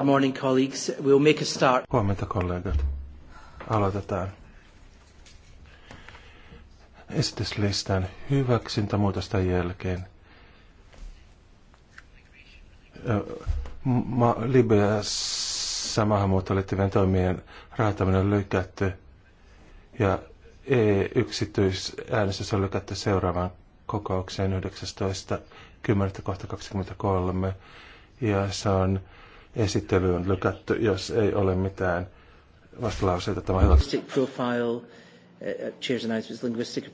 Good morning, colleagues. We'll make a start. Huomenta, kollegat. Aloitetaan. Esityslistan hyväksyntämuutosten jälkeen. Ma- Libyassa maahanmuuttoon liittyvien toimien rahoittaminen on lykätty ja E-yksityisäänestys on lykätty seuraavaan kokoukseen 19.10.23 ja se on esittely on lykätty, jos ei ole mitään vastalauseita. Tämä linguistic profile, uh, uh, chairs linguistic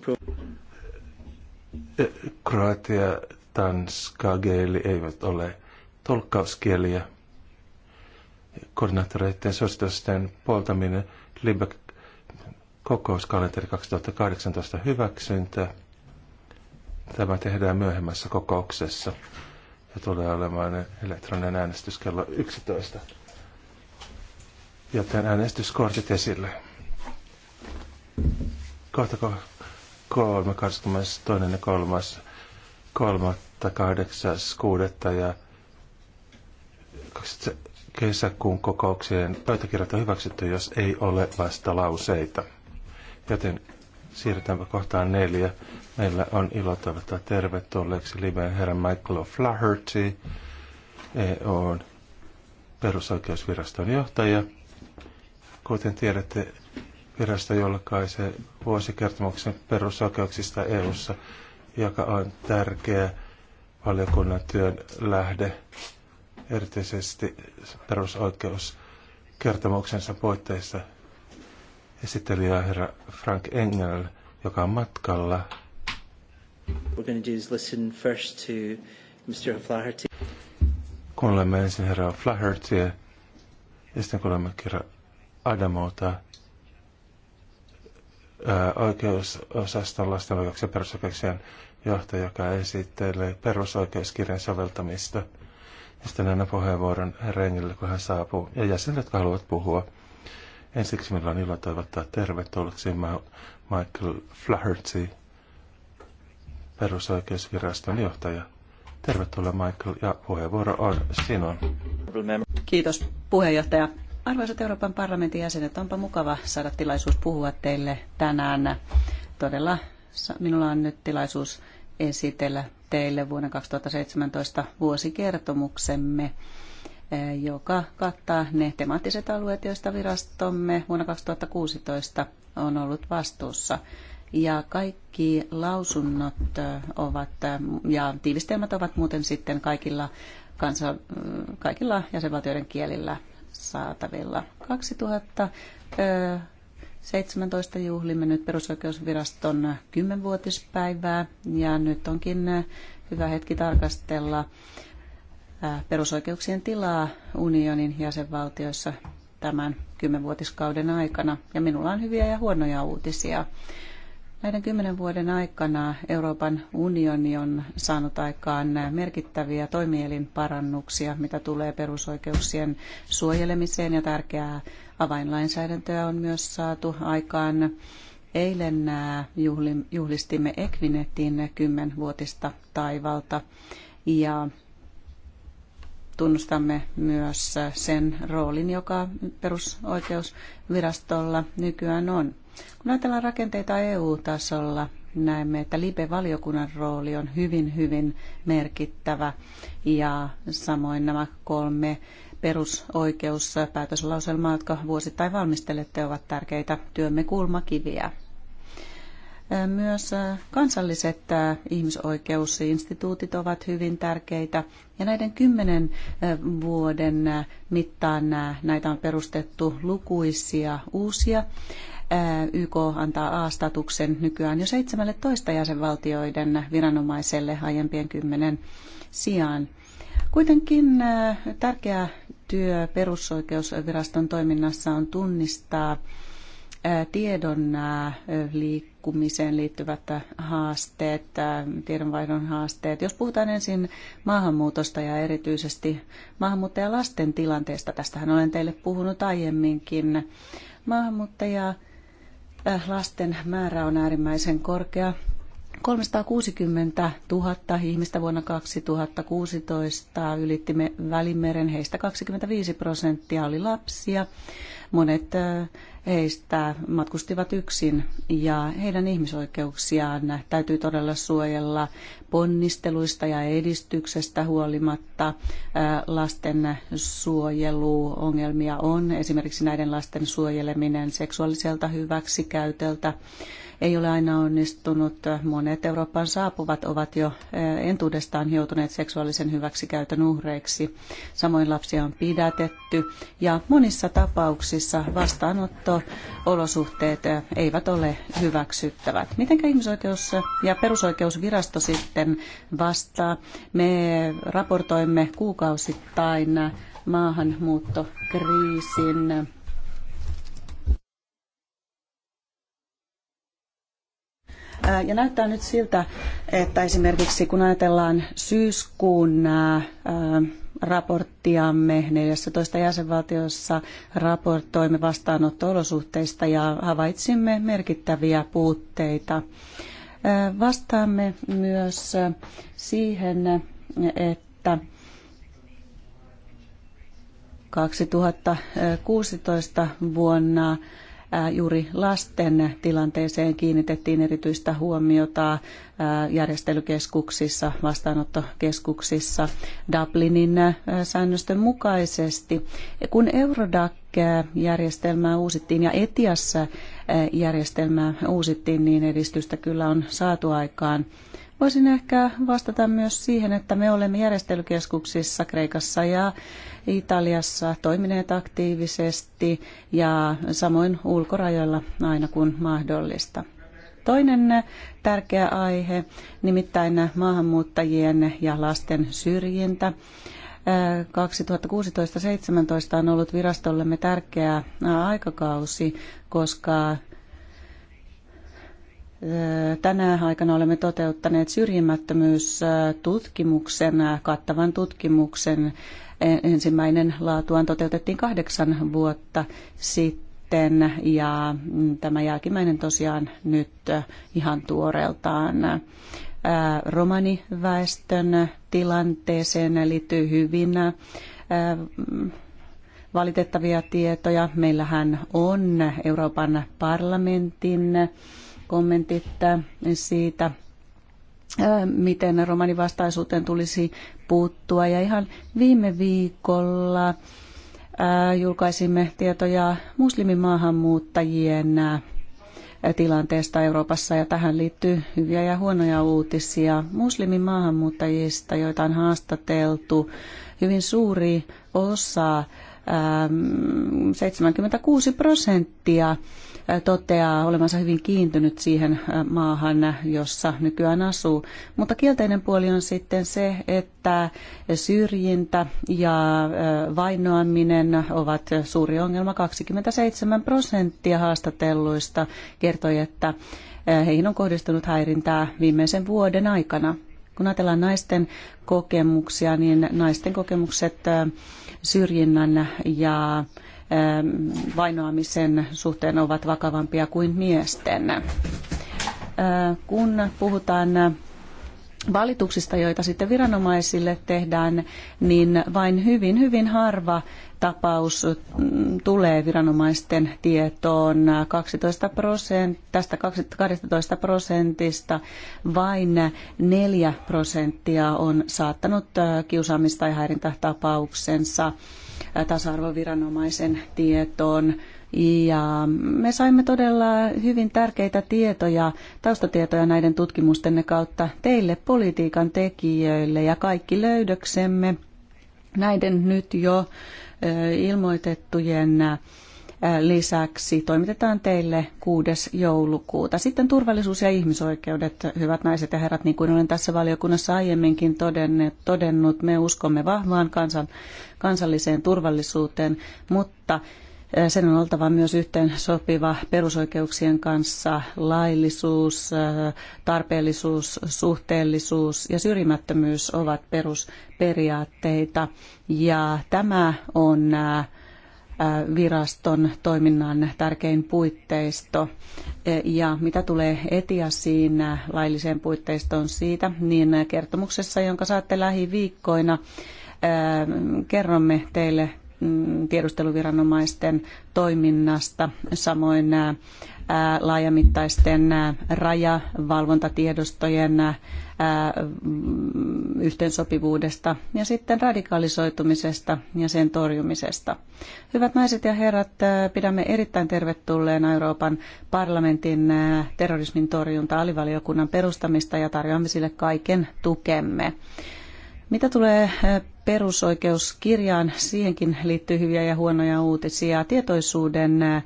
e, Kroatia, Tanska, Geeli eivät ole tolkkauskieliä. Koordinaattoreiden suositusten puoltaminen Libek kokouskalenteri 2018 hyväksyntä. Tämä tehdään myöhemmässä kokouksessa ja tulee olemaan elektroninen äänestys kello 11. Joten äänestyskortit esille. Kohta kolme, 22. ja kolmas, kolmatta, kahdeksas, kuudetta ja kesäkuun kokoukseen pöytäkirjat on hyväksytty, jos ei ole vasta lauseita, Joten Siirrytäänpä kohtaan neljä. Meillä on ilo toivottaa tervetulleeksi liveen herra Michael Flaherty, EOn perusoikeusviraston johtaja. Kuten tiedätte, virasto julkaisee vuosikertomuksen perusoikeuksista EU:ssa, joka on tärkeä valiokunnan työn lähde, erityisesti perusoikeuskertomuksensa puitteissa – esittelijä herra Frank Engel, joka on matkalla. We're going to do is listen first to Mr. Flaherty. Kuulemme ensin herra Flaherty ja sitten kuulemme kerran Adamota oikeusosaston lasten oikeuksien perusoikeuksien johtaja, joka esittelee perusoikeuskirjan soveltamista. Ja sitten annan puheenvuoron herra Engelille, kun hän saapuu, ja jäsenet, jotka haluavat puhua. Ensiksi meillä on ilo toivottaa tervetulleeksi Michael Flaherty, perusoikeusviraston johtaja. Tervetuloa Michael ja puheenvuoro on sinun. Kiitos puheenjohtaja. Arvoisat Euroopan parlamentin jäsenet, onpa mukava saada tilaisuus puhua teille tänään. Todella minulla on nyt tilaisuus esitellä teille vuoden 2017 vuosikertomuksemme. Eh, joka kattaa ne temaattiset alueet, joista virastomme vuonna 2016 on ollut vastuussa. Ja kaikki lausunnot eh, ovat, eh, ja tiivistelmät ovat muuten sitten kaikilla, kansa, kaikilla jäsenvaltioiden kielillä saatavilla. 2017 juhlimme nyt perusoikeusviraston 10-vuotispäivää, ja nyt onkin hyvä hetki tarkastella perusoikeuksien tilaa unionin jäsenvaltioissa tämän kymmenvuotiskauden aikana. Ja minulla on hyviä ja huonoja uutisia. Näiden kymmenen vuoden aikana Euroopan unioni on saanut aikaan merkittäviä toimielinparannuksia, mitä tulee perusoikeuksien suojelemiseen ja tärkeää avainlainsäädäntöä on myös saatu aikaan. Eilen juhlistimme Equinetin kymmenvuotista taivalta ja tunnustamme myös sen roolin, joka perusoikeusvirastolla nykyään on. Kun ajatellaan rakenteita EU-tasolla, näemme, että LIBE-valiokunnan rooli on hyvin, hyvin merkittävä ja samoin nämä kolme perusoikeuspäätöslauselmaa, jotka vuosittain valmistelette, ovat tärkeitä työmme kulmakiviä. Myös kansalliset ihmisoikeusinstituutit ovat hyvin tärkeitä ja näiden kymmenen vuoden mittaan näitä on perustettu lukuisia uusia. YK antaa A-statuksen nykyään jo 17 jäsenvaltioiden viranomaiselle aiempien kymmenen sijaan. Kuitenkin tärkeä työ perusoikeusviraston toiminnassa on tunnistaa tiedon liikkumiseen liittyvät haasteet, tiedonvaihdon haasteet. Jos puhutaan ensin maahanmuutosta ja erityisesti maahanmuuttajalasten tilanteesta, tästähän olen teille puhunut aiemminkin. Maahanmuuttaja lasten määrä on äärimmäisen korkea. 360 000 ihmistä vuonna 2016 ylitti Välimeren, heistä 25 prosenttia oli lapsia. Monet heistä matkustivat yksin ja heidän ihmisoikeuksiaan täytyy todella suojella ponnisteluista ja edistyksestä huolimatta. Lasten suojeluongelmia on, esimerkiksi näiden lasten suojeleminen seksuaaliselta hyväksikäytöltä ei ole aina onnistunut. Monet Eurooppaan saapuvat ovat jo entuudestaan joutuneet seksuaalisen hyväksikäytön uhreiksi. Samoin lapsia on pidätetty ja monissa tapauksissa vastaanotto olosuhteet eivät ole hyväksyttävät. Miten ihmisoikeus- ja perusoikeusvirasto sitten vastaa? Me raportoimme kuukausittain maahanmuuttokriisin Ja näyttää nyt siltä, että esimerkiksi kun ajatellaan syyskuun raporttiamme 14 jäsenvaltiossa raportoimme vastaanotto-olosuhteista ja havaitsimme merkittäviä puutteita. Vastaamme myös siihen, että 2016 vuonna juuri lasten tilanteeseen kiinnitettiin erityistä huomiota järjestelykeskuksissa, vastaanottokeskuksissa Dublinin säännösten mukaisesti. Kun Eurodac-järjestelmää uusittiin ja Etiassa järjestelmää uusittiin, niin edistystä kyllä on saatu aikaan Voisin ehkä vastata myös siihen, että me olemme järjestelykeskuksissa Kreikassa ja Italiassa toimineet aktiivisesti ja samoin ulkorajoilla aina kun mahdollista. Toinen tärkeä aihe, nimittäin maahanmuuttajien ja lasten syrjintä. 2016-2017 on ollut virastollemme tärkeä aikakausi, koska Tänä aikana olemme toteuttaneet syrjimättömyystutkimuksen, kattavan tutkimuksen. Ensimmäinen laatuaan toteutettiin kahdeksan vuotta sitten ja tämä jälkimmäinen tosiaan nyt ihan tuoreeltaan romaniväestön tilanteeseen liittyy hyvin valitettavia tietoja. Meillähän on Euroopan parlamentin kommentit äh, siitä, äh, miten romanivastaisuuteen tulisi puuttua. Ja ihan viime viikolla äh, julkaisimme tietoja muslimimaahanmuuttajien tilanteesta Euroopassa ja tähän liittyy hyviä ja huonoja uutisia. Muslimimaahanmuuttajista, joita on haastateltu, hyvin suuri osa, 76 ähm, prosenttia, toteaa olevansa hyvin kiintynyt siihen äh, maahan, jossa nykyään asuu. Mutta kielteinen puoli on sitten se, että syrjintä ja äh, vainoaminen ovat suuri ongelma. 27 prosenttia haastatelluista kertoi, että äh, heihin on kohdistunut häirintää viimeisen vuoden aikana. Kun ajatellaan naisten kokemuksia, niin naisten kokemukset syrjinnän ja Ähm, vainoamisen suhteen ovat vakavampia kuin miesten. Äh, kun puhutaan valituksista, joita sitten viranomaisille tehdään, niin vain hyvin, hyvin harva tapaus mm, tulee viranomaisten tietoon 12 prosent, tästä 12 prosentista vain 4 prosenttia on saattanut äh, kiusaamista ja häirintätapauksensa tapauksensa tasa-arvoviranomaisen tietoon. Ja me saimme todella hyvin tärkeitä tietoja, taustatietoja näiden tutkimustenne kautta teille politiikan tekijöille ja kaikki löydöksemme näiden nyt jo ilmoitettujen lisäksi toimitetaan teille 6. joulukuuta. Sitten turvallisuus ja ihmisoikeudet, hyvät naiset ja herrat, niin kuin olen tässä valiokunnassa aiemminkin todennut, me uskomme vahvaan kansan, kansalliseen turvallisuuteen, mutta sen on oltava myös yhteen sopiva perusoikeuksien kanssa laillisuus, tarpeellisuus, suhteellisuus ja syrjimättömyys ovat perusperiaatteita. Ja tämä on viraston toiminnan tärkein puitteisto. E, ja mitä tulee etiasiin lailliseen puitteistoon siitä, niin kertomuksessa, jonka saatte lähiviikkoina, kerromme teille mm, tiedusteluviranomaisten toiminnasta, samoin laajamittaisten rajavalvontatiedostojen mm, yhteensopivuudesta ja sitten radikalisoitumisesta ja sen torjumisesta. Hyvät naiset ja herrat, pidämme erittäin tervetulleena Euroopan parlamentin terrorismin torjunta-alivaliokunnan perustamista ja tarjoamme sille kaiken tukemme. Mitä tulee eh, perusoikeuskirjaan, siihenkin liittyy hyviä ja huonoja uutisia. Tietoisuuden eh,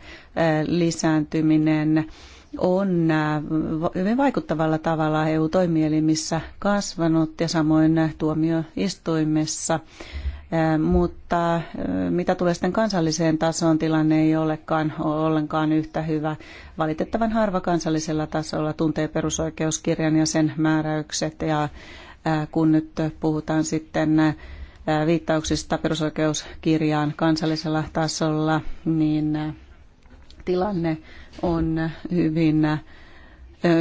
lisääntyminen on eh, hyvin vaikuttavalla tavalla EU-toimielimissä kasvanut ja samoin tuomioistuimessa. Mutta mitä tulee sitten kansalliseen tasoon, tilanne ei olekaan ollenkaan yhtä hyvä. Valitettavan harva kansallisella tasolla tuntee perusoikeuskirjan ja sen määräykset ja Äh, kun nyt puhutaan sitten äh, viittauksista perusoikeuskirjaan kansallisella tasolla, niin äh, tilanne on hyvin,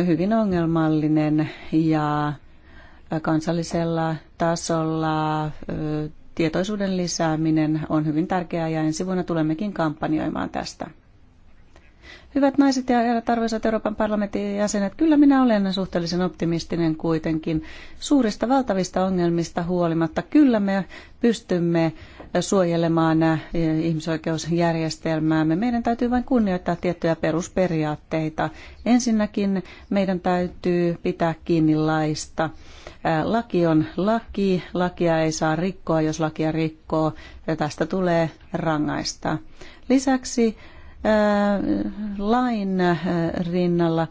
hyvin ongelmallinen ja kansallisella tasolla tietoisuuden lisääminen on hyvin tärkeää ja ensi vuonna tulemmekin kampanjoimaan tästä. Hyvät naiset ja herrat, arvoisat Euroopan parlamentin jäsenet, kyllä minä olen suhteellisen optimistinen kuitenkin. Suurista valtavista ongelmista huolimatta, kyllä me pystymme suojelemaan eh, ihmisoikeusjärjestelmäämme. Meidän täytyy vain kunnioittaa tiettyjä perusperiaatteita. Ensinnäkin meidän täytyy pitää kiinni laista. Eh, laki on laki, lakia ei saa rikkoa, jos lakia rikkoo, ja tästä tulee rangaista. Lisäksi Äh, lain äh, rinnalla,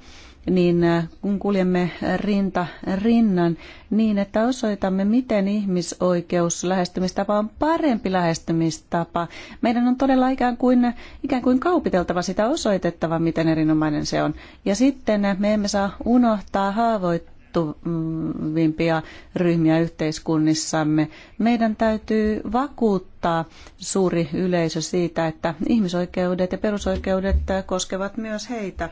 niin äh, kun kuljemme rinta rinnan, niin että osoitamme, miten ihmisoikeus lähestymistapa on parempi lähestymistapa. Meidän on todella ikään kuin, ikään kuin kaupiteltava sitä osoitettava, miten erinomainen se on. Ja sitten me emme saa unohtaa haavoittaa haavoittuvimpia ryhmiä yhteiskunnissamme. Meidän täytyy vakuuttaa suuri yleisö siitä, että ihmisoikeudet ja perusoikeudet koskevat myös heitä.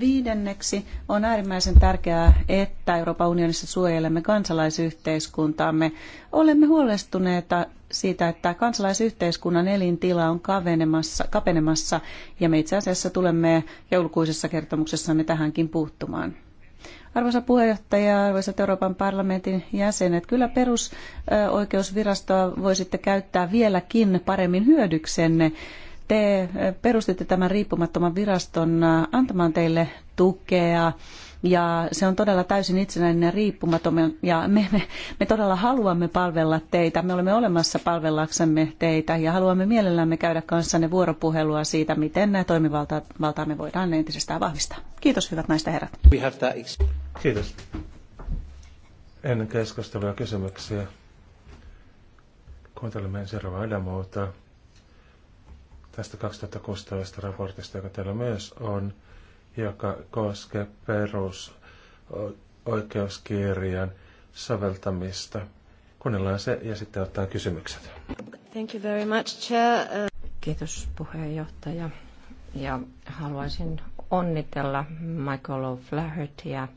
Viidenneksi on äärimmäisen tärkeää, että Euroopan unionissa suojelemme kansalaisyhteiskuntaamme. Olemme huolestuneita siitä, että kansalaisyhteiskunnan elintila on kavenemassa, kapenemassa ja me itse asiassa tulemme joulukuisessa kertomuksessamme tähänkin puuttumaan. Arvoisa puheenjohtaja, arvoisat Euroopan parlamentin jäsenet, kyllä perusoikeusvirastoa voisitte käyttää vieläkin paremmin hyödyksenne. Te eh, perustitte tämän riippumattoman viraston eh, antamaan teille tukea ja se on todella täysin itsenäinen ja riippumaton ja me, me, me todella haluamme palvella teitä. Me olemme olemassa palvellaksemme teitä ja haluamme mielellämme käydä kanssanne vuoropuhelua siitä, miten nämä toimivaltaamme voidaan entisestään vahvistaa. Kiitos hyvät naiset ja herrat. Kiitos. Ennen keskustelua kysymyksiä. Kuuntelemme ensin Rova Adamuuta tästä 2016 raportista, joka teillä myös on joka koskee perusoikeuskirjan soveltamista. Kuunnellaan se ja sitten ottaa kysymykset. Thank you very much, Chair. Kiitos puheenjohtaja. Ja haluaisin onnitella Michael O'Flahertyä.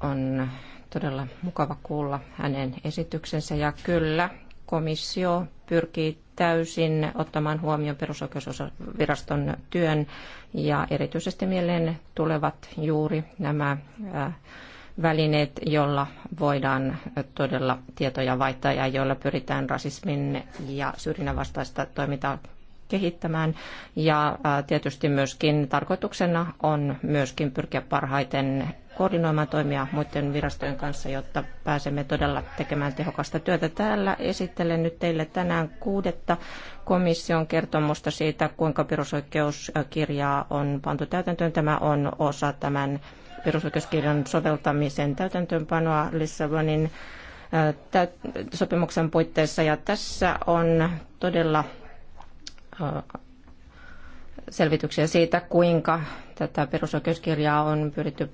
On todella mukava kuulla hänen esityksensä. Ja kyllä, komissio pyrkii täysin ottamaan huomioon perusoikeusviraston työn ja erityisesti mieleen tulevat juuri nämä välineet, jolla voidaan todella tietoja vaihtaa ja joilla pyritään rasismin ja syrjinnän vastaista toimintaa kehittämään. Ja tietysti myöskin tarkoituksena on myöskin pyrkiä parhaiten koordinoimaan toimia muiden virastojen kanssa, jotta pääsemme todella tekemään tehokasta työtä. Täällä esittelen nyt teille tänään kuudetta komission kertomusta siitä, kuinka perusoikeuskirjaa on pantu täytäntöön. Tämä on osa tämän perusoikeuskirjan soveltamisen täytäntöönpanoa Lissabonin sopimuksen puitteissa. Ja tässä on todella selvityksiä siitä, kuinka tätä perusoikeuskirjaa on pyritty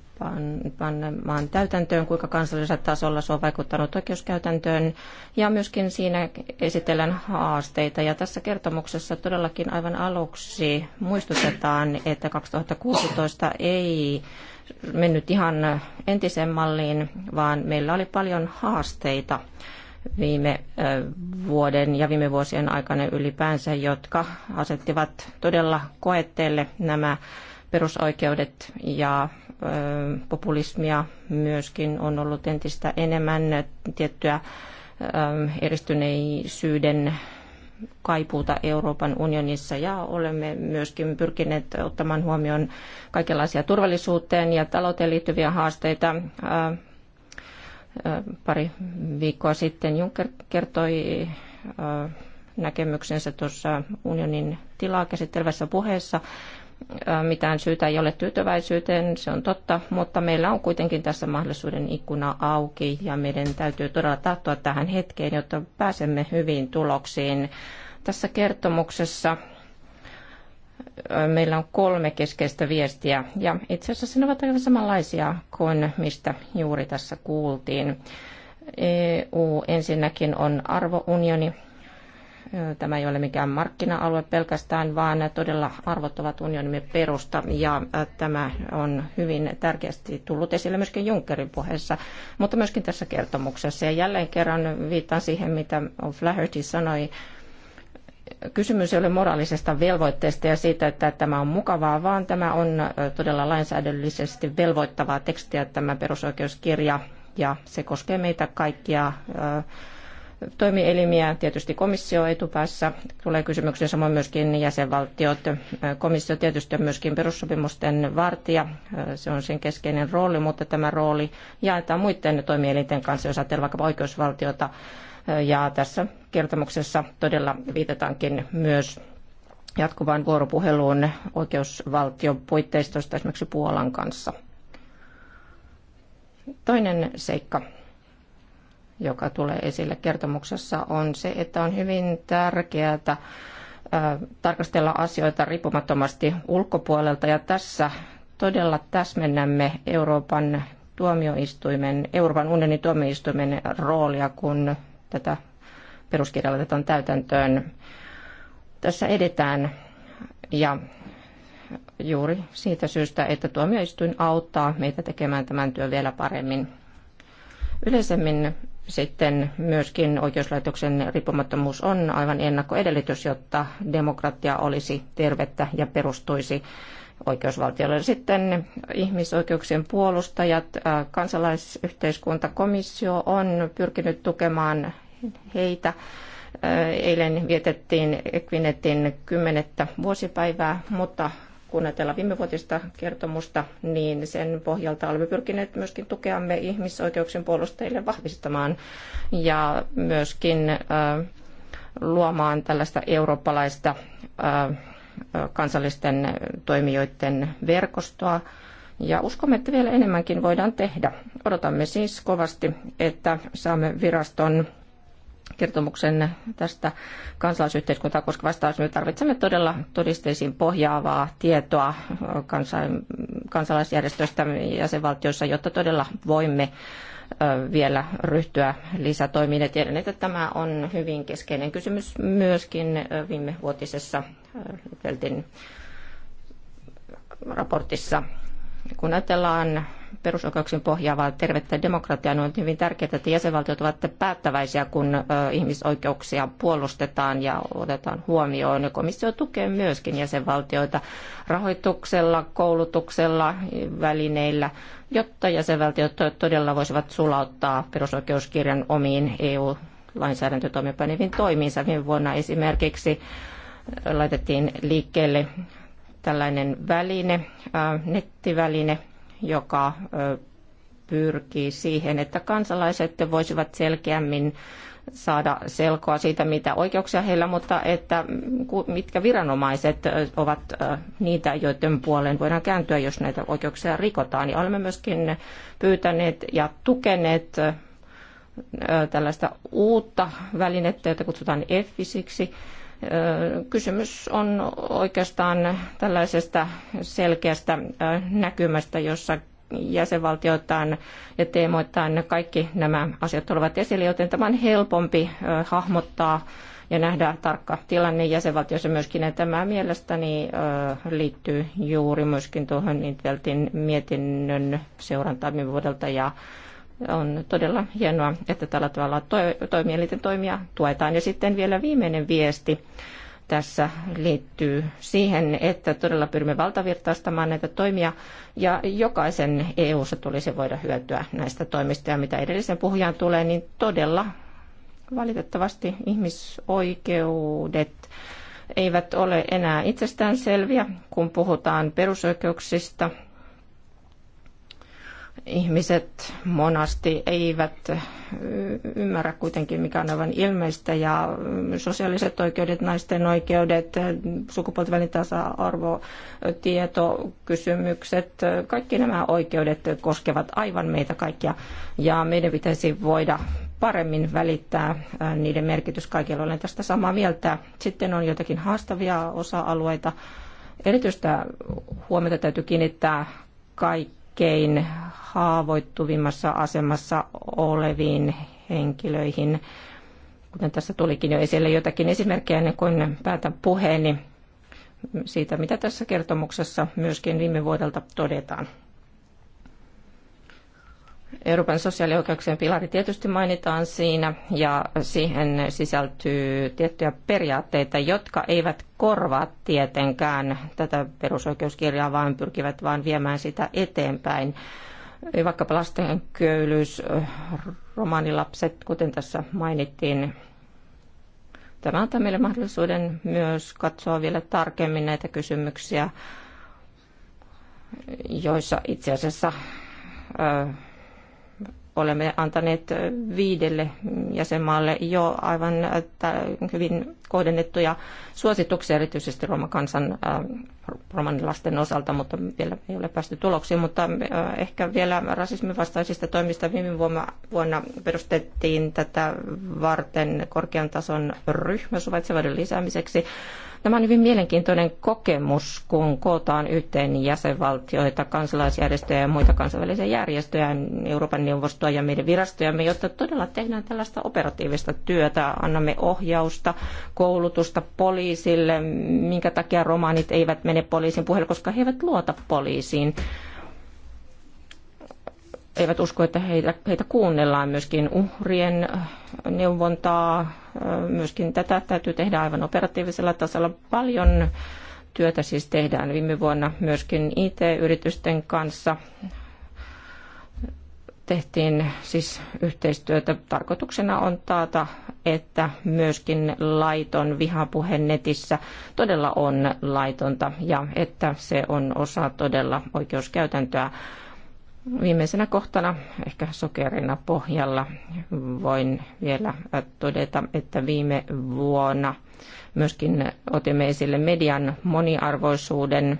panemaan täytäntöön, kuinka kansallisella tasolla se on vaikuttanut oikeuskäytäntöön ja myöskin siinä esitellään haasteita. Ja tässä kertomuksessa todellakin aivan aluksi muistutetaan, että 2016 ei mennyt ihan entiseen malliin, vaan meillä oli paljon haasteita viime vuoden ja viime vuosien aikana ylipäänsä, jotka asettivat todella koetteelle nämä perusoikeudet ja populismia myöskin on ollut entistä enemmän tiettyä eristyneisyyden kaipuuta Euroopan unionissa ja olemme myöskin pyrkineet ottamaan huomioon kaikenlaisia turvallisuuteen ja talouteen liittyviä haasteita Pari viikkoa sitten Juncker kertoi näkemyksensä tuossa unionin tilaa käsittelevässä puheessa. Mitään syytä ei ole tyytyväisyyteen, se on totta, mutta meillä on kuitenkin tässä mahdollisuuden ikkuna auki ja meidän täytyy todella tahtoa tähän hetkeen, jotta pääsemme hyviin tuloksiin. Tässä kertomuksessa meillä on kolme keskeistä viestiä, ja itse asiassa ne ovat aika samanlaisia kuin mistä juuri tässä kuultiin. EU ensinnäkin on arvounioni. Tämä ei ole mikään markkina-alue pelkästään, vaan todella arvot ovat unionimme perusta. Ja tämä on hyvin tärkeästi tullut esille myöskin Junckerin puheessa, mutta myöskin tässä kertomuksessa. Ja jälleen kerran viittaan siihen, mitä Flaherty sanoi kysymys ei ole moraalisesta velvoitteesta ja siitä, että tämä on mukavaa, vaan tämä on todella lainsäädännöllisesti velvoittavaa tekstiä tämä perusoikeuskirja ja se koskee meitä kaikkia toimielimiä, tietysti komissio etupäässä tulee kysymykseen, samoin myöskin jäsenvaltiot. Komissio tietysti on myöskin perussopimusten vartija, se on sen keskeinen rooli, mutta tämä rooli jaetaan muiden toimielinten kanssa, jos ajatellaan vaikkapa oikeusvaltiota ja tässä kertomuksessa todella viitataankin myös jatkuvaan vuoropuheluun oikeusvaltion puitteistosta esimerkiksi Puolan kanssa. Toinen seikka, joka tulee esille kertomuksessa, on se, että on hyvin tärkeää tarkastella asioita riippumattomasti ulkopuolelta. Ja tässä todella täsmennämme Euroopan tuomioistuimen, Euroopan unionin tuomioistuimen roolia, kun tätä peruskirjaa laitetaan täytäntöön. Tässä edetään ja juuri siitä syystä, että tuomioistuin auttaa meitä tekemään tämän työn vielä paremmin. Yleisemmin sitten myöskin oikeuslaitoksen riippumattomuus on aivan ennakkoedellytys, jotta demokratia olisi tervettä ja perustuisi oikeusvaltiolle. Sitten ihmisoikeuksien puolustajat, kansalaisyhteiskuntakomissio on pyrkinyt tukemaan heitä. Eilen vietettiin Equinetin kymmenettä vuosipäivää, mutta kun ajatellaan viimevuotista kertomusta, niin sen pohjalta olemme pyrkineet myöskin tukeamme ihmisoikeuksien puolustajille vahvistamaan ja myöskin luomaan tällaista eurooppalaista kansallisten toimijoiden verkostoa. Ja uskomme, että vielä enemmänkin voidaan tehdä. Odotamme siis kovasti, että saamme viraston kertomuksen tästä kansalaisyhteiskuntaa koskevasta me tarvitsemme todella todisteisiin pohjaavaa tietoa kansain, kansalaisjärjestöistä jäsenvaltioissa, jotta todella voimme vielä ryhtyä lisätoimiin. Ja tiedän, että tämä on hyvin keskeinen kysymys myöskin viime vuotisessa Feltin raportissa. Kun ajatellaan perusoikeuksien pohjaavaa tervettä demokratiaa, niin on hyvin tärkeää, että jäsenvaltiot ovat päättäväisiä, kun ihmisoikeuksia puolustetaan ja otetaan huomioon. Ja komissio tukee myöskin jäsenvaltioita rahoituksella, koulutuksella, välineillä, jotta jäsenvaltiot todella voisivat sulauttaa perusoikeuskirjan omiin EU-lainsäädäntötoimipäiviin toimiinsa. Viime vuonna esimerkiksi laitettiin liikkeelle tällainen väline, nettiväline, joka pyrkii siihen, että kansalaiset voisivat selkeämmin saada selkoa siitä, mitä oikeuksia heillä, mutta että mitkä viranomaiset ovat niitä, joiden puoleen voidaan kääntyä, jos näitä oikeuksia rikotaan. Ja olemme myöskin pyytäneet ja tukeneet tällaista uutta välinettä, jota kutsutaan EFFISiksi, Kysymys on oikeastaan tällaisesta selkeästä näkymästä, jossa jäsenvaltioitaan ja teemoittain kaikki nämä asiat tulevat esille, joten tämä on helpompi hahmottaa ja nähdä tarkka tilanne jäsenvaltioissa myöskin. Ja tämä mielestäni liittyy juuri myöskin tuohon Inteltin mietinnön seurantaan vuodelta ja on todella hienoa, että tällä tavalla toimielinten toimia tuetaan. Ja sitten vielä viimeinen viesti tässä liittyy siihen, että todella pyrimme valtavirtaistamaan näitä toimia ja jokaisen EU-ssa tulisi voida hyötyä näistä toimista. Ja mitä edellisen puhujaan tulee, niin todella valitettavasti ihmisoikeudet eivät ole enää itsestäänselviä, kun puhutaan perusoikeuksista ihmiset monasti eivät ymmärrä kuitenkin, mikä on aivan ilmeistä, ja sosiaaliset oikeudet, naisten oikeudet, sukupuolten välin tasa-arvo, tietokysymykset, kaikki nämä oikeudet koskevat aivan meitä kaikkia, ja meidän pitäisi voida paremmin välittää niiden merkitys kaikille. Olen tästä samaa mieltä. Sitten on jotakin haastavia osa-alueita. Erityistä huomiota täytyy kiinnittää kaikki kaikkein haavoittuvimmassa asemassa oleviin henkilöihin. Kuten tässä tulikin jo esille jotakin esimerkkejä ennen niin kuin päätän puheeni siitä, mitä tässä kertomuksessa myöskin viime vuodelta todetaan. Euroopan sosiaalioikeuksien pilari tietysti mainitaan siinä ja siihen sisältyy tiettyjä periaatteita, jotka eivät korvaa tietenkään tätä perusoikeuskirjaa, vaan pyrkivät vain viemään sitä eteenpäin. Vaikkapa lasten köylyys, romaanilapset, kuten tässä mainittiin, tämä antaa meille mahdollisuuden myös katsoa vielä tarkemmin näitä kysymyksiä, joissa itse asiassa olemme antaneet viidelle jäsenmaalle jo aivan hyvin kohdennettuja suosituksia, erityisesti romakansan romanilasten osalta, mutta vielä ei ole päästy tuloksiin. Mutta ehkä vielä rasismin vastaisista toimista viime vuonna, vuonna perustettiin tätä varten korkean tason ryhmä suvaitsevuuden lisäämiseksi. Tämä on hyvin mielenkiintoinen kokemus, kun kootaan yhteen jäsenvaltioita, kansalaisjärjestöjä ja muita kansainvälisiä järjestöjä, Euroopan neuvostoa ja meidän virastojamme, jotta todella tehdään tällaista operatiivista työtä, annamme ohjausta, koulutusta poliisille, minkä takia romaanit eivät mene poliisin puheelle, koska he eivät luota poliisiin eivät usko, että heitä, heitä kuunnellaan myöskin uhrien neuvontaa, myöskin tätä täytyy tehdä aivan operatiivisella tasolla. Paljon työtä siis tehdään viime vuonna myöskin IT-yritysten kanssa. Tehtiin siis yhteistyötä. Tarkoituksena on taata, että myöskin laiton vihapuhe netissä todella on laitonta ja että se on osa todella oikeuskäytäntöä Viimeisenä kohtana, ehkä sokerina pohjalla, voin vielä todeta, että viime vuonna myöskin otimme esille median moniarvoisuuden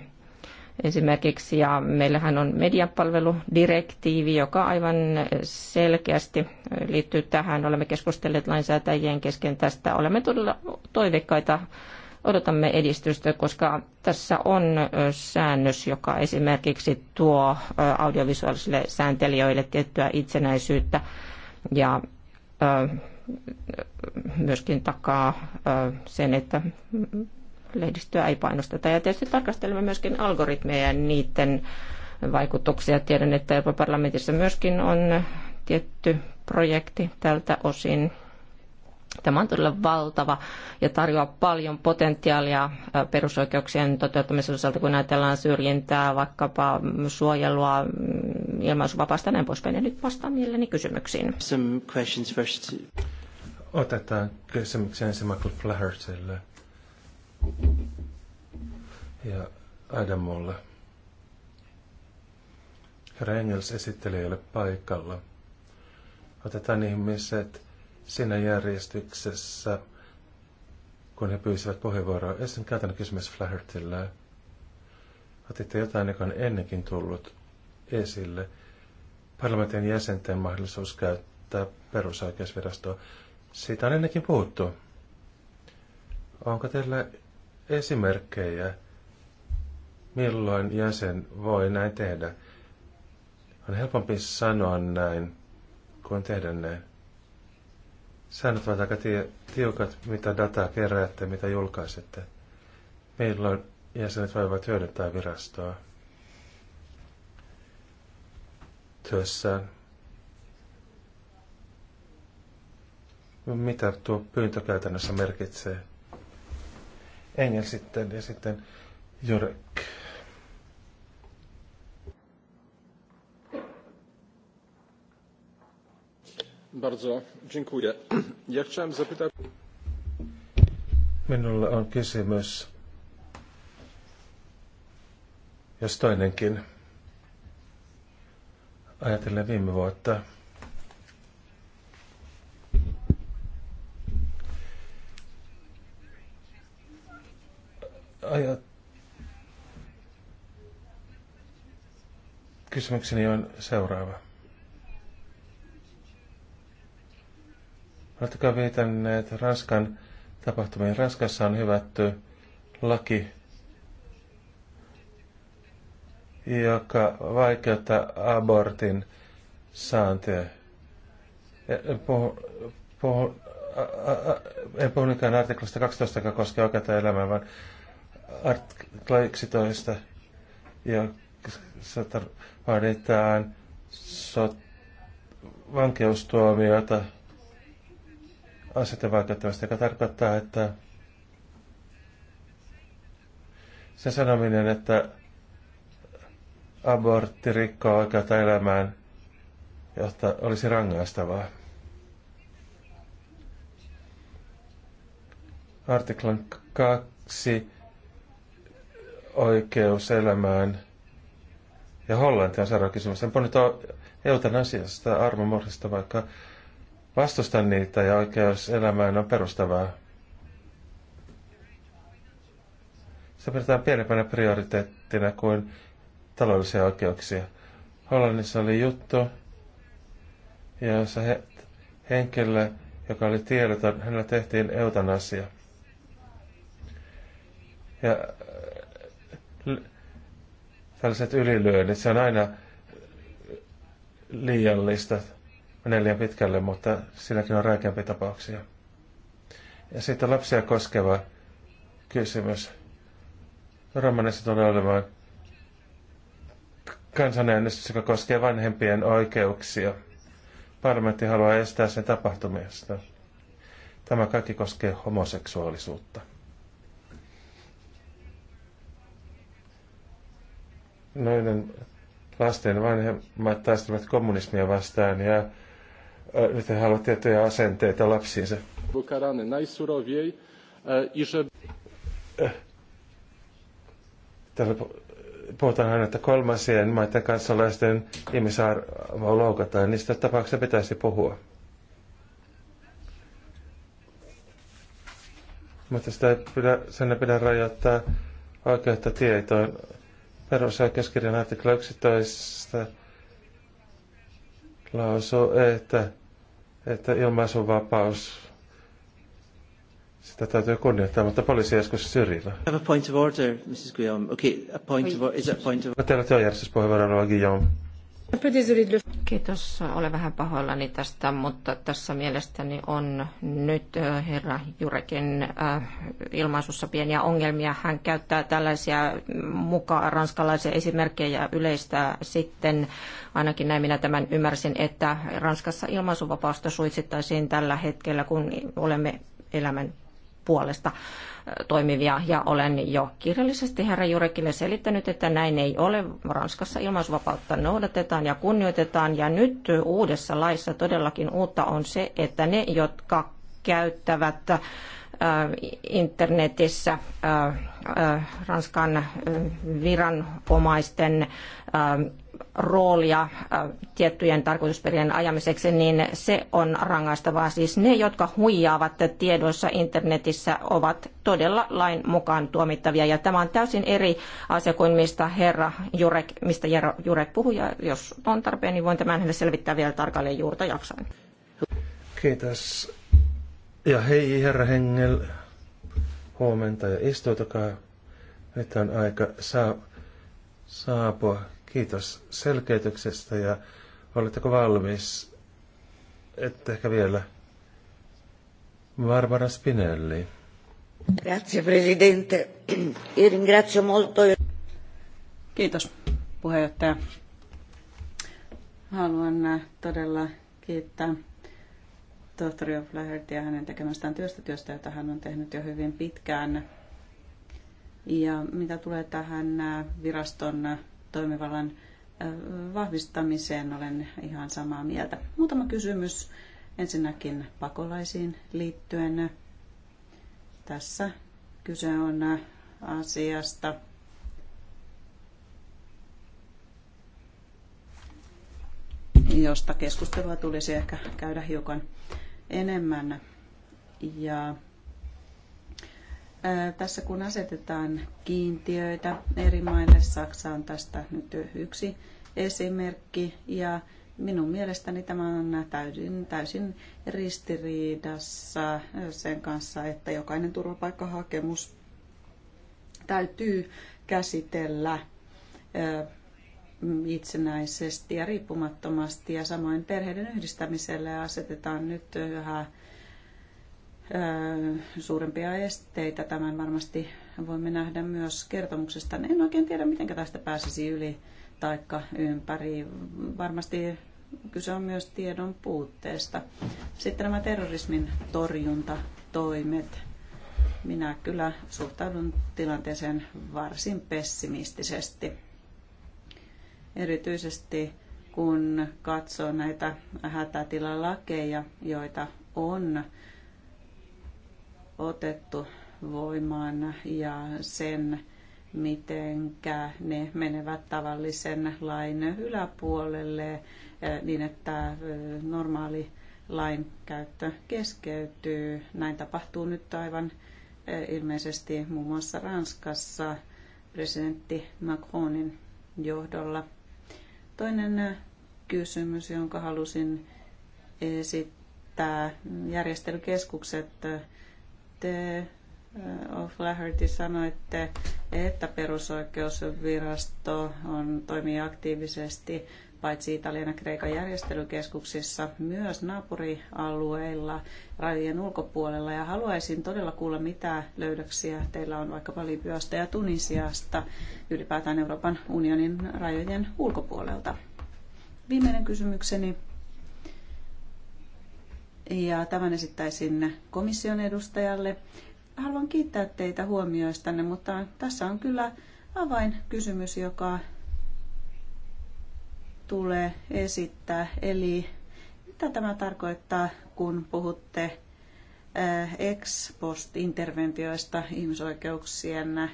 esimerkiksi, ja meillähän on mediapalveludirektiivi, joka aivan selkeästi liittyy tähän. Olemme keskustelleet lainsäätäjien kesken tästä. Olemme todella toiveikkaita odotamme edistystä, koska tässä on säännös, joka esimerkiksi tuo audiovisuaalisille sääntelijöille tiettyä itsenäisyyttä ja myöskin takaa sen, että lehdistöä ei painosteta. Ja tietysti tarkastelemme myöskin algoritmeja ja niiden vaikutuksia. Tiedän, että Euroopan parlamentissa myöskin on tietty projekti tältä osin. Tämä on todella valtava ja tarjoaa paljon potentiaalia perusoikeuksien toteuttamisen osalta, kun ajatellaan syrjintää, vaikkapa suojelua, mm, ilmaisuvapaasta ja näin poispäin. Ja nyt vastaan mielelläni kysymyksiin. Some questions first. Otetaan kysymyksiä ensin Michael Flahertylle ja Adamolle. Herra Engels esitteli ei ole paikalla. Otetaan ihmiset siinä järjestyksessä, kun he pyysivät puheenvuoroa. Ensin käytännön kysymys Flahertille. Otitte jotain, joka on ennenkin tullut esille. Parlamentin jäsenten mahdollisuus käyttää perusoikeusvirastoa. Siitä on ennenkin puhuttu. Onko teillä esimerkkejä, milloin jäsen voi näin tehdä? On helpompi sanoa näin kuin tehdä näin. Säännöt ovat aika tie, tiukat, mitä dataa keräätte, mitä julkaisette. Milloin jäsenet voivat hyödyntää virastoa työssään? Mitä tuo pyyntö käytännössä merkitsee? Engel sitten ja sitten Jure Minulle Ja on kysymys, jos toinenkin. Ajatellen viime vuotta. Ajat... Kysymykseni on seuraava. Oletteko viitanneet Ranskan tapahtumiin? Ranskassa on hyvätty laki, joka vaikeuttaa abortin saantia. E, puhu, puhu, a, a, en puhu niinkään artiklasta 12, joka koskee oikeata elämää, vaan artikla 11, jossa vaaditaan sot, vankeustuomiota – asioiden vaikuttamista, joka tarkoittaa, että se sanominen, että abortti rikkoo oikeutta elämään, jotta olisi rangaistavaa. Artiklan 2 oikeus elämään ja Hollanti on seuraava kysymys. En puhunut eutanasiasta armomurhista, vaikka vastusta niitä ja oikeus elämään on perustavaa. Se pidetään pienempänä prioriteettina kuin taloudellisia oikeuksia. Hollannissa oli juttu, jossa he, henkilö, joka oli tiedoton, hänellä tehtiin eutanasia. Ja äh, tällaiset ylilyönnit, se on aina liiallista menee liian pitkälle, mutta silläkin on räikeämpi tapauksia. Ja sitten lapsia koskeva kysymys. Romanissa tulee olemaan kansanäänestys, joka koskee vanhempien oikeuksia. Parlamentti haluaa estää sen tapahtumista. Tämä kaikki koskee homoseksuaalisuutta. Noiden lasten vanhemmat taistelivat kommunismia vastaan ja nyt he haluavat tietoja asenteita lapsiinsa. Karany najsurowiej e, i że... Täällä puhutaan aina, että kolmansien maiden kansalaisten ihmisarvoa loukataan. Niistä tapauksista pitäisi puhua. Mutta sitä ei pidä, sen ei pidä rajoittaa oikeutta tietoon. Perusoikeuskirjan artikla 11 lausuu, että, että vapaus, sitä täytyy kunnioittaa, mutta poliisi joskus syrjillä. have a point of order, Mrs. Guillaume. Okay, a point of order. Is that a point of order? Teillä on työjärjestyspuheenvuoro, Guillaume. Kiitos, olen vähän pahoillani tästä, mutta tässä mielestäni on nyt äh, herra Jurekin äh, ilmaisussa pieniä ongelmia. Hän käyttää tällaisia mukaan ranskalaisia esimerkkejä ja yleistää sitten, ainakin näin minä tämän ymmärsin, että Ranskassa ilmaisuvapausta suitsittaisiin tällä hetkellä, kun olemme elämän puolesta toimivia ja olen jo kirjallisesti herra Jurekille selittänyt, että näin ei ole. Ranskassa ilmaisvapautta noudatetaan ja kunnioitetaan ja nyt uudessa laissa todellakin uutta on se, että ne, jotka käyttävät internetissä Ranskan viranomaisten roolia äh, tiettyjen tarkoitusperien ajamiseksi, niin se on rangaistavaa. Siis ne, jotka huijaavat tiedoissa internetissä, ovat todella lain mukaan tuomittavia. Ja tämä on täysin eri asia kuin mistä herra Jurek, mistä Jero Jurek puhui. Ja jos on tarpeen, niin voin tämän hänelle selvittää vielä tarkalleen juurta jaksain. Kiitos. Ja hei herra Hengel, huomenta ja istuutakaa. Nyt on aika saa, saapua Kiitos selkeytyksestä ja oletteko valmis? Että ehkä vielä Barbara Spinelli. Grazie Presidente. Io ringrazio molto. Kiitos puheenjohtaja. Haluan äh, todella kiittää tohtori of ja hänen tekemästään työstä, työstä, jota hän on tehnyt jo hyvin pitkään. Ja mitä tulee tähän äh, viraston äh, toimivallan vahvistamiseen olen ihan samaa mieltä. Muutama kysymys ensinnäkin pakolaisiin liittyen. Tässä kyse on asiasta, josta keskustelua tulisi ehkä käydä hiukan enemmän. Ja tässä kun asetetaan kiintiöitä eri maille, Saksa on tästä nyt yksi esimerkki ja minun mielestäni tämä on täysin, täysin ristiriidassa sen kanssa, että jokainen turvapaikkahakemus täytyy käsitellä itsenäisesti ja riippumattomasti ja samoin perheiden yhdistämiselle asetetaan nyt yhä suurempia esteitä. Tämän varmasti voimme nähdä myös kertomuksesta. En oikein tiedä, miten tästä pääsisi yli taikka ympäri. Varmasti kyse on myös tiedon puutteesta. Sitten nämä terrorismin torjuntatoimet. Minä kyllä suhtaudun tilanteeseen varsin pessimistisesti. Erityisesti kun katsoo näitä hätätilalakeja, joita on otettu voimaan ja sen, mitenkä ne menevät tavallisen lain yläpuolelle eh, niin, että eh, normaali lain käyttö keskeytyy. Näin tapahtuu nyt aivan eh, ilmeisesti muun muassa Ranskassa presidentti Macronin johdolla. Toinen kysymys, jonka halusin esittää, mm, järjestelykeskukset te eh, O'Flaherty että, että perusoikeusvirasto on, toimii aktiivisesti paitsi Italian ja Kreikan järjestelykeskuksissa, myös naapurialueilla, rajojen ulkopuolella. Ja haluaisin todella kuulla, mitä löydöksiä teillä on vaikkapa Libyasta ja Tunisiasta, ylipäätään Euroopan unionin rajojen ulkopuolelta. Viimeinen kysymykseni ja tämän esittäisin komission edustajalle. Haluan kiittää teitä huomioistanne, mutta tässä on kyllä avainkysymys, joka tulee esittää. Eli mitä tämä tarkoittaa, kun puhutte eh, ex post interventioista ihmisoikeuksien eh,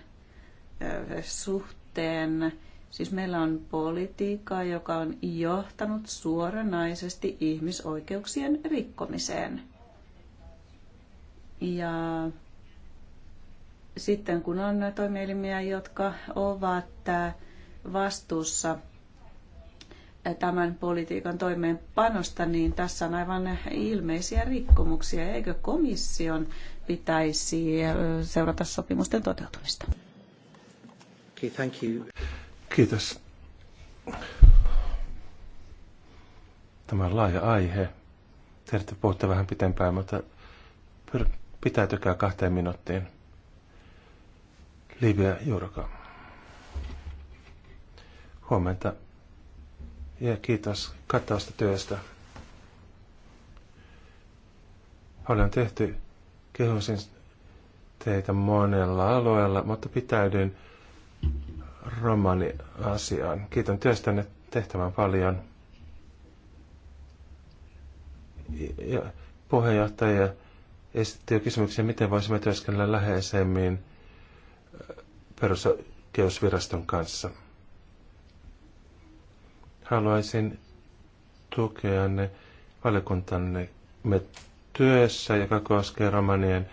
suhteen? Siis meillä on politiikkaa, joka on johtanut suoranaisesti ihmisoikeuksien rikkomiseen. Ja sitten kun on toimielimiä, jotka ovat vastuussa tämän politiikan toimeenpanosta, niin tässä on aivan ilmeisiä rikkomuksia. Eikö komission pitäisi seurata sopimusten toteutumista? Okay, thank you. Kiitos. Tämä on laaja aihe. Tiedätte, puhutte vähän pitempään, mutta pitäytykää kahteen minuuttiin. Livia Jurka. Huomenta ja kiitos kattavasta työstä. Paljon tehty, kehosin teitä monella alueella, mutta pitäydyn romani-asiaan. Kiitän työstänne tehtävän paljon. Ja puheenjohtaja esitti jo kysymyksen, miten voisimme työskennellä läheisemmin eh, perusoikeusviraston kanssa. Haluaisin tukea ne valiokuntanne me työssä, joka koskee romanien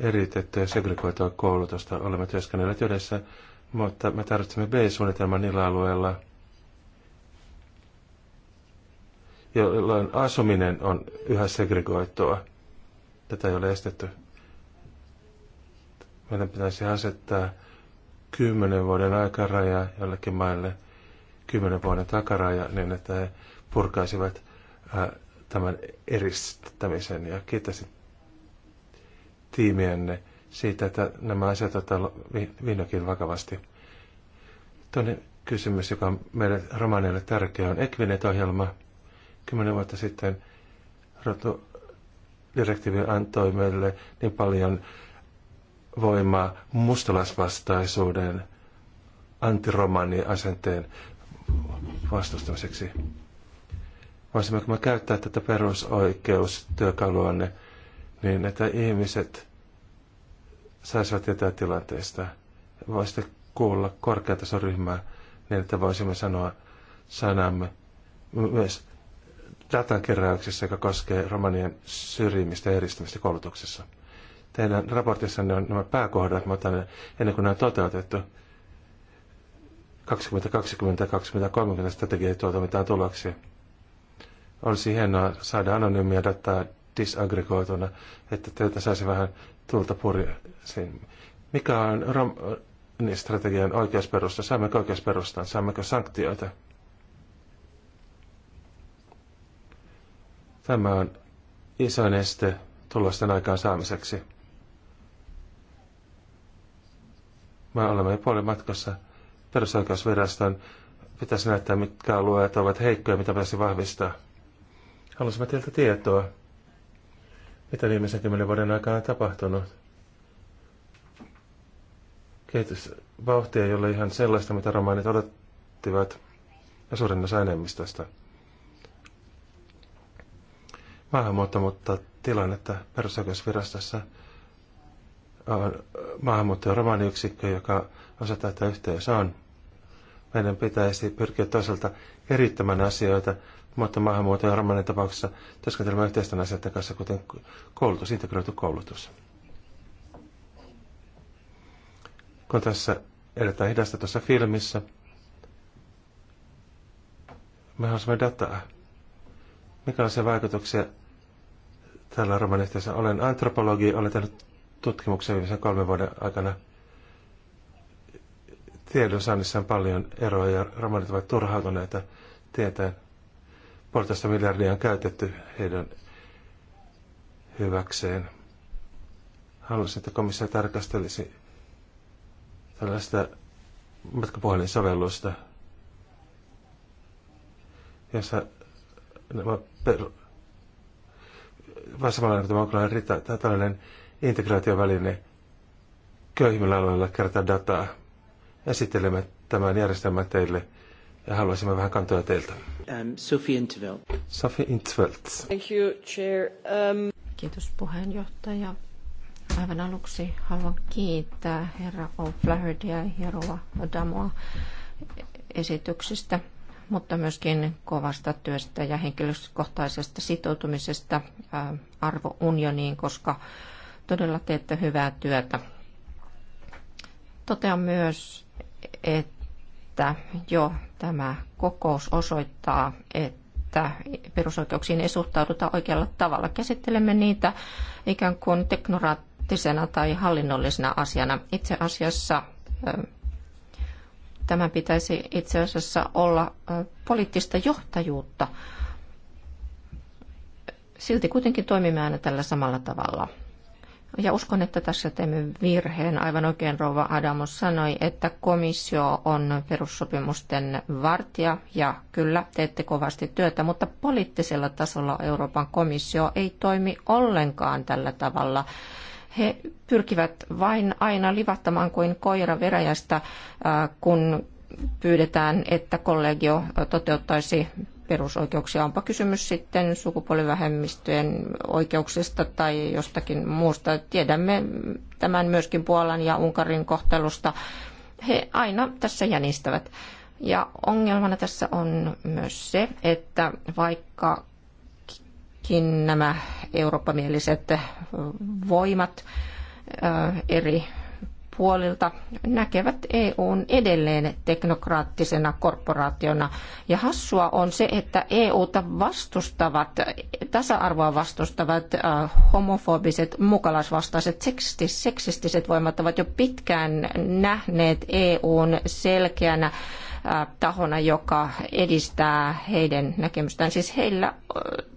eritettyä segregoitua koulutusta. Olemme työskennelleet yhdessä mutta me tarvitsemme B-suunnitelman niillä alueilla, jolloin asuminen on yhä segregoitua. Tätä ei ole estetty. Meidän pitäisi asettaa kymmenen vuoden aikaraja jollekin maille, kymmenen vuoden takaraja, niin että he purkaisivat ää, tämän eristämisen. Ja kiitos tiimienne siitä, että nämä asiat otetaan vihdoinkin vakavasti. Toinen kysymys, joka on meille romaneille tärkeä, on Equinet-ohjelma. Kymmenen vuotta sitten direktiivi antoi meille niin paljon voimaa mustalaisvastaisuuden antiromani-asenteen vastustamiseksi. Voisimmeko me käyttää tätä perusoikeustyökaluanne niin, että ihmiset – saisivat tietää tilanteesta. Voisitte kuulla korkeatasoryhmää niin, että voisimme sanoa sanamme myös keräyksessä, joka koskee romanien syrjimistä ja eristämistä koulutuksessa. Teidän raportissanne on nämä pääkohdat, mutta ennen kuin ne on toteutettu, 2020 ja 2030 strategia ei tuota mitään tuloksia. Olisi hienoa saada anonyymiä dataa disaggregoituna, että teiltä saisi vähän tulta sen. Mikä on Romanin strategian oikeusperusta? Saammeko oikeusperustan? Saammeko sanktioita? Tämä on isoin este tulosten aikaan saamiseksi. Me olemme jo puolen matkassa. Perusoikeusviraston pitäisi näyttää, mitkä alueet ovat heikkoja, mitä pitäisi vahvistaa. Haluaisimme teiltä tietoa mitä viimeisen kymmenen vuoden aikana on tapahtunut. Kehitysvauhtia ei ole ihan sellaista, mitä romaanit odottivat ja suurin osa enemmistöstä. Maahanmuutto mutta tilannetta perusoikeusvirastossa on maahanmuutto- ja romaaniyksikkö, joka osoittaa, että yhteys on. Meidän pitäisi pyrkiä toisaalta eriyttämään asioita mutta maahanmuuton ja romanin tapauksessa työskentelemme yhteisten asioiden kanssa, kuten koulutus, integroitu koulutus. Kun tässä edetään hidasta tuossa filmissä, me haluaisimme dataa. Minkälaisia vaikutuksia tällä romaniyhteisöllä? Olen antropologi, olen tehnyt tutkimuksen viimeisen kolmen vuoden aikana tiedonsaannissa on paljon eroja ja romanit ovat turhautuneita tietäen puolitoista miljardia on käytetty heidän hyväkseen. Haluaisin, että komissio tarkastelisi tällaista sovellusta, jossa nämä peru... Vasemmalla tämä tällainen integraatioväline köyhimmillä alueilla kerätä dataa. Esittelemme tämän järjestelmän teille ja haluaisimme vähän kantoja teiltä. Um, Sophie Intveld. Sophie Intveld. Thank you, Chair. Um... Kiitos puheenjohtaja. Aivan aluksi haluan kiittää herra O'Flaherty ja herra Damoa esityksistä, mutta myöskin kovasta työstä ja henkilökohtaisesta sitoutumisesta äh, arvounioniin, koska todella teette hyvää työtä. Totean myös, että että jo tämä kokous osoittaa, että perusoikeuksiin ei suhtauduta oikealla tavalla. Käsittelemme niitä ikään kuin teknoraattisena tai hallinnollisena asiana. Itse asiassa ähm, tämän pitäisi itse asiassa olla äh, poliittista johtajuutta. Silti kuitenkin toimimme aina tällä samalla tavalla – ja uskon, että tässä teemme virheen. Aivan oikein rouva Adamus sanoi, että komissio on perussopimusten vartija ja kyllä teette kovasti työtä, mutta poliittisella tasolla Euroopan komissio ei toimi ollenkaan tällä tavalla. He pyrkivät vain aina livahtamaan kuin koira veräjästä, äh, kun pyydetään, että kollegio toteuttaisi perusoikeuksia. Onpa kysymys sitten sukupuolivähemmistöjen oikeuksista tai jostakin muusta. Tiedämme tämän myöskin Puolan ja Unkarin kohtelusta. He aina tässä jänistävät. Ja ongelmana tässä on myös se, että vaikkakin nämä eurooppamieliset voimat eri puolilta näkevät EUn edelleen teknokraattisena korporaationa. Ja hassua on se, että EUta vastustavat, tasa-arvoa vastustavat äh, homofobiset, mukalaisvastaiset, seksistiset voimat ovat jo pitkään nähneet EUn selkeänä äh, tahona, joka edistää heidän näkemystään. Siis heillä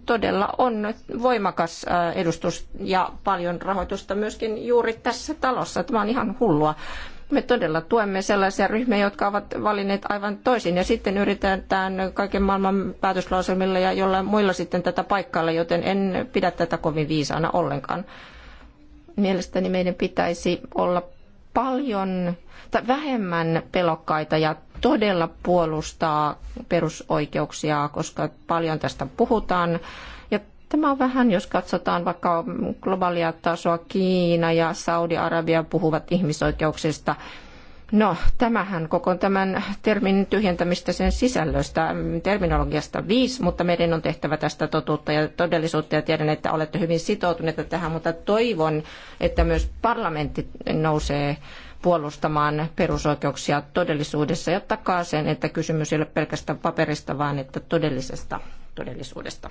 todella on voimakas edustus ja paljon rahoitusta myöskin juuri tässä talossa. Tämä on ihan hullua me todella tuemme sellaisia ryhmiä, jotka ovat valinneet aivan toisin. Ja sitten yritetään kaiken maailman päätöslauselmilla ja jollain muilla sitten tätä paikkailla, joten en pidä tätä kovin viisaana ollenkaan. Mielestäni meidän pitäisi olla paljon tai vähemmän pelokkaita ja todella puolustaa perusoikeuksia, koska paljon tästä puhutaan. Ja tämä on vähän, jos katsotaan vaikka globaalia tasoa, Kiina ja Saudi-Arabia puhuvat ihmisoikeuksista. No, tämähän koko tämän termin tyhjentämistä sen sisällöstä, terminologiasta viisi, mutta meidän on tehtävä tästä totuutta ja todellisuutta ja tiedän, että olette hyvin sitoutuneita tähän, mutta toivon, että myös parlamentti nousee puolustamaan perusoikeuksia todellisuudessa ja takaa sen, että kysymys ei ole pelkästään paperista, vaan että todellisesta todellisuudesta.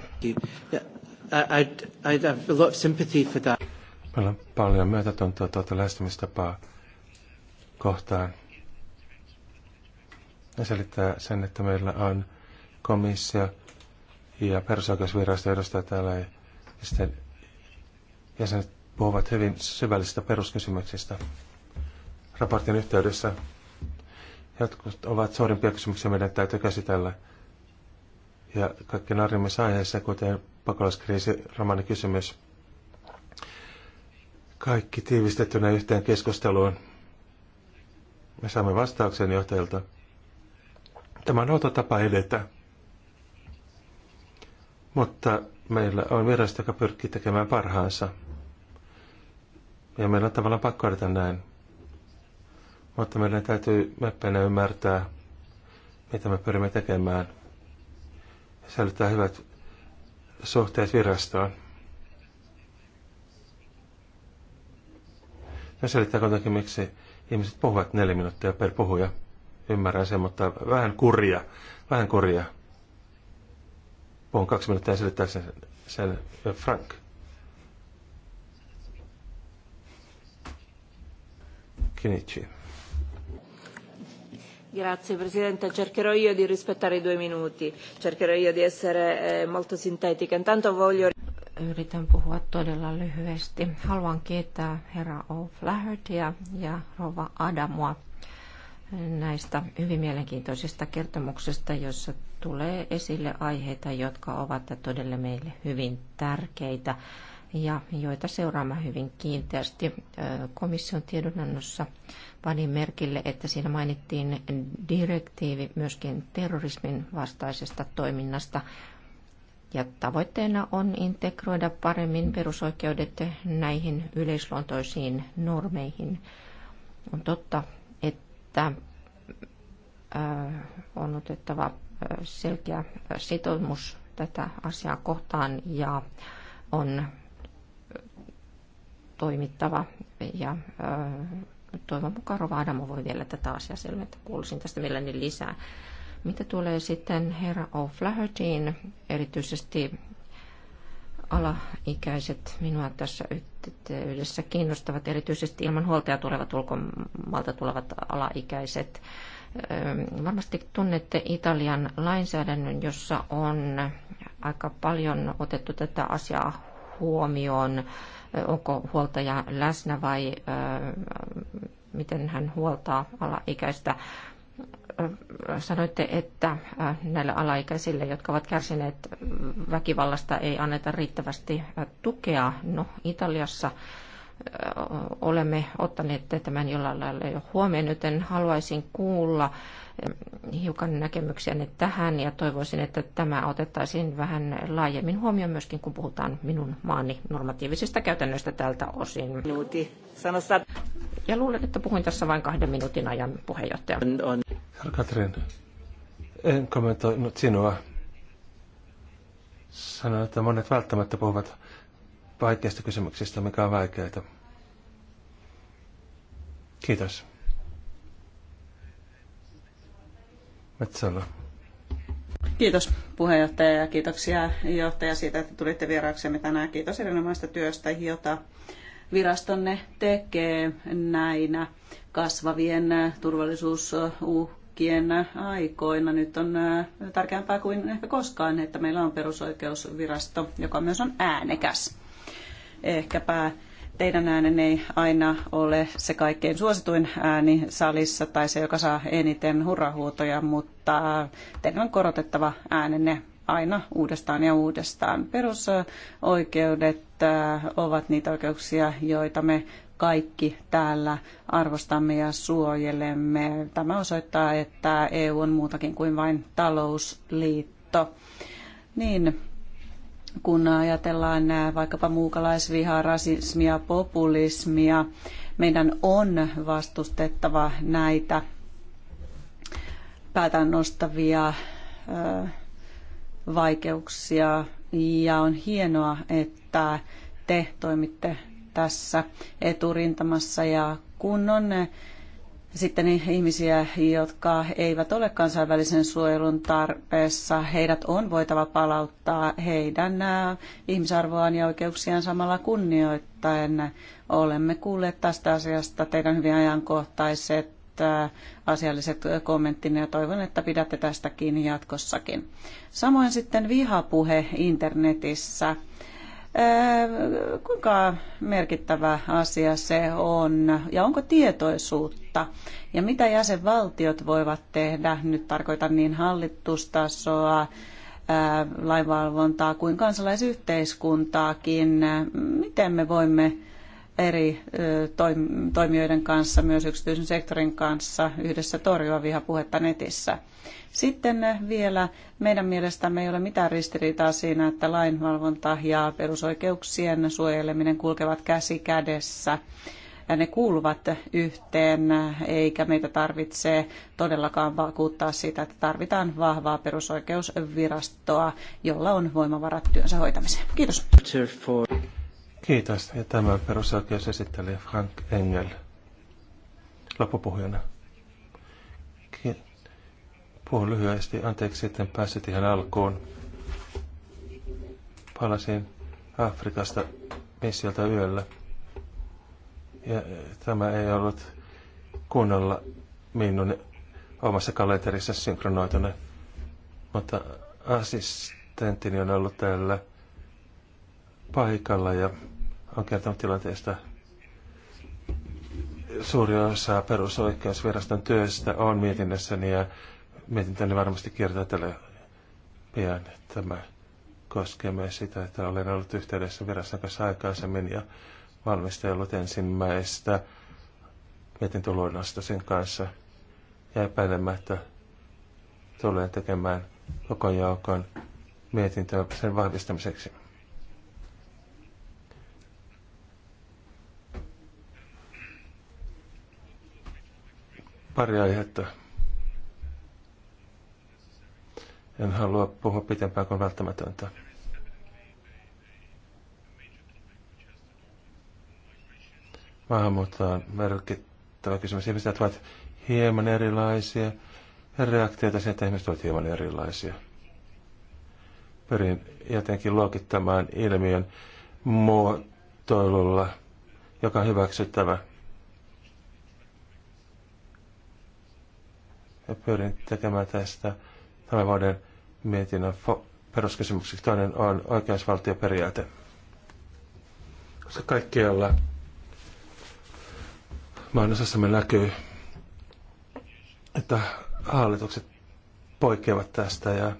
Meillä on paljon myötätuntoa tuota lähestymistapaa kohtaan. Ja selittää sen, että meillä on komissio ja perusoikeusvirasto edustaa täällä ja sitten jäsenet puhuvat hyvin syvällisistä peruskysymyksistä raportin yhteydessä. Jotkut ovat suurimpia kysymyksiä meidän täytyy käsitellä. Ja kaikki narjimmissa aiheissa, kuten pakolaiskriisi, kysymys. Kaikki tiivistettynä yhteen keskusteluun. Me saamme vastauksen johtajilta. Tämä on outo tapa edetä. Mutta meillä on virasto, joka pyrkii tekemään parhaansa. Ja meillä on tavallaan pakko edetä näin. Mutta meidän täytyy meppänä ymmärtää, mitä me pyrimme tekemään. Säilyttää hyvät suhteet virastoon. se selittää kuitenkin, miksi ihmiset puhuvat neljä minuuttia per puhuja. Ymmärrän sen, mutta vähän kurja. Vähän kurja. Puhun kaksi minuuttia ja selittää sen, sen äh, Frank. Kinichi. Grazie Presidente, cercherò io di rispettare i due minuti, cercherò io di essere eh, molto sintetica. Intanto voglio... Yritän puhua todella lyhyesti. Haluan kiittää herra O'Flahertyä ja rova Adamua näistä hyvin mielenkiintoisista kertomuksista, joissa tulee esille aiheita, jotka ovat todella meille hyvin tärkeitä ja joita seuraamme hyvin kiinteästi. Komission tiedonannossa panin merkille, että siinä mainittiin direktiivi myöskin terrorismin vastaisesta toiminnasta. Ja tavoitteena on integroida paremmin perusoikeudet näihin yleisluontoisiin normeihin. On totta, että äh, on otettava äh, selkeä äh, sitoumus tätä asiaa kohtaan ja on toimittava. Ja toivon mukaan Rova Adamo voi vielä tätä asiaa selventää. Kuulisin tästä mielelläni niin lisää. Mitä tulee sitten herra O'Flahertyin, erityisesti alaikäiset minua tässä yhdessä kiinnostavat, erityisesti ilman huoltaja tulevat ulkomaalta tulevat alaikäiset. Varmasti tunnette Italian lainsäädännön, jossa on aika paljon otettu tätä asiaa huomioon onko huoltaja läsnä vai miten hän huoltaa alaikäistä sanoitte, että näille alaikäisille, jotka ovat kärsineet väkivallasta, ei anneta riittävästi tukea. No, Italiassa olemme ottaneet tämän jollain lailla jo huomioon, joten haluaisin kuulla eh, hiukan näkemyksiänne tähän ja toivoisin, että tämä otettaisiin vähän laajemmin huomioon myöskin, kun puhutaan minun maani normatiivisista käytännöistä tältä osin. Minuutti. Sanosta. Ja luulen, että puhuin tässä vain kahden minuutin ajan puheenjohtaja. On, on. Katrin, en kommentoinut sinua. Sanoin, että monet välttämättä puhuvat vaikeista kysymyksistä, mikä on vaikeita. Kiitos. Metsällä. Kiitos puheenjohtaja ja kiitoksia johtaja siitä, että tulitte vieraaksemme tänään. Kiitos erinomaista työstä, jota virastonne tekee näinä kasvavien turvallisuusuhkien aikoina. Nyt on äh, tärkeämpää kuin ehkä koskaan, että meillä on perusoikeusvirasto, joka myös on äänekäs ehkäpä teidän äänen ei aina ole se kaikkein suosituin ääni salissa tai se, joka saa eniten hurrahuutoja, mutta teidän on korotettava äänenne aina uudestaan ja uudestaan. Perusoikeudet äh, ovat niitä oikeuksia, joita me kaikki täällä arvostamme ja suojelemme. Tämä osoittaa, että EU on muutakin kuin vain talousliitto. Niin, kun ajatellaan äh, vaikkapa muukalaisvihaa, rasismia, populismia, meidän on vastustettava näitä päätään nostavia äh, vaikeuksia ja on hienoa, että te toimitte tässä eturintamassa ja kun on sitten ihmisiä, jotka eivät ole kansainvälisen suojelun tarpeessa, heidät on voitava palauttaa heidän ihmisarvoaan ja oikeuksiaan samalla kunnioittaen. Olemme kuulleet tästä asiasta teidän hyvin ajankohtaiset asialliset kommenttinne ja toivon, että pidätte tästä kiinni jatkossakin. Samoin sitten vihapuhe internetissä. Äh, kuinka merkittävä asia se on ja onko tietoisuutta ja mitä jäsenvaltiot voivat tehdä, nyt tarkoitan niin hallitustasoa, äh, lainvalvontaa kuin kansalaisyhteiskuntaakin, miten me voimme eri toimijoiden kanssa, myös yksityisen sektorin kanssa yhdessä torjua vihapuhetta netissä. Sitten vielä meidän mielestämme ei ole mitään ristiriitaa siinä, että lainvalvonta ja perusoikeuksien suojeleminen kulkevat käsi kädessä. Ja ne kuuluvat yhteen, eikä meitä tarvitse todellakaan vakuuttaa siitä, että tarvitaan vahvaa perusoikeusvirastoa, jolla on voimavarat työnsä hoitamiseen. Kiitos. Kiitos. Ja tämä perusoikeusesittelijä Frank Engel loppupuhujana. Ki- Puhun lyhyesti. Anteeksi, en päässyt ihan alkuun. Palasin Afrikasta missiltä yöllä. Ja tämä ei ollut kunnolla minun omassa kalenterissa synkronoituna. Mutta assistenttini on ollut täällä paikalla ja on kertonut tilanteesta. Suuri osa perusoikeusviraston työstä on mietinnässäni ja mietintäni varmasti kertaa tälle pian. Tämä koskee myös sitä, että olen ollut yhteydessä viraston kanssa aikaisemmin ja valmistellut ensimmäistä mietintöluonnosta sen kanssa. Ja epäilemättä tulen tekemään koko joukon mietintöä sen vahvistamiseksi. Pari aihetta. En halua puhua pitempään kuin välttämätöntä. Maahanmuutto on merkittävä kysymys. Ihmiset ovat hieman erilaisia. Reaktioita siihen, että ihmiset ovat hieman erilaisia. Pyrin jotenkin luokittamaan ilmiön muotoilulla, joka on hyväksyttävä ja pyrin tekemään tästä tämän vuoden mietinnön peruskysymyksiksi. Toinen on oikeusvaltioperiaate. Koska kaikkialla me näkyy, että hallitukset poikkeavat tästä ja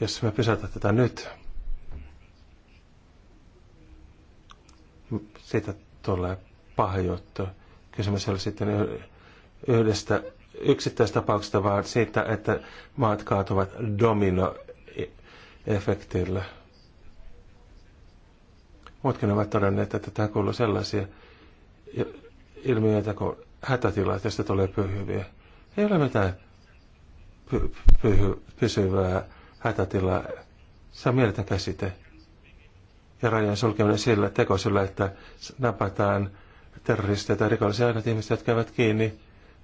jos me pysäytä tätä nyt, siitä tulee paha juttu. Kysymys oli sitten yhdestä yksittäistapauksesta, vaan siitä, että maat kaatuvat dominoefektillä. Muutkin ovat todenneet, että tämä kuuluu sellaisia ilmiöitä kuin hätätilat, joista tulee pyhyviä. Ei ole mitään py- py- pysyvää hätätilaa. Se on mieletön käsite. Ja rajojen sulkeminen sillä tekosyllä, että napataan terroristeja tai rikollisia aina ihmisiä, jotka käyvät kiinni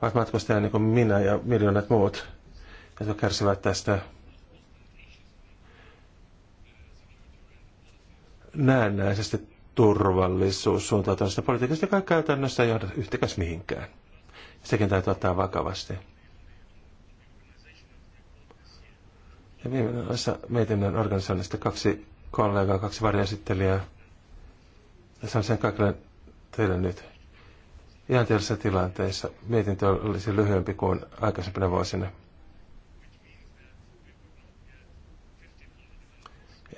ovat niin kuin minä ja miljoonat muut, jotka kärsivät tästä näennäisesti turvallisuus suuntautuneesta politiikasta, joka käytännössä ei johda yhtäkäs mihinkään. Sekin täytyy ottaa vakavasti. Ja viimeinen osa mietinnän organisoinnista kaksi kollegaa, kaksi varjoesittelijää. Ja sanon sen kaikille teille nyt ihanteellisissa tilanteissa mietintö olisi lyhyempi kuin aikaisempina vuosina.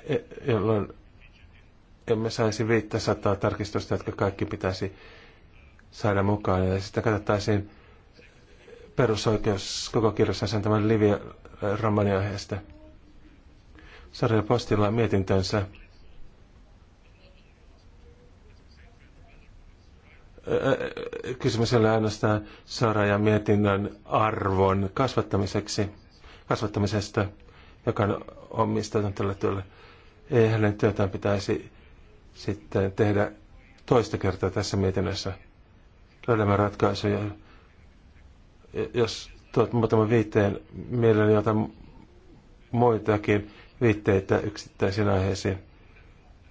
E, jolloin emme saisi 500 tarkistusta, jotka kaikki pitäisi saada mukaan. Ja sitten katsottaisiin perusoikeus koko kirjassa sen tämän Livia aiheesta. Sarja Postilla on mietintönsä. E, e, kysymys ei ole ainoastaan saaraajan mietinnön arvon kasvattamiseksi, kasvattamisesta, joka on omistanut tälle työlle. Ei hänen työtään pitäisi sitten tehdä toista kertaa tässä mietinnössä. Löydämme ratkaisuja. Jos tuot muutaman viitteen, mielelläni jotain muitakin viitteitä yksittäisiin aiheisiin.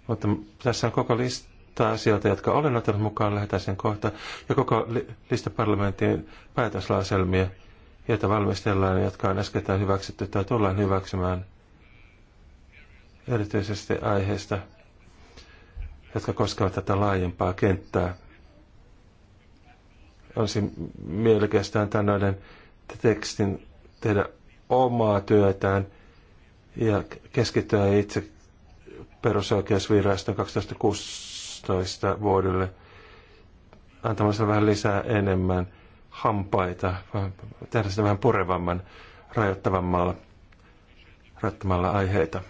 Mutta tässä on koko lista ottaa asioita, jotka olen ottanut mukaan, lähetän sen kohta, ja koko lista parlamentin päätöslauselmia, joita valmistellaan, jotka on äsken hyväksytty tai tullaan hyväksymään erityisesti aiheesta, jotka koskevat tätä laajempaa kenttää. Olisi mielekästään tämän tekstin tehdä omaa työtään ja keskittyä itse perusoikeusviraston 2006 2016 vuodelle antamassa vähän lisää enemmän hampaita, tehdä sitä vähän purevamman, rajoittavammalla, rajoittamalla aiheita.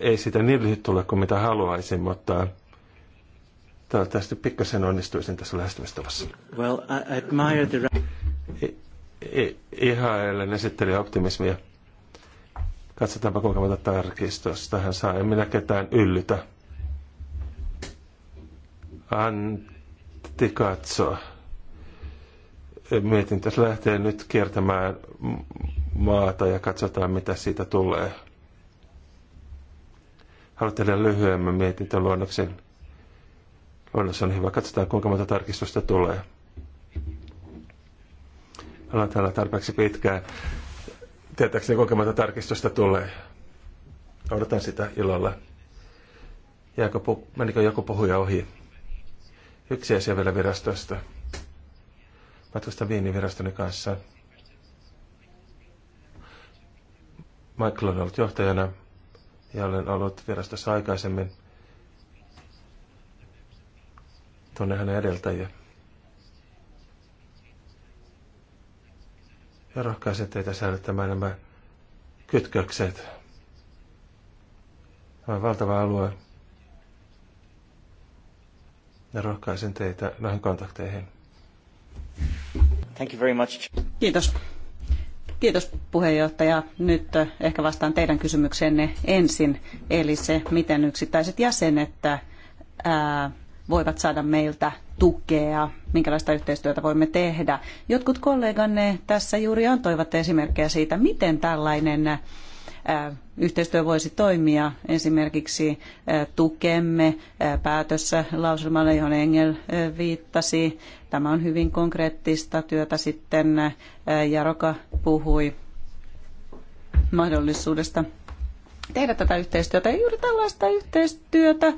Ei sitä niin lyhyt tule kuin mitä haluaisin, mutta toivottavasti pikkasen onnistuisin tässä lähestymistavassa. Well, I admire the... I, I, ihailen esittelijä optimismia Katsotaanpa kuinka monta tarkistusta hän saa. En minä ketään yllytä. Antti katsoa. Mietin, että lähtee nyt kiertämään maata ja katsotaan mitä siitä tulee. Haluan tehdä lyhyemmän mietintöluonnoksen. Luonnos on hyvä. Katsotaan kuinka monta tarkistusta tulee. Haluan täällä tarpeeksi pitkään tietääkseni kokematta tarkistusta tulee. Odotan sitä ilolla. Jääkö pu- menikö joku puhuja ohi? Yksi asia vielä virastosta. Matkusta viinivirastoni kanssa. Michael on ollut johtajana ja olen ollut virastossa aikaisemmin. Tunne hänen edeltäjiä. ja rohkaisen teitä säilyttämään nämä kytkökset. Tämä on valtava alue. Ja rohkaisen teitä noihin kontakteihin. Thank you very much. Kiitos. Kiitos puheenjohtaja. Nyt äh, ehkä vastaan teidän kysymykseenne ensin, eli se, miten yksittäiset jäsenet ää, äh, voivat saada meiltä tukea, minkälaista yhteistyötä voimme tehdä. Jotkut kolleganne tässä juuri antoivat esimerkkejä siitä, miten tällainen äh, yhteistyö voisi toimia. Esimerkiksi äh, tukemme äh, päätössä lauselmalle, johon Engel viittasi. Tämä on hyvin konkreettista työtä sitten. Jaroka puhui mahdollisuudesta tehdä tätä yhteistyötä. Ja juuri tällaista yhteistyötä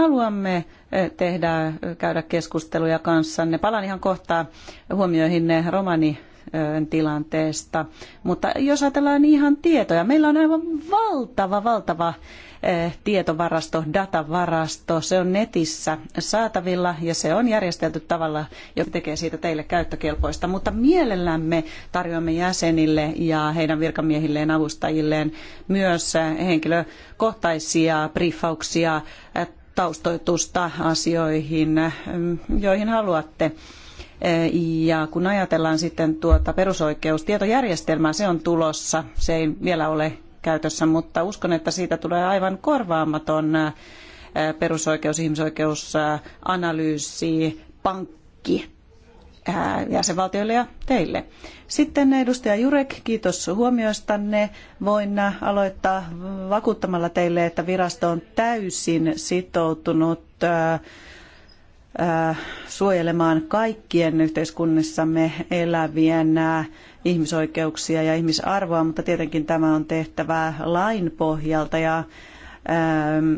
haluamme eh, tehdä, eh, käydä keskusteluja kanssanne. Palaan ihan kohta huomioihinne romani eh, tilanteesta. Mutta jos ajatellaan ihan tietoja, meillä on aivan valtava, valtava tietovarasto, datavarasto. Se on netissä saatavilla ja se on järjestelty tavalla, joka tekee siitä teille käyttökelpoista. Mutta mielellämme tarjoamme jäsenille ja heidän virkamiehilleen avustajilleen myös henkilökohtaisia briefauksia taustoitusta asioihin, joihin haluatte. Ja kun ajatellaan sitten tuota perusoikeustietojärjestelmää, se on tulossa. Se ei vielä ole käytössä, mutta uskon, että siitä tulee aivan korvaamaton perusoikeus, ihmisoikeusanalyysi analyysi, pankki Äh, jäsenvaltioille ja teille. Sitten edustaja Jurek, kiitos huomioistanne. Voin äh, aloittaa vakuuttamalla teille, että virasto on täysin sitoutunut äh, suojelemaan kaikkien yhteiskunnissamme elävien ihmisoikeuksia ja ihmisarvoa, mutta tietenkin tämä on tehtävää lain pohjalta ja ähm,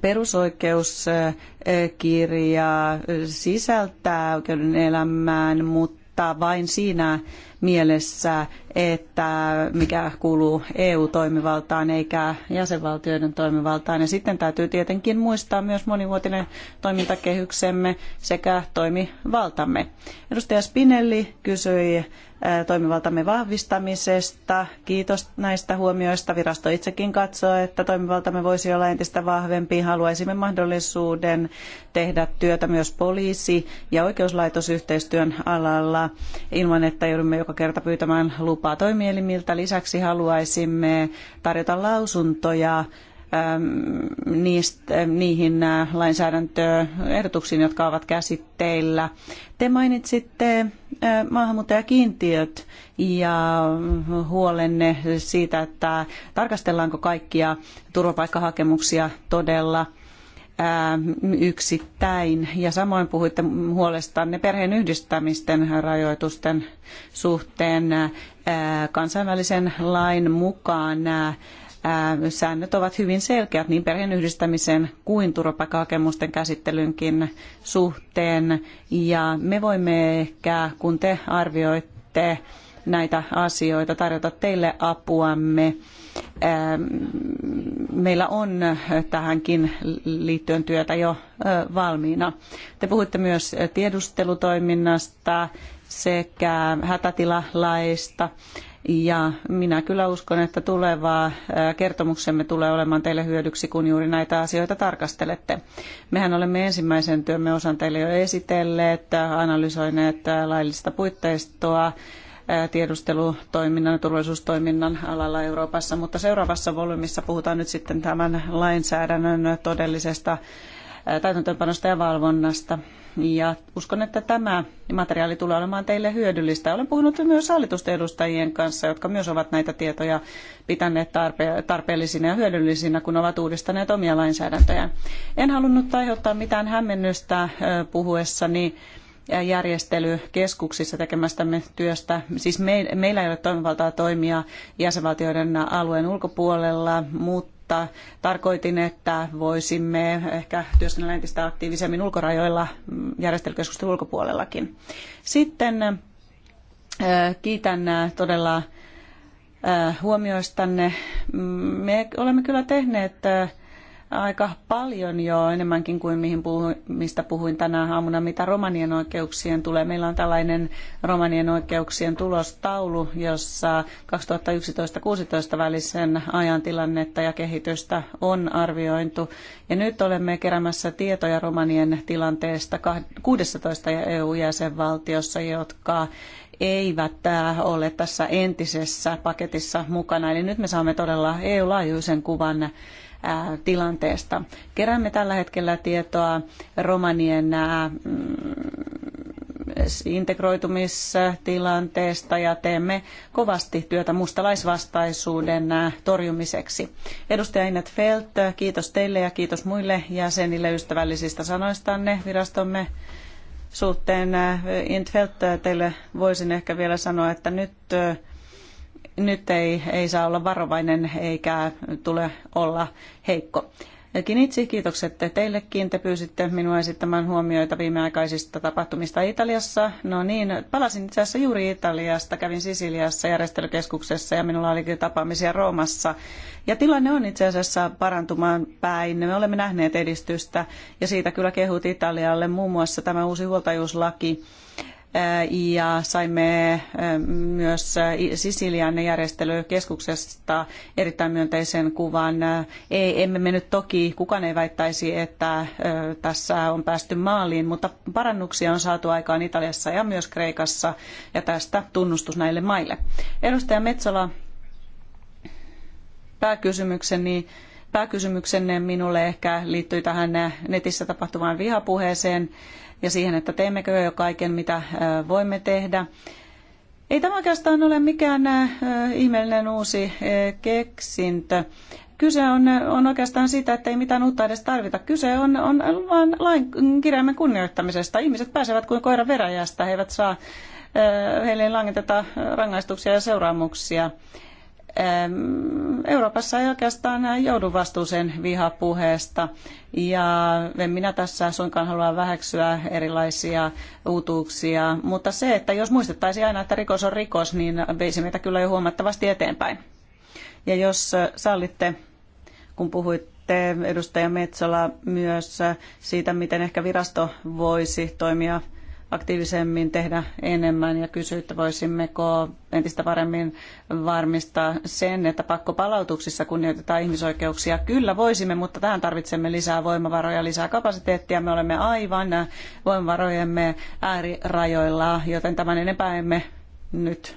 perusoikeuskirja sisältää oikeuden elämään, mutta vain siinä mielessä, että mikä kuuluu EU-toimivaltaan eikä jäsenvaltioiden toimivaltaan. Ja sitten täytyy tietenkin muistaa myös monivuotinen toimintakehyksemme sekä toimivaltamme. Edustaja Spinelli kysyi eh, toimivaltamme vahvistamisesta. Kiitos näistä huomioista. Virasto itsekin katsoo, että toimivaltamme voisi olla entistä vahvempi. Haluaisimme mahdollisuuden tehdä työtä myös poliisi- ja oikeuslaitosyhteistyön alalla ilman, että joudumme joka joka kerta pyytämään lupaa toimielimiltä. Lisäksi haluaisimme tarjota lausuntoja ähm, niistä, äh, niihin äh, lainsäädäntöehdotuksiin, jotka ovat käsitteillä. Te mainitsitte äh, maahanmuuttajakiintiöt ja huolenne siitä, että tarkastellaanko kaikkia turvapaikkahakemuksia todella – Ähm, yksittäin. Ja samoin puhuitte huolestanne perheen yhdistämisten rajoitusten suhteen äh, kansainvälisen lain mukaan äh, äh, säännöt ovat hyvin selkeät niin perheen yhdistämisen kuin turvapaikkahakemusten käsittelynkin suhteen. Ja me voimme ehkä, kun te arvioitte näitä asioita, tarjota teille apuamme Ähm, meillä on äh, tähänkin liittyen työtä jo äh, valmiina. Te puhuitte myös äh, tiedustelutoiminnasta sekä hätätilalaista. Ja minä kyllä uskon, että tulevaa kertomuksemme tulee olemaan teille hyödyksi, kun juuri näitä asioita tarkastelette. Mehän olemme ensimmäisen työmme osan teille jo esitelleet, analysoineet laillista puitteistoa, tiedustelutoiminnan ja turvallisuustoiminnan alalla Euroopassa, mutta seuraavassa volyymissa puhutaan nyt sitten tämän lainsäädännön todellisesta täytäntöönpanosta ja valvonnasta. Ja uskon, että tämä materiaali tulee olemaan teille hyödyllistä. Olen puhunut myös hallitusten edustajien kanssa, jotka myös ovat näitä tietoja pitäneet tarpe- tarpeellisina ja hyödyllisinä, kun ovat uudistaneet omia lainsäädäntöjään. En halunnut aiheuttaa mitään hämmennystä puhuessani järjestelykeskuksissa tekemästämme työstä. Siis me, meillä ei ole toimivaltaa toimia jäsenvaltioiden alueen ulkopuolella, mutta tarkoitin, että voisimme ehkä työskennellä entistä aktiivisemmin ulkorajoilla mm, järjestelykeskusten ulkopuolellakin. Sitten äh, kiitän äh, todella äh, huomioistanne. Mm, me olemme kyllä tehneet aika paljon jo enemmänkin kuin mihin puhuin, mistä puhuin tänään aamuna, mitä romanien oikeuksien tulee. Meillä on tällainen romanien oikeuksien tulostaulu, jossa 2011-2016 välisen ajan tilannetta ja kehitystä on arviointu. Ja nyt olemme keräämässä tietoja romanien tilanteesta 16 EU-jäsenvaltiossa, jotka eivät äh, ole tässä entisessä paketissa mukana. Eli nyt me saamme todella EU-laajuisen kuvan tilanteesta. Keräämme tällä hetkellä tietoa romanien mm, integroitumistilanteesta ja teemme kovasti työtä mustalaisvastaisuuden torjumiseksi. Edustaja Inet Felt, kiitos teille ja kiitos muille jäsenille ystävällisistä sanoistanne virastomme suhteen. Intfeld, teille voisin ehkä vielä sanoa, että nyt nyt ei, ei saa olla varovainen eikä tule olla heikko. Kinitsi, kiitokset teillekin. Te pyysitte minua esittämään huomioita viimeaikaisista tapahtumista Italiassa. No niin, palasin itse asiassa juuri Italiasta. Kävin Sisiliassa järjestelykeskuksessa ja minulla olikin tapaamisia Roomassa. Ja tilanne on itse asiassa parantumaan päin. Me olemme nähneet edistystä ja siitä kyllä kehut Italialle muun muassa tämä uusi huoltajuuslaki ja saimme myös Sisilian järjestelykeskuksesta erittäin myönteisen kuvan. Ei, emme me nyt toki, kukaan ei väittäisi, että tässä on päästy maaliin, mutta parannuksia on saatu aikaan Italiassa ja myös Kreikassa ja tästä tunnustus näille maille. Edustaja Metsola, pääkysymykseni pääkysymyksenne minulle ehkä liittyi tähän netissä tapahtuvaan vihapuheeseen ja siihen, että teemmekö jo kaiken, mitä voimme tehdä. Ei tämä oikeastaan ole mikään ihmeellinen uusi keksintö. Kyse on, on oikeastaan sitä, että ei mitään uutta edes tarvita. Kyse on, on vain lain kirjaimen kunnioittamisesta. Ihmiset pääsevät kuin koira veräjästä. He eivät saa, heille langeteta rangaistuksia ja seuraamuksia. Euroopassa ei oikeastaan joudu vastuuseen vihapuheesta. Ja en minä tässä suinkaan halua väheksyä erilaisia uutuuksia, mutta se, että jos muistettaisiin aina, että rikos on rikos, niin veisi meitä kyllä jo huomattavasti eteenpäin. Ja jos sallitte, kun puhuitte edustaja Metsola myös siitä, miten ehkä virasto voisi toimia aktiivisemmin tehdä enemmän ja kysyi, että voisimmeko entistä paremmin varmistaa sen, että pakkopalautuksissa kunnioitetaan ihmisoikeuksia. Kyllä voisimme, mutta tähän tarvitsemme lisää voimavaroja, lisää kapasiteettia. Me olemme aivan voimavarojemme äärirajoilla, joten tämän enempää emme nyt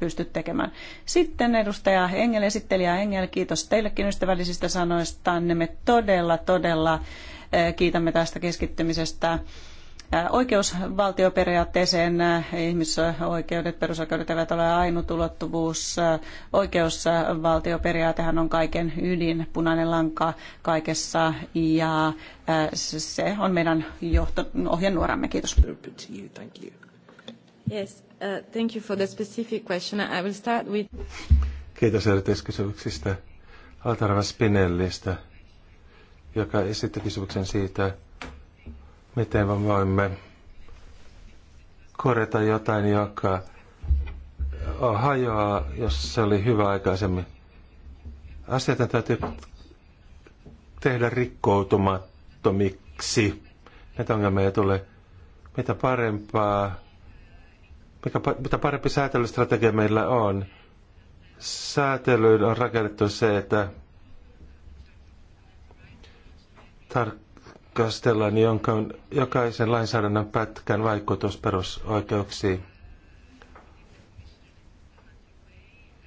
pysty tekemään. Sitten edustaja Engel, esittelijä Engel, kiitos teillekin ystävällisistä sanoistanne. Me todella, todella eh, kiitämme tästä keskittymisestä oikeusvaltioperiaatteeseen äh, ihmisoikeudet, perusoikeudet eivät ole ainutulottuvuus. Äh, oikeusvaltioperiaatehan on kaiken ydin, punainen lanka kaikessa ja äh, se on meidän johto, ohjenuoramme. Kiitos. Yes, uh, thank you for the specific question. I will start with... Kiitos erityiskysymyksistä. Altarva Spinellistä, joka esitti kysymyksen siitä, miten me voimme korjata jotain, joka hajoaa, jos se oli hyvä aikaisemmin. Asiat täytyy tehdä rikkoutumattomiksi. Näitä ongelmia ei tule. Mitä parempaa, mikä, mitä parempi säätelystrategia meillä on, säätelyyn on rakennettu se, että tar- tarkastellaan jonka, jokaisen lainsäädännön pätkän vaikutus perusoikeuksiin.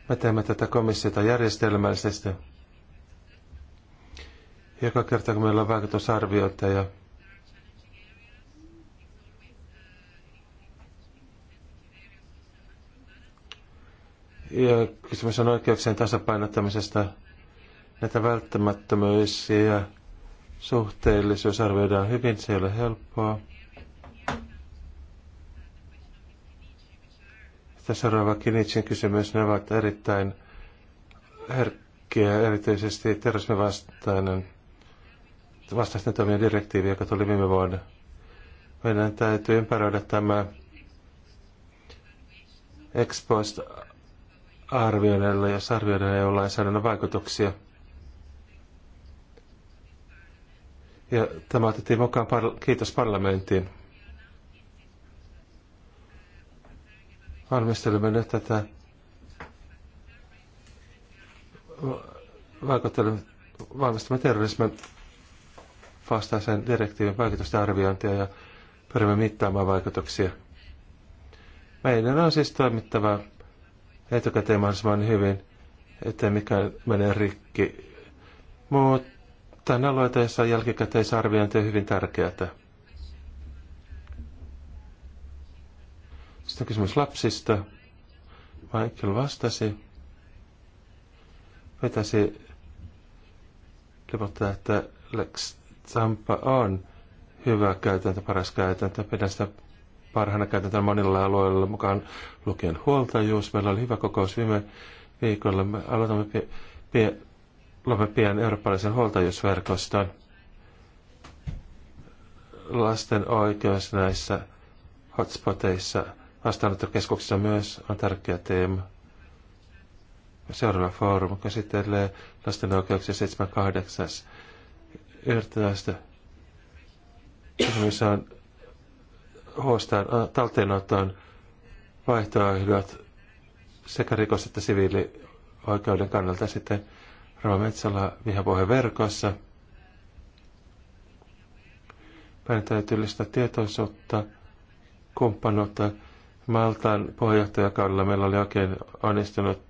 Me teemme tätä komissiota järjestelmällisesti. Joka kerta kun meillä on vaikutusarvioita ja Ja kysymys on oikeuksien tasapainottamisesta, näitä välttämättömyys ja Suhteellisuus arvioidaan hyvin, se ei ole helppoa. Tässä seuraava Kinitsin kysymys, ne ovat erittäin herkkiä, erityisesti terrorismivastainen vastaisten toimien direktiivi, joka tuli viime vuonna. Meidän täytyy ympäröidä tämä ex post arvioinnilla, jos arvioidaan EU-lainsäädännön vaikutuksia – Ja tämä otettiin mukaan, par- kiitos parlamenttiin. Valmistelemme nyt tätä valmistamme terrorismin vastaisen direktiivin vaikutusten arviointia ja pyrimme mittaamaan vaikutuksia. Meidän on siis toimittava etukäteen mahdollisimman hyvin, ettei mikään mene rikki. Muut Tämän aloitteessa jälkikäteisarviointi on hyvin tärkeää. Sitten on kysymys lapsista. Michael vastasi, vetäsi lipottaa, että Lex Zampa on hyvä käytäntö, paras käytäntö. Pidän sitä parhaana käytäntönä monilla alueilla mukaan lukien huoltajuus. Meillä oli hyvä kokous viime viikolla. Me aloitamme pie- pie- luomme pian eurooppalaisen huoltajuusverkoston. Lasten oikeus näissä hotspoteissa vastaanottokeskuksissa myös on tärkeä teema. Seuraava foorumi käsittelee lasten oikeuksia 78. 11. missä on huostaan, talteenoton vaihtoehdot sekä rikos- että siviilioikeuden kannalta sitten Rova Metsällä vihapuheen verkossa. Meidän tietoisuutta, kumppanuutta. Maltaan puheenjohtajakaudella meillä oli oikein onnistunut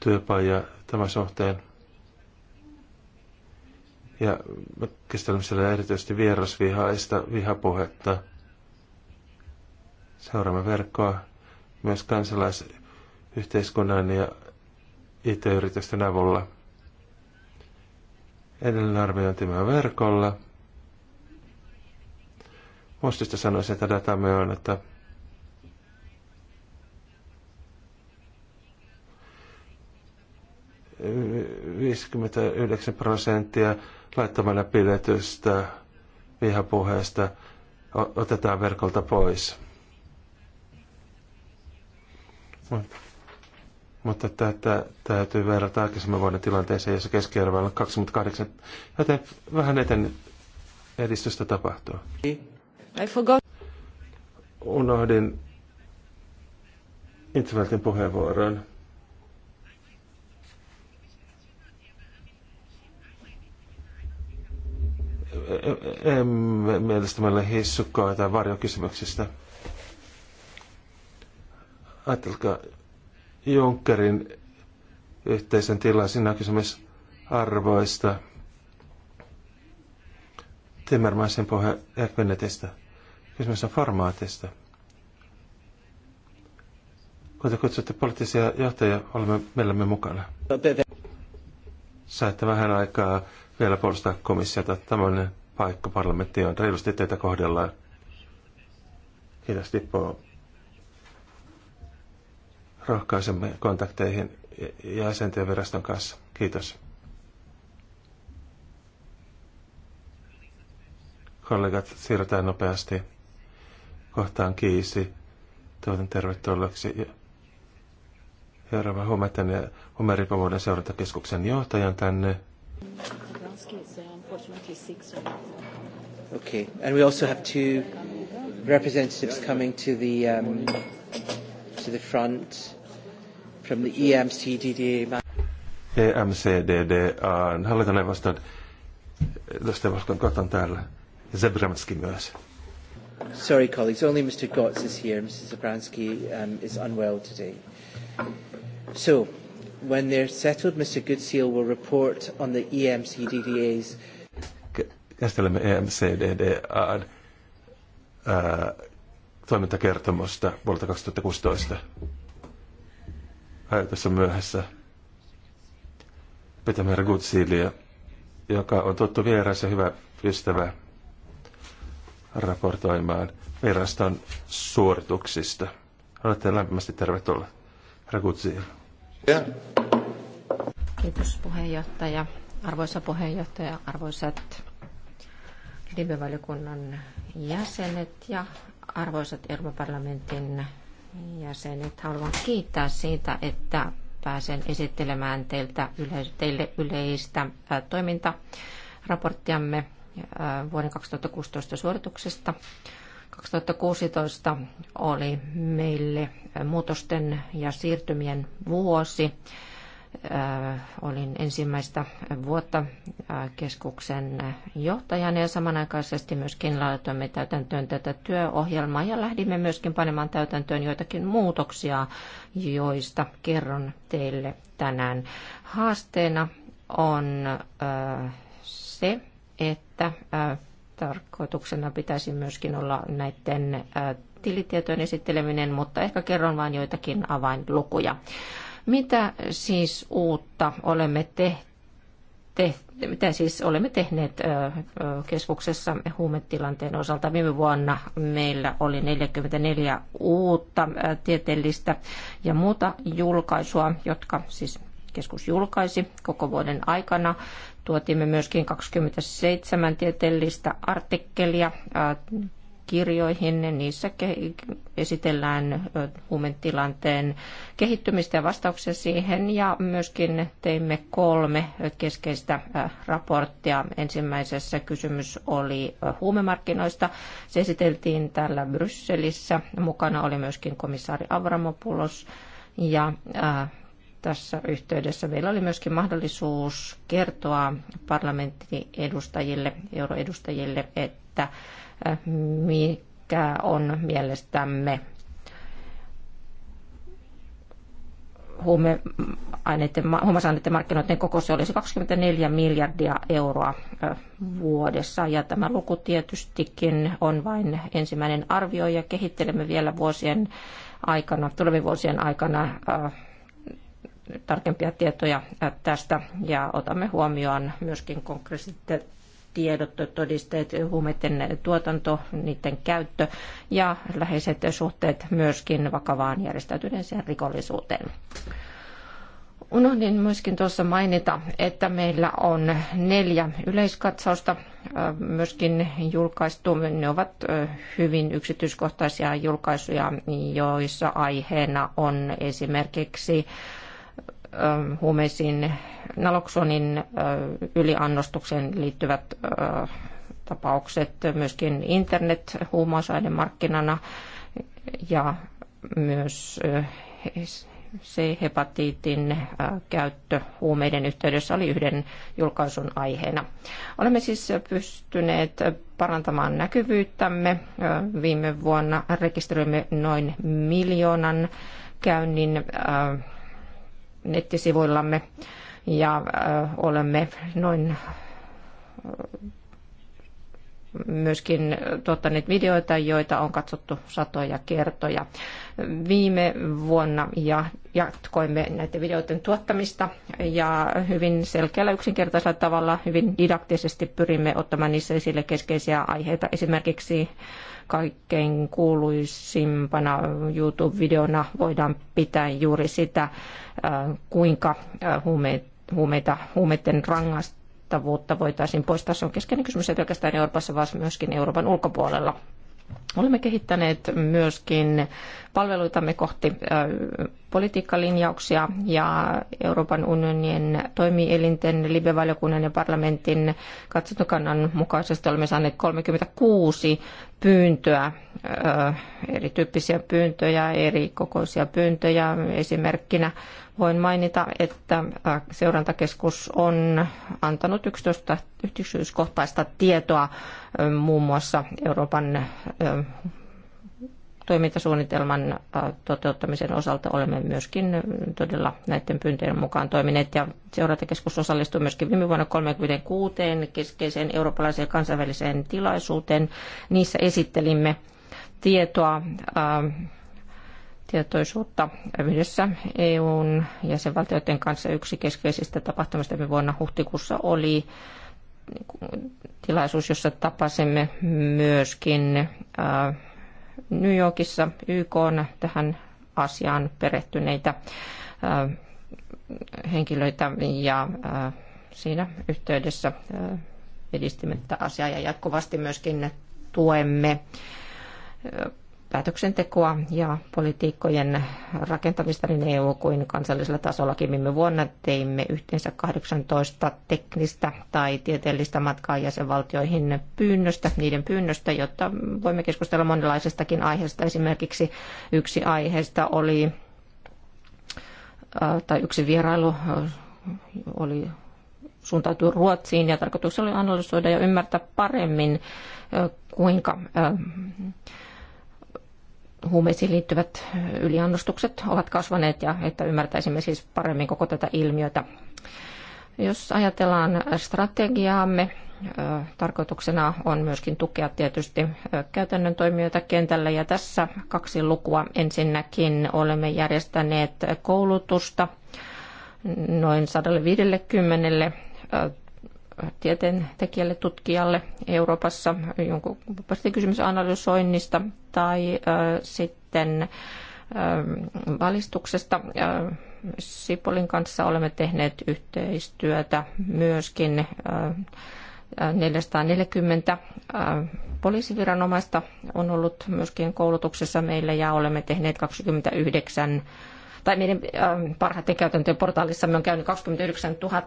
työpaja tämän suhteen. Ja me erityisesti vierasvihaista vihapuhetta. Seuraamme verkkoa myös kansalaisyhteiskunnan ja IT-yritysten avulla. Edellinen arviointi on verkolla. Muistista sanoisin, että datamme on, että Viisikymmentäyhdeksän prosenttia laittamana piletystä, vihapuheesta otetaan verkolta pois. Mutta mutta tätä täytyy verrata aikaisemman vuoden tilanteeseen, jossa keski on 28, joten vähän eten edistystä tapahtuu. I forgot. Unohdin Intervaltin puheenvuoron. emme mielestämme hissukkaa tai varjokysymyksistä. Ajatelkaa, Junckerin yhteisen tilan. Siinä kysymys arvoista. Timmermansin puhe Ekvenetistä. Kysymys on formaatista. Kun te kutsutte poliittisia johtajia, olemme mielemme mukana. Saitte vähän aikaa vielä puolustaa komissiota. Tämmöinen paikka parlamentti on. Reilusti teitä kohdellaan. Kiitos Tippo rohkaisemme kontakteihin jäsenten viraston kanssa. Kiitos. Kollegat, siirrytään nopeasti kohtaan kiisi. Toivotan tervetulleeksi Jarva Humetan ja Humeripavuuden seurantakeskuksen johtajan tänne. Okay, and we also have two representatives coming to the um, to the front from the EMCDDA. EMCDDAn hallintoneuvoston, tästä vastaan Kotan täällä, Zebramski myös. Sorry colleagues, only Mr. Gotts is here. Mrs. Zabransky um, is unwell today. So, when they're settled, Mr. Goodseal will report on the EMCDDA's käsittelemme EMCDDAn ää, uh, toimintakertomusta vuodelta 2016 tässä myöhässä. Petämer Gutsilia, joka on tuttu vieras ja hyvä ystävä raportoimaan viraston suorituksista. Olette lämpimästi Herra Ragutsil. Kiitos puheenjohtaja. Arvoisa puheenjohtaja, arvoisat live jäsenet ja arvoisat Euroopan parlamentin jäsenet. Haluan kiittää siitä, että pääsen esittelemään teiltä yle, teille yleistä toimintaraporttiamme vuoden 2016 suorituksesta. 2016 oli meille muutosten ja siirtymien vuosi. Äh, olin ensimmäistä vuotta äh, keskuksen johtajana ja samanaikaisesti myöskin laitoimme täytäntöön tätä työohjelmaa ja lähdimme myöskin panemaan täytäntöön joitakin muutoksia, joista kerron teille tänään. Haasteena on äh, se, että tarkoituksena pitäisi myöskin olla näiden tilitietojen esitteleminen, mutta ehkä kerron vain joitakin avainlukuja. Mitä siis uutta olemme tehneet? te, mitä siis olemme tehneet keskuksessa huumetilanteen osalta. Viime vuonna meillä oli 44 uutta tieteellistä ja muuta julkaisua, jotka siis keskus julkaisi koko vuoden aikana. Tuotimme myöskin 27 tieteellistä artikkelia kirjoihin. Niissä esitellään huumetilanteen kehittymistä ja vastauksia siihen. Ja myöskin teimme kolme keskeistä raporttia. Ensimmäisessä kysymys oli huumemarkkinoista. Se esiteltiin täällä Brysselissä. Mukana oli myöskin komissaari Avramopoulos. Ja tässä yhteydessä. Meillä oli myöskin mahdollisuus kertoa parlamenttiedustajille, euroedustajille, että mikä on mielestämme huumeaineiden, huumausaineiden markkinoiden koko se olisi 24 miljardia euroa vuodessa. Ja tämä luku tietystikin on vain ensimmäinen arvio ja kehittelemme vielä vuosien aikana, tulevien vuosien aikana tarkempia tietoja tästä ja otamme huomioon myöskin konkreettiset tiedot, todisteet, huumeiden tuotanto, niiden käyttö ja läheiset suhteet myöskin vakavaan järjestäytyneeseen rikollisuuteen. Unohdin myöskin tuossa mainita, että meillä on neljä yleiskatsausta äh, myöskin julkaistu. Ne ovat äh, hyvin yksityiskohtaisia julkaisuja, joissa aiheena on esimerkiksi huumeisiin naloksonin yliannostukseen liittyvät tapaukset, myöskin internet markkinana ja myös C-hepatiitin käyttö huumeiden yhteydessä oli yhden julkaisun aiheena. Olemme siis pystyneet parantamaan näkyvyyttämme. Viime vuonna rekisteröimme noin miljoonan käynnin äh, nettisivuillamme ja olemme noin myöskin tuottaneet videoita, joita on katsottu satoja kertoja viime vuonna ja jatkoimme näiden videoiden tuottamista ja hyvin selkeällä yksinkertaisella tavalla, hyvin didaktisesti pyrimme ottamaan niissä esille keskeisiä aiheita, esimerkiksi Kaikkein kuuluisimpana YouTube-videona voidaan pitää juuri sitä, äh, kuinka äh, huumeita, huumeiden rangaistavuutta voitaisiin poistaa. Se on keskeinen kysymys ei pelkästään Euroopassa, vaan myöskin Euroopan ulkopuolella. Olemme kehittäneet myöskin palveluitamme kohti politiikkalinjauksia ja Euroopan unionin toimielinten, libevaliokunnan ja parlamentin katsotukannan mukaisesti olemme saaneet 36 pyyntöä, erityyppisiä pyyntöjä, eri kokoisia pyyntöjä. Esimerkkinä Voin mainita, että seurantakeskus on antanut yksityiskohtaista tietoa muun muassa Euroopan toimintasuunnitelman toteuttamisen osalta olemme myöskin todella näiden pyyntöjen mukaan toimineet ja seurantakeskus osallistui myöskin viime vuonna 36 keskeiseen eurooppalaiseen kansainväliseen tilaisuuteen. Niissä esittelimme tietoa tietoisuutta yhdessä EUn jäsenvaltioiden kanssa. Yksi keskeisistä tapahtumista me vuonna huhtikuussa oli tilaisuus, jossa tapasimme myöskin äh, New Yorkissa YK tähän asiaan perehtyneitä äh, henkilöitä ja äh, siinä yhteydessä edistimme tätä asiaa ja jatkuvasti myöskin tuemme päätöksentekoa ja politiikkojen rakentamista niin EU kuin kansallisella tasollakin. Viime vuonna teimme yhteensä 18 teknistä tai tieteellistä matkaa jäsenvaltioihin pyynnöstä, niiden pyynnöstä, jotta voimme keskustella monenlaisestakin aiheesta. Esimerkiksi yksi aiheesta oli, äh, tai yksi vierailu äh, oli suuntautui Ruotsiin ja tarkoitus oli analysoida ja ymmärtää paremmin, äh, kuinka huumeisiin liittyvät yliannostukset ovat kasvaneet ja että ymmärtäisimme siis paremmin koko tätä ilmiötä. Jos ajatellaan strategiaamme, tarkoituksena on myöskin tukea tietysti käytännön toimijoita kentällä. Ja tässä kaksi lukua. Ensinnäkin olemme järjestäneet koulutusta noin 150 tieteen tekijälle, tutkijalle Euroopassa, jonkun kysymys analysoinnista tai sitten valistuksesta. Sipolin kanssa olemme tehneet yhteistyötä myöskin 440 poliisiviranomaista on ollut myöskin koulutuksessa meillä ja olemme tehneet 29 tai meidän parhaiten käytäntöjen portaalissamme on käynyt 29 000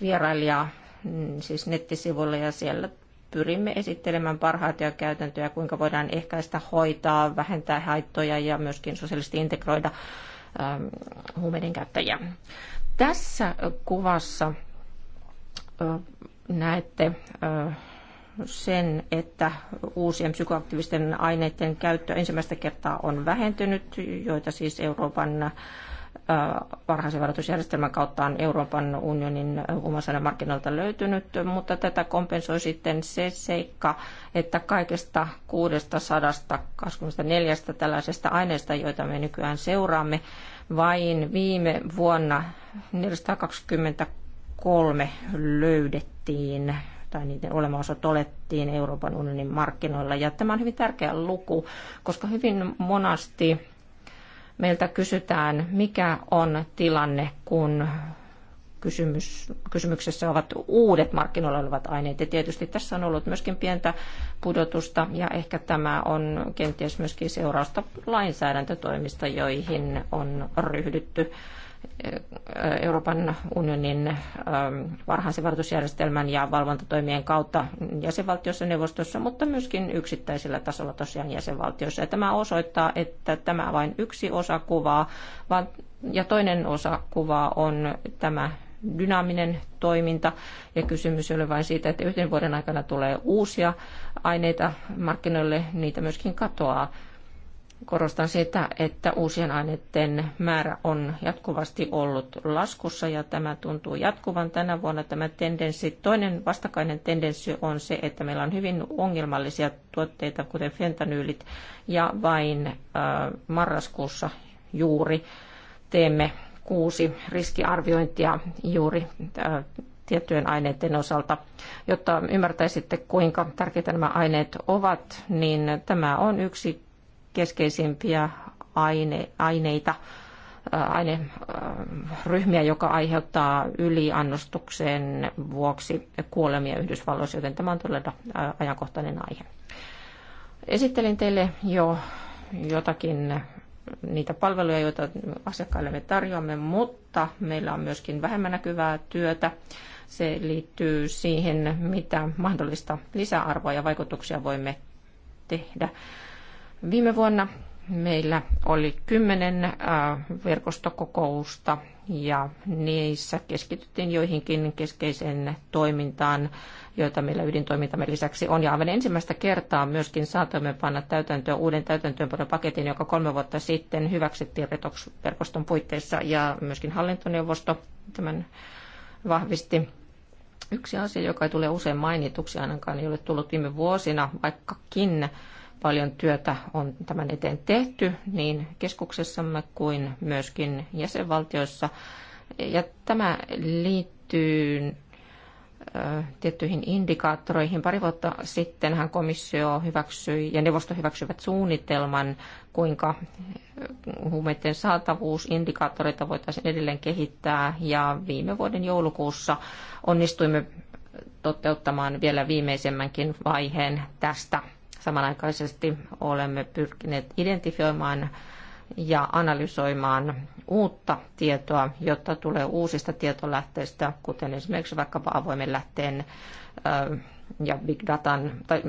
vierailijaa Mm, siis nettisivuilla ja siellä pyrimme esittelemään parhaita käytäntöjä, kuinka voidaan ehkäistä, hoitaa, vähentää haittoja ja myöskin sosiaalisesti integroida ähm, huumeiden käyttäjiä. Tässä kuvassa näette sen, että uusien psykoaktiivisten aineiden käyttö ensimmäistä kertaa on vähentynyt, joita siis Euroopan varhaisen varoitusjärjestelmän kautta on Euroopan unionin markkinoilta löytynyt, mutta tätä kompensoi sitten se seikka, että kaikesta 624 tällaisesta aineesta, joita me nykyään seuraamme, vain viime vuonna 423 löydettiin tai niiden olemassa olettiin Euroopan unionin markkinoilla. Ja tämä on hyvin tärkeä luku, koska hyvin monasti meiltä kysytään, mikä on tilanne, kun kysymys, kysymyksessä ovat uudet markkinoilla olevat aineet. Ja tietysti tässä on ollut myöskin pientä pudotusta ja ehkä tämä on kenties myöskin seurausta lainsäädäntötoimista, joihin on ryhdytty Euroopan unionin ähm, varhaisen varoitusjärjestelmän ja valvontatoimien kautta jäsenvaltiossa neuvostossa, mutta myöskin yksittäisellä tasolla tosiaan jäsenvaltioissa. Ja tämä osoittaa, että tämä vain yksi osa kuvaa, ja toinen osa kuvaa on tämä dynaaminen toiminta ja kysymys ei ole vain siitä, että yhden vuoden aikana tulee uusia aineita markkinoille, niitä myöskin katoaa Korostan sitä, että uusien aineiden määrä on jatkuvasti ollut laskussa ja tämä tuntuu jatkuvan tänä vuonna. Tämä tendenssi, toinen vastakkainen tendenssi on se, että meillä on hyvin ongelmallisia tuotteita, kuten fentanyylit, ja vain äh, marraskuussa juuri teemme kuusi riskiarviointia juuri äh, tiettyjen aineiden osalta. Jotta ymmärtäisitte, kuinka tärkeitä nämä aineet ovat, niin tämä on yksi keskeisimpiä aine, aineita, aineryhmiä, joka aiheuttaa yliannostuksen vuoksi kuolemia Yhdysvalloissa, joten tämä on todella ajankohtainen aihe. Esittelin teille jo jotakin niitä palveluja, joita asiakkaille me tarjoamme, mutta meillä on myöskin vähemmän näkyvää työtä. Se liittyy siihen, mitä mahdollista lisäarvoa ja vaikutuksia voimme tehdä Viime vuonna meillä oli kymmenen äh, verkostokokousta ja niissä keskityttiin joihinkin keskeiseen toimintaan, joita meillä ydintoimintamme lisäksi on. Ja aivan ensimmäistä kertaa myöskin saatoimme panna täytäntöön uuden paketin, joka kolme vuotta sitten hyväksyttiin verkoston puitteissa ja myöskin hallintoneuvosto tämän vahvisti. Yksi asia, joka ei tule usein mainituksi ainakaan, ei ole tullut viime vuosina, vaikkakin Paljon työtä on tämän eteen tehty niin keskuksessamme kuin myöskin jäsenvaltioissa. Ja tämä liittyy tiettyihin indikaattoreihin. Pari vuotta sittenhän komissio hyväksyi ja neuvosto hyväksyivät suunnitelman, kuinka huumeiden saatavuusindikaattoreita voitaisiin edelleen kehittää. Ja viime vuoden joulukuussa onnistuimme toteuttamaan vielä viimeisemmänkin vaiheen tästä Samanaikaisesti olemme pyrkineet identifioimaan ja analysoimaan uutta tietoa, jotta tulee uusista tietolähteistä, kuten esimerkiksi vaikkapa avoimen lähteen ja big datan tai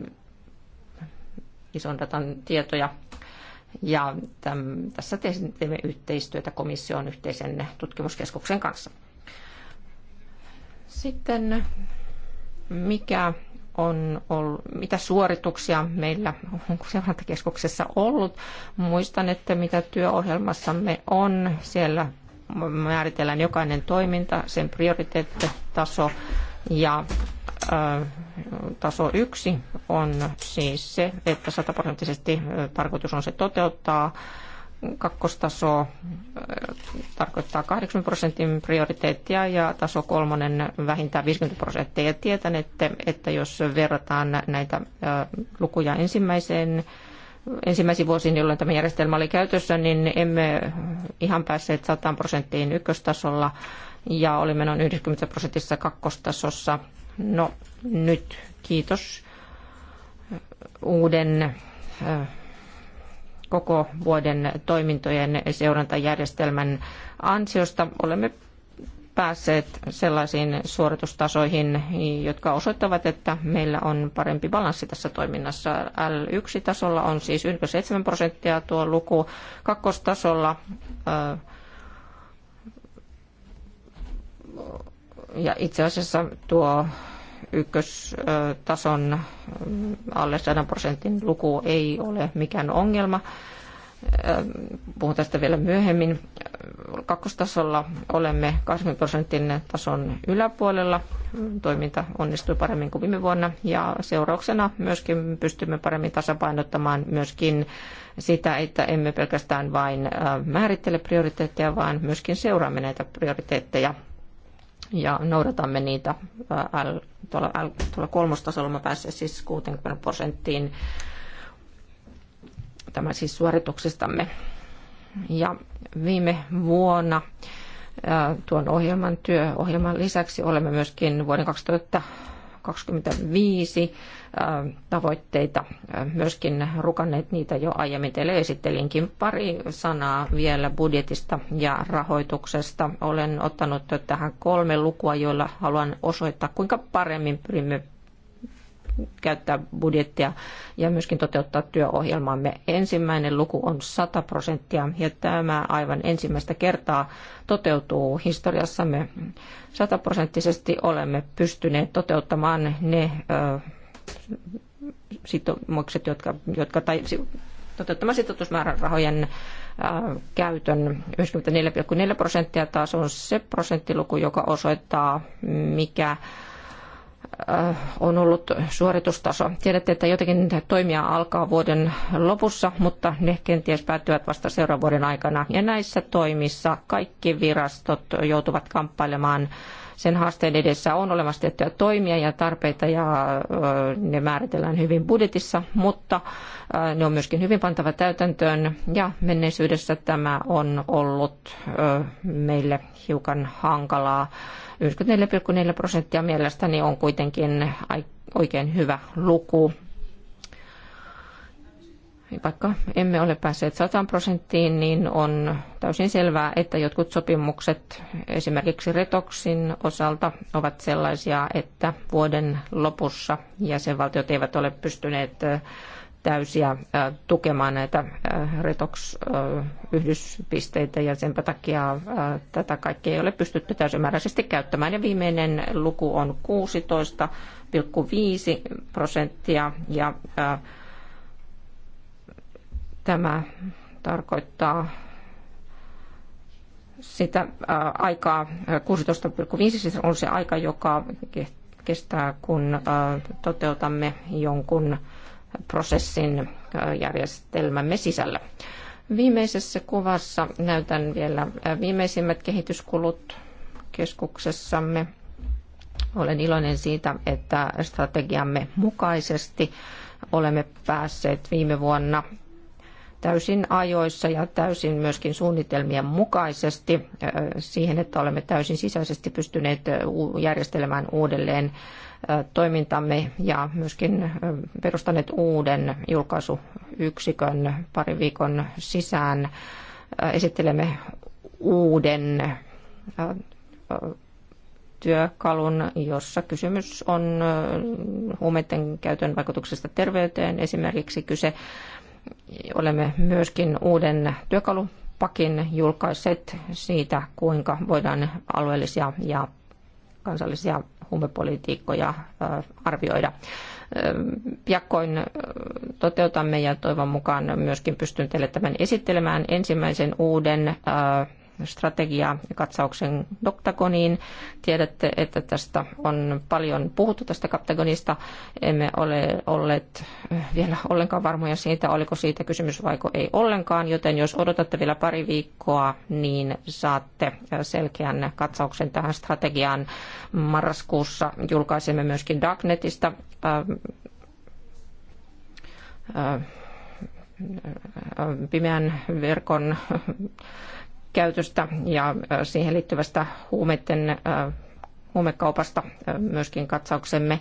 ison datan tietoja. Ja tässä teemme yhteistyötä komission yhteisen tutkimuskeskuksen kanssa. Sitten mikä on ollut, mitä suorituksia meillä on seurantakeskuksessa ollut. Muistan, että mitä työohjelmassamme on. Siellä määritellään jokainen toiminta, sen prioriteettitaso ja taso yksi on siis se, että sataprosenttisesti tarkoitus on se toteuttaa kakkostaso äh, tarkoittaa 8 prosentin prioriteettia ja taso kolmonen vähintään 50 prosenttia. Tietän, että, että jos verrataan näitä äh, lukuja ensimmäiseen ensimmäisiin vuosiin, jolloin tämä järjestelmä oli käytössä, niin emme ihan päässeet 100 prosenttiin ykköstasolla ja olimme noin 90 prosentissa kakkostasossa. No nyt kiitos äh, uuden koko vuoden toimintojen seurantajärjestelmän ansiosta olemme päässeet sellaisiin suoritustasoihin, jotka osoittavat, että meillä on parempi balanssi tässä toiminnassa. L1-tasolla on siis 7 prosenttia tuo luku, kakkostasolla ja itse asiassa tuo ykköstason äh, alle 100 prosentin luku ei ole mikään ongelma. Äh, puhun tästä vielä myöhemmin. Kakkostasolla olemme 20 prosentin tason yläpuolella. Toiminta onnistui paremmin kuin viime vuonna ja seurauksena myöskin pystymme paremmin tasapainottamaan myöskin sitä, että emme pelkästään vain äh, määrittele prioriteetteja, vaan myöskin seuraamme näitä prioriteetteja ja noudatamme niitä äl, tuolla, äl, tuolla kolmostasolla mä pääsen siis 60 prosenttiin tämä siis suorituksistamme. Ja viime vuonna tuon ohjelman työohjelman lisäksi olemme myöskin vuoden 2025 tavoitteita, myöskin rukanneet niitä jo aiemmin. Teille esittelinkin pari sanaa vielä budjetista ja rahoituksesta. Olen ottanut tähän kolme lukua, joilla haluan osoittaa, kuinka paremmin pyrimme käyttää budjettia ja myöskin toteuttaa työohjelmaamme. Ensimmäinen luku on 100 prosenttia ja tämä aivan ensimmäistä kertaa toteutuu historiassamme. 100 prosenttisesti olemme pystyneet toteuttamaan ne ö, sitoumukset, jotka, jotka tai toteuttamaan sitoutusmäärärahojen äh, käytön 94,4 prosenttia taas on se prosenttiluku, joka osoittaa, mikä äh, on ollut suoritustaso. Tiedätte, että jotenkin toimia alkaa vuoden lopussa, mutta ne kenties päättyvät vasta seuraavan vuoden aikana. Ja näissä toimissa kaikki virastot joutuvat kamppailemaan sen haasteen edessä on olemassa tiettyjä toimia ja tarpeita ja ne määritellään hyvin budjetissa, mutta ne on myöskin hyvin pantava täytäntöön ja menneisyydessä tämä on ollut meille hiukan hankalaa. 94,4 prosenttia mielestäni on kuitenkin oikein hyvä luku vaikka emme ole päässeet 100 prosenttiin, niin on täysin selvää, että jotkut sopimukset esimerkiksi retoksin osalta ovat sellaisia, että vuoden lopussa jäsenvaltiot eivät ole pystyneet täysiä tukemaan näitä retox-yhdyspisteitä ja senpä takia tätä kaikkea ei ole pystytty täysimääräisesti käyttämään. Ja viimeinen luku on 16,5 prosenttia ja Tämä tarkoittaa sitä aikaa, 16,5 siis on se aika, joka kestää, kun toteutamme jonkun prosessin järjestelmämme sisällä. Viimeisessä kuvassa näytän vielä viimeisimmät kehityskulut keskuksessamme. Olen iloinen siitä, että strategiamme mukaisesti olemme päässeet viime vuonna täysin ajoissa ja täysin myöskin suunnitelmien mukaisesti siihen, että olemme täysin sisäisesti pystyneet järjestelemään uudelleen toimintamme ja myöskin perustaneet uuden julkaisuyksikön parin viikon sisään. Esittelemme uuden työkalun, jossa kysymys on huumeiden käytön vaikutuksesta terveyteen. Esimerkiksi kyse Olemme myöskin uuden työkalupakin julkaisseet siitä, kuinka voidaan alueellisia ja kansallisia huumepolitiikkoja arvioida. Piakkoin toteutamme ja toivon mukaan myöskin pystyn teille tämän esittelemään ensimmäisen uuden strategia katsauksen Doktagoniin. Tiedätte, että tästä on paljon puhuttu tästä kaptagonista. Emme ole olleet eh, vielä ollenkaan varmoja siitä, oliko siitä kysymys vai ei ollenkaan, joten jos odotatte vielä pari viikkoa, niin saatte eh, selkeän katsauksen tähän strategiaan. Marraskuussa julkaisemme myöskin Darknetista eh, pimeän verkon käytöstä ja äh, siihen liittyvästä huumeiden, äh, huumekaupasta äh, myöskin katsauksemme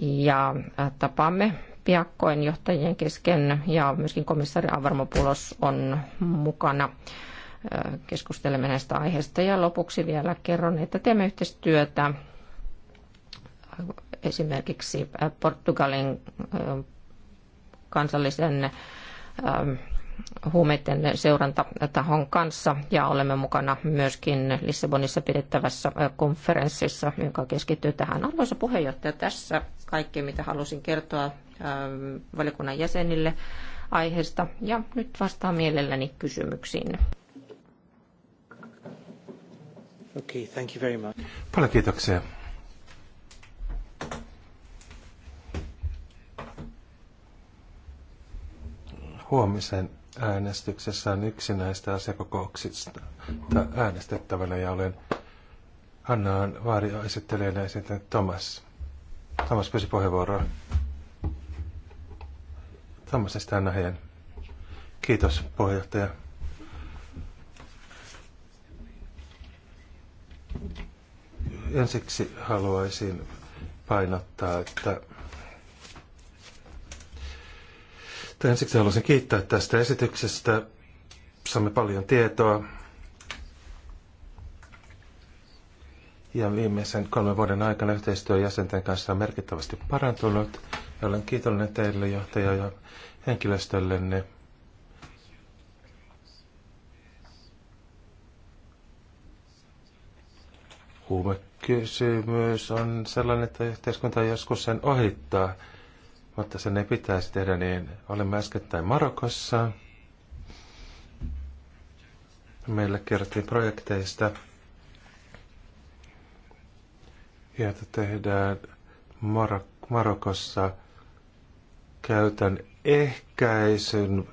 ja tapaamme piakkoin johtajien kesken ja myöskin komissaari Avarmopulos on mukana. Keskustelemme näistä aiheista ja lopuksi vielä kerron, että teemme yhteistyötä esimerkiksi Portugalin kansallisen ähm, huumeiden seurantatahon kanssa ja olemme mukana myöskin Lissabonissa pidettävässä konferenssissa, joka keskittyy tähän. Arvoisa puheenjohtaja, tässä kaikki, mitä halusin kertoa valiokunnan jäsenille aiheesta ja nyt vastaan mielelläni kysymyksiin. Okay, thank you very much. Paljon kiitoksia. Huomisen äänestyksessä on yksi näistä asiakokouksista äänestettävänä ja olen Annaan esittelijänä sitten Thomas. Thomas pyysi puheenvuoroa. Thomas Anna Kiitos puheenjohtaja. Ensiksi haluaisin painottaa, että Ensiksi haluaisin kiittää tästä esityksestä. Saamme paljon tietoa. Ja viimeisen kolmen vuoden aikana yhteistyö jäsenten kanssa on merkittävästi parantunut. Ja olen kiitollinen teille, johtaja ja henkilöstöllenne. Huumekysymys on sellainen, että yhteiskunta joskus sen ohittaa – mutta sen ei pitäisi tehdä niin. olemme äskettäin Marokossa. Meille kerrottiin projekteista, joita tehdään Marok- Marokossa käytän ehkäisyn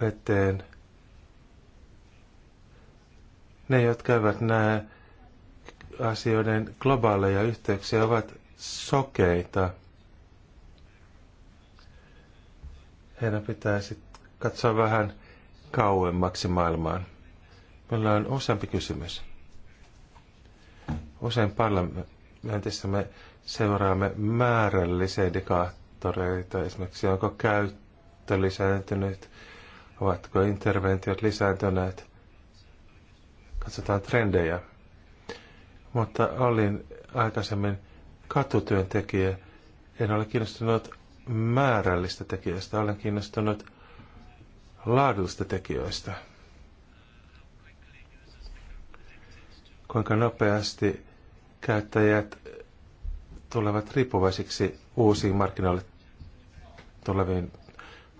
veteen. Ne, jotka eivät näe asioiden globaaleja yhteyksiä, ovat sokeita – heidän pitäisi katsoa vähän kauemmaksi maailmaan. Meillä on useampi kysymys. Usein parlamentissa me seuraamme määrällisiä indikaattoreita, esimerkiksi onko käyttö lisääntynyt, ovatko interventiot lisääntyneet. Katsotaan trendejä. Mutta olin aikaisemmin katutyöntekijä. En ole kiinnostunut määrällistä tekijöistä. Olen kiinnostunut laadullista tekijöistä. Kuinka nopeasti käyttäjät tulevat riippuvaisiksi uusiin markkinoille tuleviin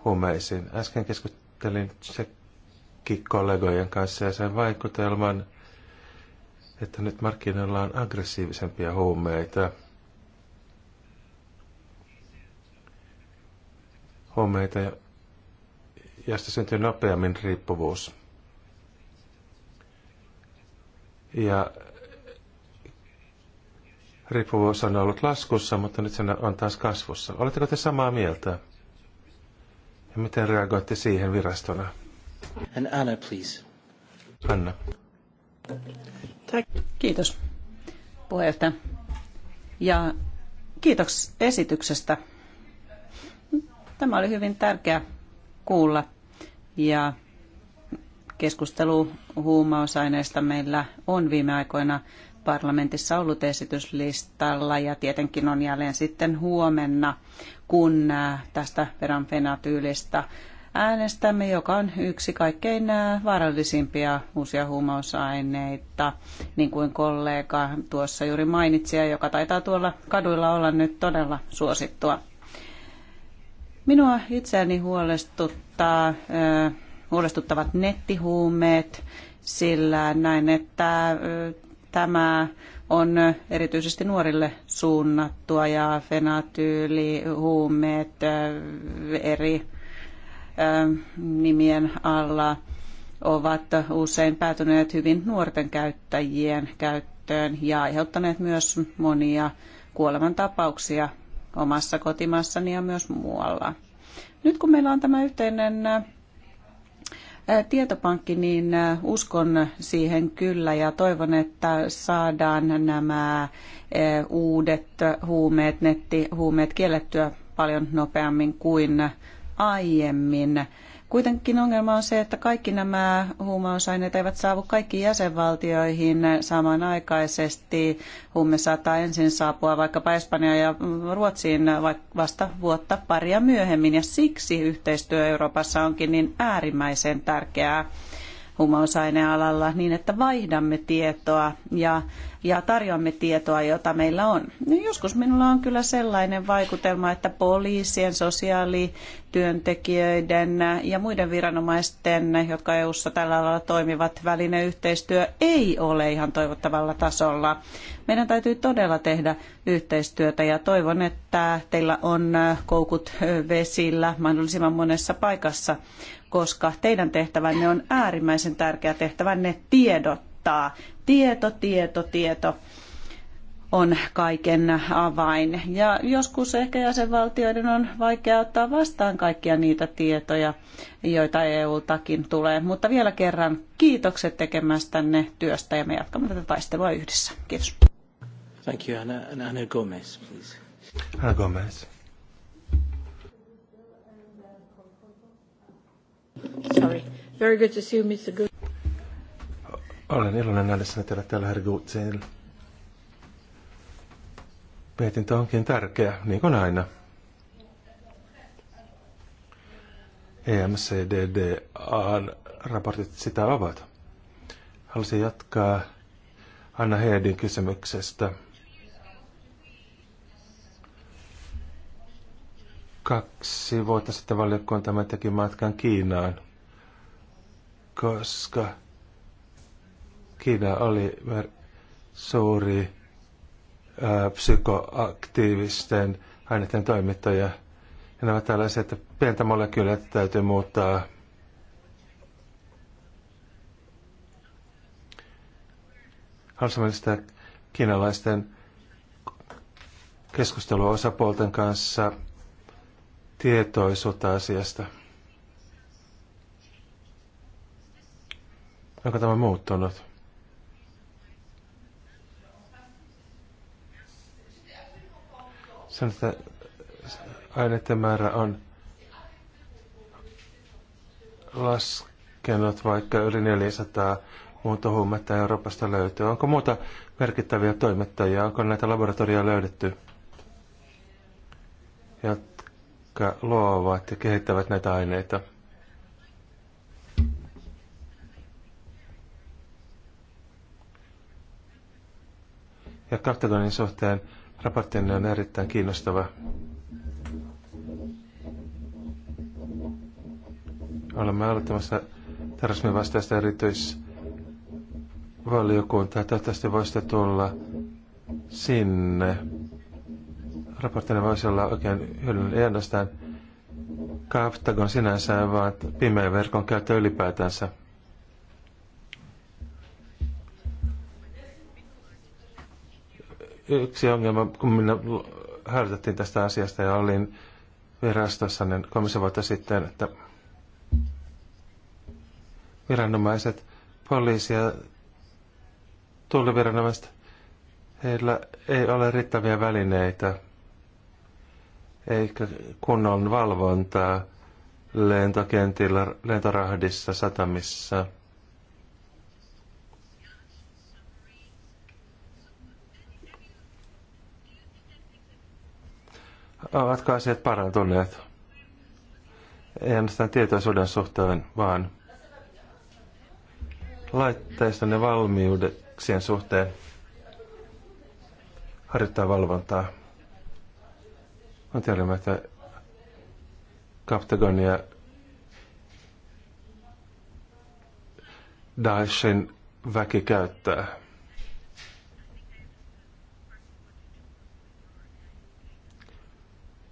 huumeisiin. Äsken keskustelin tsekki-kollegojen kanssa ja sen vaikutelman, että nyt markkinoilla on aggressiivisempia huumeita – huumeita ja josta syntyy nopeammin riippuvuus. Ja riippuvuus on ollut laskussa, mutta nyt se on taas kasvussa. Oletteko te samaa mieltä? Ja miten reagoitte siihen virastona? And Anna, please. Anna. Kiitos, puheenjohtaja. Ja kiitos esityksestä. Tämä oli hyvin tärkeä kuulla ja keskustelu huumausaineista meillä on viime aikoina parlamentissa ollut esityslistalla ja tietenkin on jälleen sitten huomenna, kun äh, tästä veranfenatyylistä äänestämme, joka on yksi kaikkein äh, vaarallisimpia uusia huumausaineita, niin kuin kollega tuossa juuri mainitsi, joka taitaa tuolla kaduilla olla nyt todella suosittua. Minua itseäni huolestuttaa, huolestuttavat nettihuumeet, sillä näin, että tämä on erityisesti nuorille suunnattua ja fenatyylihuumeet eri nimien alla ovat usein päätyneet hyvin nuorten käyttäjien käyttöön ja aiheuttaneet myös monia kuolemantapauksia omassa kotimaassani ja myös muualla. Nyt kun meillä on tämä yhteinen tietopankki, niin uskon siihen kyllä ja toivon, että saadaan nämä uudet huumeet, nettihuumeet kiellettyä paljon nopeammin kuin aiemmin. Kuitenkin ongelma on se, että kaikki nämä huumausaineet eivät saavu kaikkiin jäsenvaltioihin samanaikaisesti. Huume saattaa ensin saapua vaikkapa Espanjaan ja Ruotsiin vasta vuotta paria myöhemmin, ja siksi yhteistyö Euroopassa onkin niin äärimmäisen tärkeää huumausainealalla niin, että vaihdamme tietoa ja, ja tarjoamme tietoa, jota meillä on. Joskus minulla on kyllä sellainen vaikutelma, että poliisien, sosiaalityöntekijöiden ja muiden viranomaisten, jotka EU-ssa tällä alalla toimivat, välineyhteistyö ei ole ihan toivottavalla tasolla. Meidän täytyy todella tehdä yhteistyötä ja toivon, että teillä on koukut vesillä mahdollisimman monessa paikassa koska teidän tehtävänne on äärimmäisen tärkeä tehtävänne tiedottaa. Tieto, tieto, tieto on kaiken avain. Ja joskus ehkä jäsenvaltioiden on vaikea ottaa vastaan kaikkia niitä tietoja, joita EU-takin tulee. Mutta vielä kerran kiitokset tekemästänne työstä ja me jatkamme tätä taistelua yhdessä. Kiitos. Thank you, Anna, Anna Gomez, please. Anna Gomez. Sorry. Very good to see you, Mr. Good. Olen iloinen nähdessäni teillä täällä, Herr Gutsil. Mietintö onkin tärkeä, niin kuin aina. EMCDDAn raportit sitä ovat. Haluaisin jatkaa Anna Heedin kysymyksestä. Kaksi vuotta sitten mä teki matkan Kiinaan, koska Kiina oli suuri ää, psykoaktiivisten aineiden toimittaja. Ja nämä tällaiset pientä molekyyliä täytyy muuttaa kansainvälistä kiinalaisten keskustelua osapuolten kanssa – tietoisuutta asiasta. Onko tämä muuttunut? Sen, että aineiden määrä on laskenut vaikka yli 400 muuta Euroopasta löytyy. Onko muuta merkittäviä toimittajia? Onko näitä laboratorioita löydetty? jotka luovat ja kehittävät näitä aineita. Ja Kaptelonin suhteen raporttinen on erittäin kiinnostava. Olemme aloittamassa terrorismin vastaista erityisvaliokuntaa. Toivottavasti voisitte tulla sinne raporttina voisi olla oikein hyödyllinen ei ainoastaan Kaftagon sinänsä, vaan pimeän verkon käyttö ylipäätänsä. Yksi ongelma, kun minä harjoitettiin tästä asiasta ja olin virastossa niin komissio vuotta sitten, että viranomaiset, poliisi ja tulliviranomaiset, heillä ei ole riittäviä välineitä eikä kunnon valvontaa lentokentillä, lentorahdissa, satamissa. Ovatko asiat parantuneet? Ei ainoastaan tietoisuuden suhteen, vaan laitteista ne valmiudeksien suhteen harjoittaa valvontaa on teillemättä Kaptagonia Daeshin väki käyttää.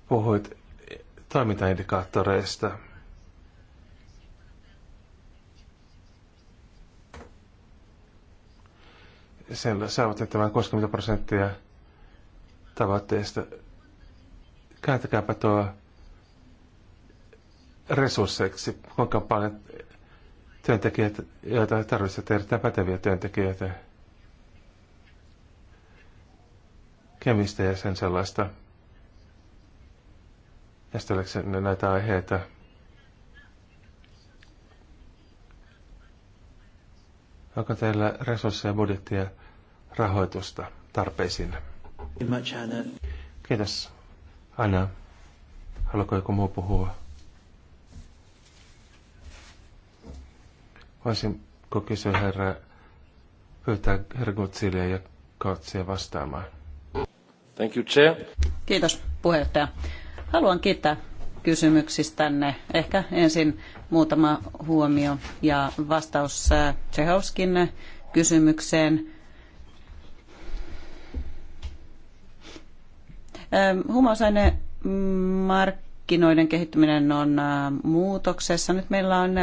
Puhuit toimintaindikaattoreista. Sen saavutettavan 60 prosenttia tavoitteista Käytäkääpä tuo resursseiksi, kuinka paljon työntekijät, joita tarvitsee tehdä, päteviä työntekijöitä, kemistä ja sen sellaista. Käsitelläksenne näitä aiheita. Onko teillä resursseja, budjettia, rahoitusta tarpeisiin? Kiitos. Anna, haluatko joku muu puhua? Voisin kysyä herra, pyytää herra Gutsilia ja Kautsia vastaamaan? Thank you, Chair. Kiitos puheenjohtaja. Haluan kiittää kysymyksistänne. Ehkä ensin muutama huomio ja vastaus Tsehovskin kysymykseen. Huumausaine markkinoiden kehittyminen on muutoksessa. Nyt meillä on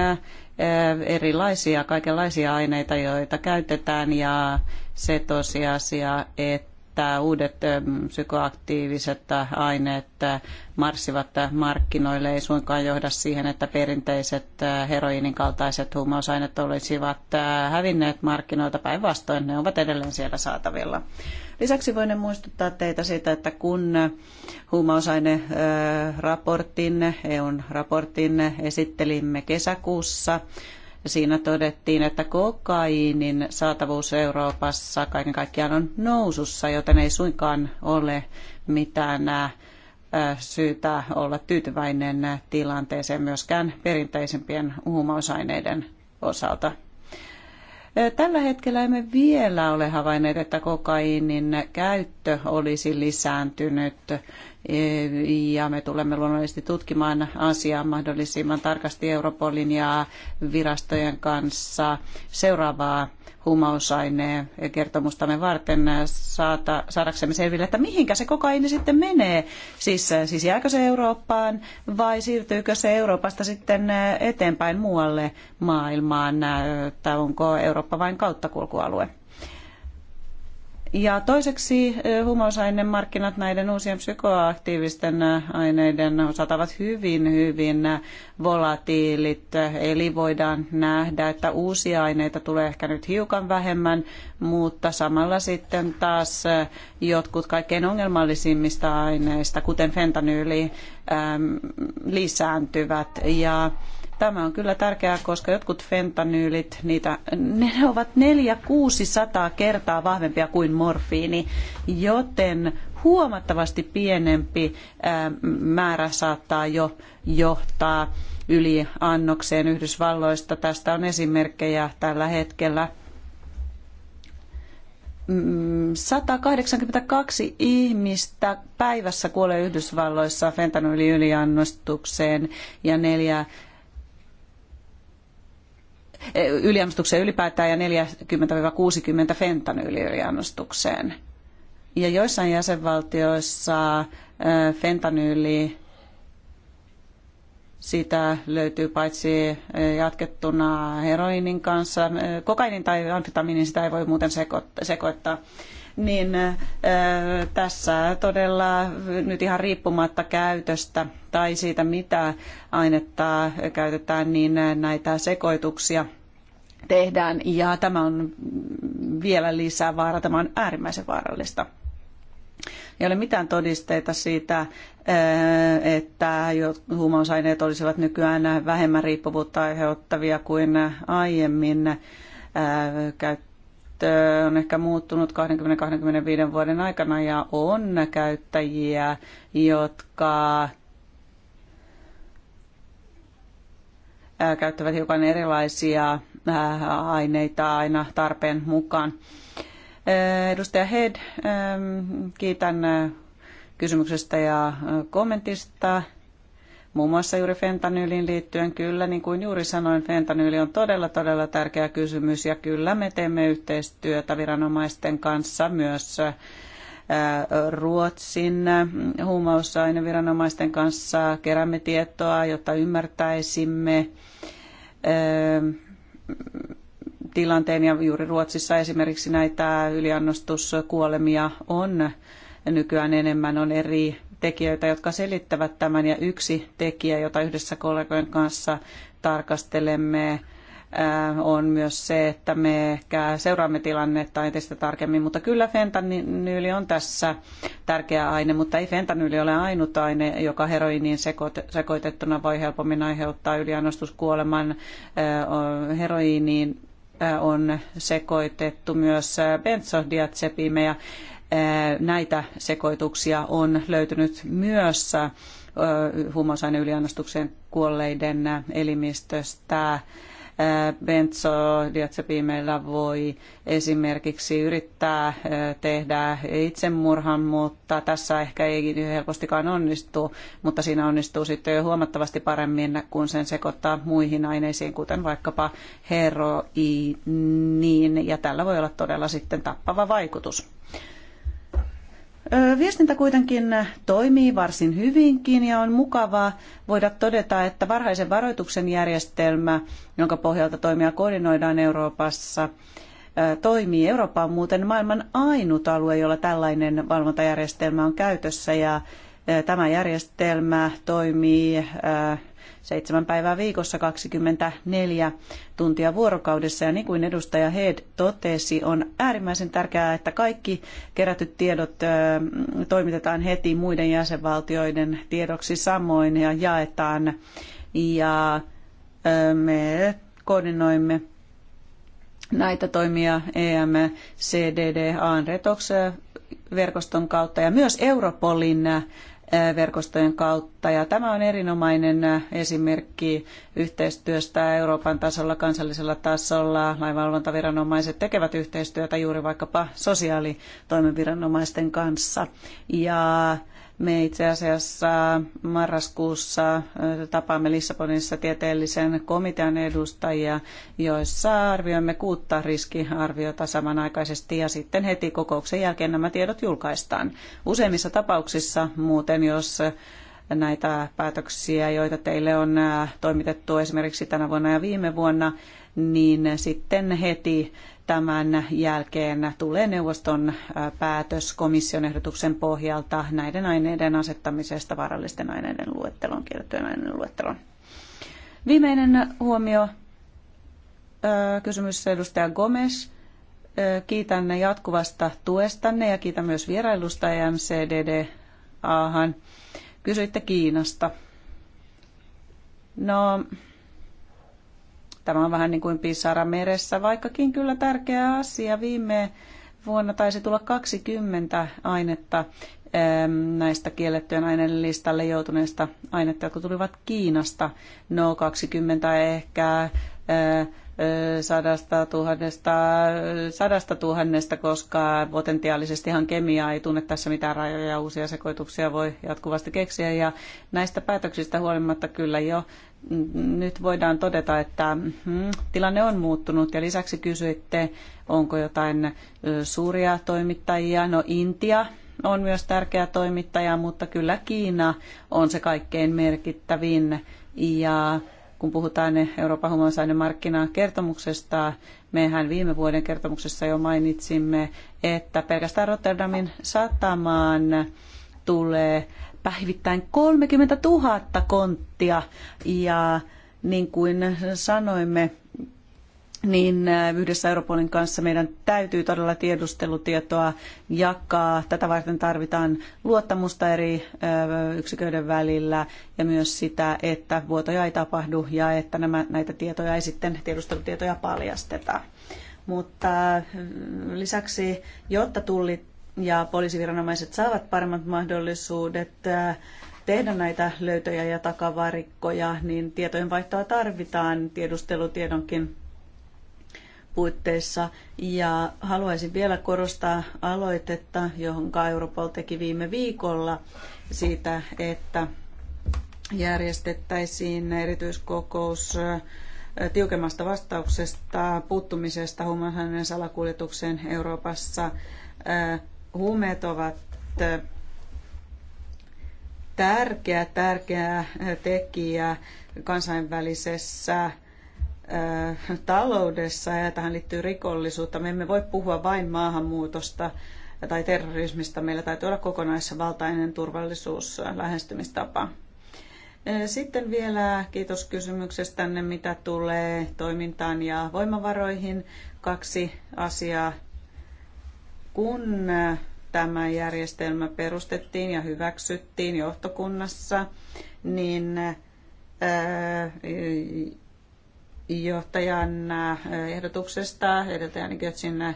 erilaisia, kaikenlaisia aineita, joita käytetään ja se tosiasia, että että uudet psykoaktiiviset aineet marssivat markkinoille ei suinkaan johda siihen, että perinteiset heroiinin kaltaiset huumausaineet olisivat hävinneet markkinoilta. Päinvastoin ne ovat edelleen siellä saatavilla. Lisäksi voin muistuttaa teitä siitä, että kun huumausaineraportin, EUn raportin esittelimme kesäkuussa, Siinä todettiin, että kokaiinin saatavuus Euroopassa kaiken kaikkiaan on nousussa, joten ei suinkaan ole mitään syytä olla tyytyväinen tilanteeseen myöskään perinteisempien huumausaineiden osalta. Tällä hetkellä emme vielä ole havainneet, että kokaiinin käyttö olisi lisääntynyt ja me tulemme luonnollisesti tutkimaan asiaa mahdollisimman tarkasti Europolin ja virastojen kanssa seuraavaa huumausaineen kertomustamme varten saata, saadaksemme selville, että mihinkä se kokaini sitten menee. Siis, äh, siis jääkö se Eurooppaan vai siirtyykö se Euroopasta sitten äh, eteenpäin muualle maailmaan, äh, tai onko Eurooppa vain kauttakulkualue? Ja toiseksi eh, huumausaineiden markkinat näiden uusien psykoaktiivisten eh, aineiden osalta ovat hyvin, hyvin eh, volatiilit. Eli voidaan nähdä, että uusia aineita tulee ehkä nyt hiukan vähemmän, mutta samalla sitten taas jotkut kaikkein ongelmallisimmista aineista, kuten fentanyyli, lisääntyvät. Ja Tämä on kyllä tärkeää, koska jotkut fentanyylit, niitä, ne ovat 400-600 kertaa vahvempia kuin morfiini, joten huomattavasti pienempi määrä saattaa jo johtaa yliannokseen Yhdysvalloista. Tästä on esimerkkejä tällä hetkellä. 182 mm, ihmistä päivässä kuolee Yhdysvalloissa fentanyyli ja neljä Eh, yliannostukseen ylipäätään ja 40-60 fentanyyliyliannostukseen. Ja joissain jäsenvaltioissa eh, fentanyyli sitä löytyy paitsi eh, jatkettuna heroinin kanssa, kokainin tai amfetamiinin sitä ei voi muuten sekoittaa niin tässä todella nyt ihan riippumatta käytöstä tai siitä, mitä ainetta käytetään, niin näitä sekoituksia tehdään. Ja tämä on vielä lisää vaara. Tämä on äärimmäisen vaarallista. Ei ole mitään todisteita siitä, eh, että huumausaineet olisivat nykyään vähemmän riippuvuutta aiheuttavia kuin aiemmin. Eh, käyttö on ehkä muuttunut 20-25 vuoden aikana ja on käyttäjiä, jotka käyttävät hiukan erilaisia aineita aina tarpeen mukaan. Edustaja Head, kiitän kysymyksestä ja kommentista. Muun muassa juuri fentanyyliin liittyen kyllä, niin kuin juuri sanoin, fentanyyli on todella, todella tärkeä kysymys ja kyllä me teemme yhteistyötä viranomaisten kanssa myös Ruotsin huumausaineviranomaisten kanssa, keräämme tietoa, jotta ymmärtäisimme tilanteen ja juuri Ruotsissa esimerkiksi näitä yliannostuskuolemia on nykyään enemmän, on eri tekijöitä, jotka selittävät tämän ja yksi tekijä, jota yhdessä kollegojen kanssa tarkastelemme, Äh, on myös se, että me ehkä seuraamme tilannetta entistä tarkemmin, mutta kyllä fentanyyli on tässä tärkeä aine, mutta ei fentanyyli ole ainut aine, joka heroiniin sekoitettuna voi helpommin aiheuttaa yliannostuskuoleman äh, heroiniin äh, on sekoitettu myös bensodiatsepimejä. Näitä sekoituksia on löytynyt myös huumausaineyliannostukseen kuolleiden elimistöstä benzodiazepiimeillä voi esimerkiksi yrittää tehdä itsemurhan, mutta tässä ehkä ei helpostikaan onnistu, mutta siinä onnistuu sitten jo huomattavasti paremmin, kun sen sekoittaa muihin aineisiin, kuten vaikkapa heroiniin, ja tällä voi olla todella sitten tappava vaikutus. Viestintä kuitenkin toimii varsin hyvinkin ja on mukavaa voida todeta, että varhaisen varoituksen järjestelmä, jonka pohjalta toimia koordinoidaan Euroopassa, toimii. Eurooppa on muuten maailman ainut alue, jolla tällainen valvontajärjestelmä on käytössä ja tämä järjestelmä toimii seitsemän päivää viikossa 24 tuntia vuorokaudessa. Ja niin kuin edustaja Head totesi, on äärimmäisen tärkeää, että kaikki kerätyt tiedot toimitetaan heti muiden jäsenvaltioiden tiedoksi samoin ja jaetaan. Ja me koordinoimme näitä toimia EM, CDD, e verkoston kautta ja myös Europolin verkostojen kautta. Ja tämä on erinomainen äh, esimerkki yhteistyöstä Euroopan tasolla, kansallisella tasolla. Lainvalvontaviranomaiset tekevät yhteistyötä juuri vaikkapa sosiaalitoimenviranomaisten kanssa. Ja me itse asiassa marraskuussa tapaamme Lissabonissa tieteellisen komitean edustajia, joissa arvioimme kuutta riskiarviota samanaikaisesti ja sitten heti kokouksen jälkeen nämä tiedot julkaistaan. Useimmissa tapauksissa muuten, jos näitä päätöksiä, joita teille on toimitettu esimerkiksi tänä vuonna ja viime vuonna, niin sitten heti tämän jälkeen tulee neuvoston päätös komission ehdotuksen pohjalta näiden aineiden asettamisesta vaarallisten aineiden luetteloon, kiellettyjen aineiden luetteloon. Viimeinen huomio, kysymys edustaja Gomes. Kiitän jatkuvasta tuestanne ja kiitän myös vierailusta MCDDAhan. Kysyitte Kiinasta. No, Tämä on vähän niin kuin pisara meressä, vaikkakin kyllä tärkeä asia. Viime vuonna taisi tulla 20 ainetta näistä kiellettyjen aineiden listalle joutuneista ainetta, jotka tulivat Kiinasta. No 20 ehkä sadasta tuhannesta, sadasta tuhannesta, koska potentiaalisestihan kemia ei tunne tässä mitään rajoja, uusia sekoituksia voi jatkuvasti keksiä ja näistä päätöksistä huolimatta kyllä jo nyt voidaan todeta, että hmm, tilanne on muuttunut ja lisäksi kysyitte, onko jotain suuria toimittajia. No Intia on myös tärkeä toimittaja, mutta kyllä Kiina on se kaikkein merkittävin ja kun puhutaan Euroopan kertomuksesta, mehän viime vuoden kertomuksessa jo mainitsimme, että pelkästään Rotterdamin satamaan tulee päivittäin 30 000 konttia ja niin kuin sanoimme, niin äh, yhdessä Europolin kanssa meidän täytyy todella tiedustelutietoa jakaa. Tätä varten tarvitaan luottamusta eri äh, yksiköiden välillä ja myös sitä, että vuotoja ei tapahdu ja että nämä, näitä tietoja ei sitten tiedustelutietoja paljasteta. Mutta äh, lisäksi, jotta tullit ja poliisiviranomaiset saavat paremmat mahdollisuudet äh, tehdä näitä löytöjä ja takavarikkoja, niin tietojenvaihtoa tarvitaan tiedustelutiedonkin puitteissa. Ja haluaisin vielä korostaa aloitetta, johon Europol teki viime viikolla siitä, että järjestettäisiin erityiskokous äh, tiukemmasta vastauksesta puuttumisesta huumausaineiden salakuljetukseen Euroopassa äh, huumeet ovat tärkeä, tärkeä tekijä kansainvälisessä taloudessa ja tähän liittyy rikollisuutta. Me emme voi puhua vain maahanmuutosta tai terrorismista. Meillä täytyy olla kokonaisvaltainen turvallisuuslähestymistapa. Sitten vielä kiitos kysymyksestänne, mitä tulee toimintaan ja voimavaroihin. Kaksi asiaa kun äh, tämä järjestelmä perustettiin ja hyväksyttiin johtokunnassa, niin äh, johtajan äh, ehdotuksesta, edeltäjän Götzin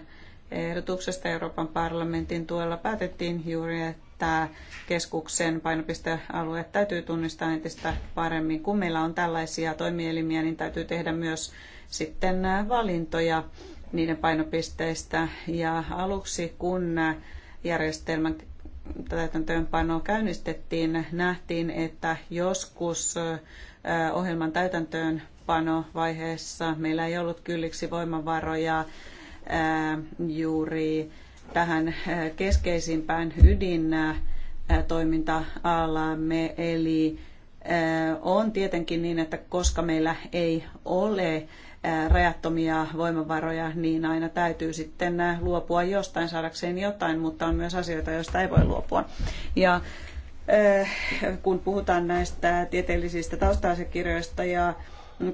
ehdotuksesta Euroopan parlamentin tuella päätettiin juuri, että keskuksen painopistealue täytyy tunnistaa entistä paremmin. Kun meillä on tällaisia toimielimiä, niin täytyy tehdä myös sitten valintoja niiden painopisteistä. Ja aluksi kun järjestelmän täytäntöönpano käynnistettiin, nähtiin, että joskus ohjelman täytäntöönpanovaiheessa meillä ei ollut kylliksi voimavaroja juuri tähän keskeisimpään ydin toiminta-alamme. Eli on tietenkin niin, että koska meillä ei ole rajattomia voimavaroja, niin aina täytyy sitten luopua jostain saadakseen jotain, mutta on myös asioita, joista ei voi luopua. Ja kun puhutaan näistä tieteellisistä taustasekirjoista ja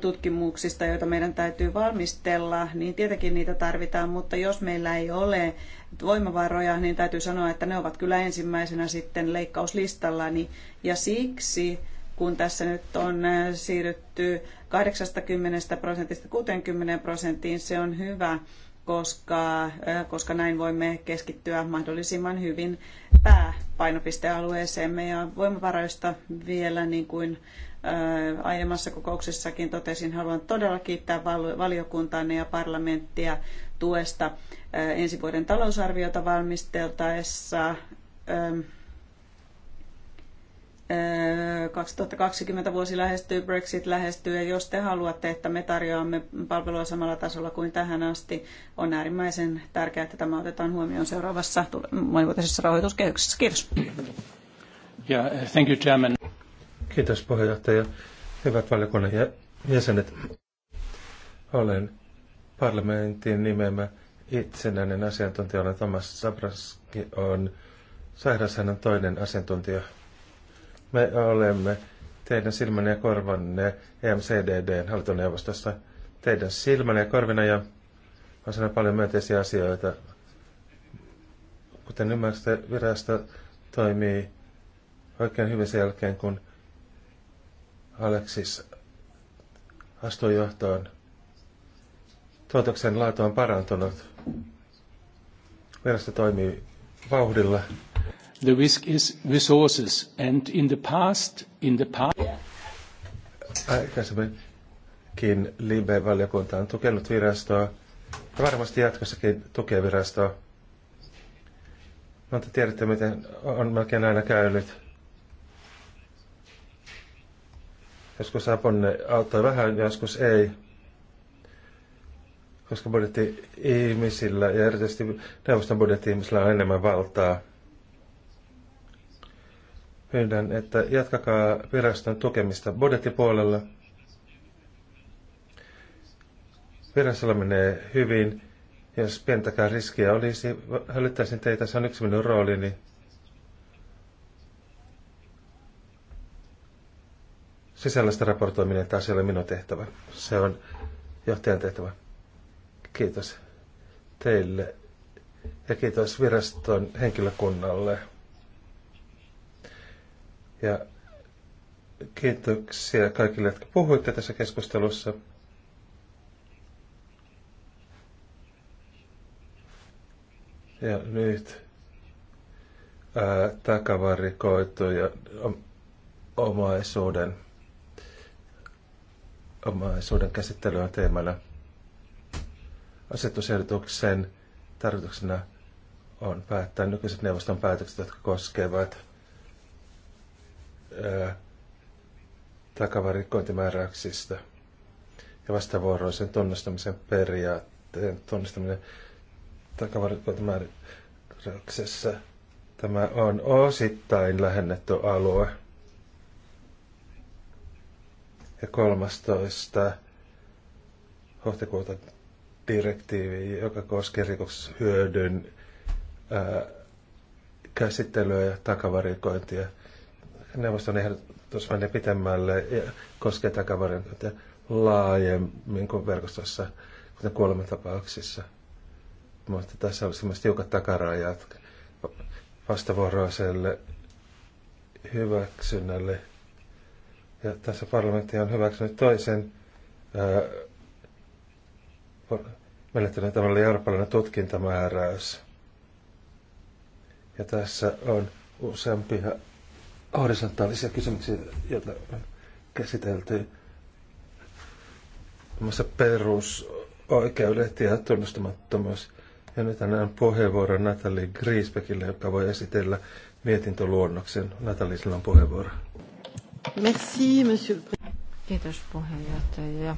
tutkimuksista, joita meidän täytyy valmistella, niin tietenkin niitä tarvitaan, mutta jos meillä ei ole voimavaroja, niin täytyy sanoa, että ne ovat kyllä ensimmäisenä sitten leikkauslistallani. Ja siksi kun tässä nyt on äh, siirrytty 80 prosentista 60 prosenttiin, se on hyvä, koska, äh, koska näin voimme keskittyä mahdollisimman hyvin pääpainopistealueeseemme ja voimavaroista vielä niin kuin äh, aiemmassa kokouksessakin totesin, haluan todella kiittää valiokuntaanne ja parlamenttia tuesta ensi vuoden talousarviota valmisteltaessa ähm, 2020 vuosi lähestyy, Brexit lähestyy ja jos te haluatte, että me tarjoamme palvelua samalla tasolla kuin tähän asti, on äärimmäisen tärkeää, että tämä otetaan huomioon seuraavassa monivuotisessa rahoituskehyksessä. Kiitos. Yeah, thank you, Chairman. Kiitos puheenjohtaja. Hyvät valiokunnan jäsenet. Olen parlamentin nimeämä itsenäinen asiantuntija. Olen Thomas Sabraski, on sairaus, hän on toinen asiantuntija me olemme teidän silmänne ja korvanne EMCDDn hallintoneuvostossa. Teidän silmänne ja korvina ja on sanonut paljon myönteisiä asioita. Kuten ymmärrätte, virasto toimii oikein hyvin sen jälkeen, kun Aleksis astui johtoon. Tuotoksen laatu on parantunut. Virasto toimii vauhdilla The risk is resources. in the past, in the past... Aikaisemminkin Libe-valiokunta on tukenut virastoa ja varmasti jatkossakin tukee virastoa. Mutta tiedätte, miten on melkein aina käynyt. Joskus apunne auttoi vähän, joskus ei. Koska budjetti ihmisillä ja erityisesti neuvoston budjetti ihmisillä on enemmän valtaa pyydän, että jatkakaa viraston tukemista budjettipuolella. Virastolla menee hyvin. Jos pientäkään riskiä olisi, hälyttäisin teitä, se on yksi minun roolini. Sisällöstä raportoiminen taas ei ole minun tehtävä. Se on johtajan tehtävä. Kiitos teille ja kiitos viraston henkilökunnalle. Ja kiitoksia kaikille, jotka puhuitte tässä keskustelussa. Ja nyt ää, takavarikoitu ja omaisuuden, omaisuuden käsittely on teemana. Asetusehdotuksen tarkoituksena on päättää nykyiset neuvoston päätökset, jotka koskevat takavarikointimääräyksistä ja vastavuoroisen tunnistamisen periaatteen tunnistaminen takavarikointimääräyksessä. Tämä on osittain lähennetty alue. Ja 13. huhtikuuta direktiivi, joka koskee rikoshyödyn ää, käsittelyä ja takavarikointia – neuvoston ehdotus menee pitemmälle ja koskee takavarikointia laajemmin kuin verkostossa, kuten kuolematapauksissa. Mutta tässä olisi myös tiukat takarajat vastavuoroiselle hyväksynnälle. Ja tässä parlamentti on hyväksynyt toisen äh, menettäneen tavalla eurooppalainen tutkintamääräys. Ja tässä on useampia horisontaalisia kysymyksiä, joita on käsitelty. perusoikeudet ja tunnustamattomuus. Ja nyt annan puheenvuoron Natalie Griesbeckille, joka voi esitellä mietintöluonnoksen. Natalie, sinulla on puheenvuoro. Merci, monsieur le Kiitos puheenjohtaja ja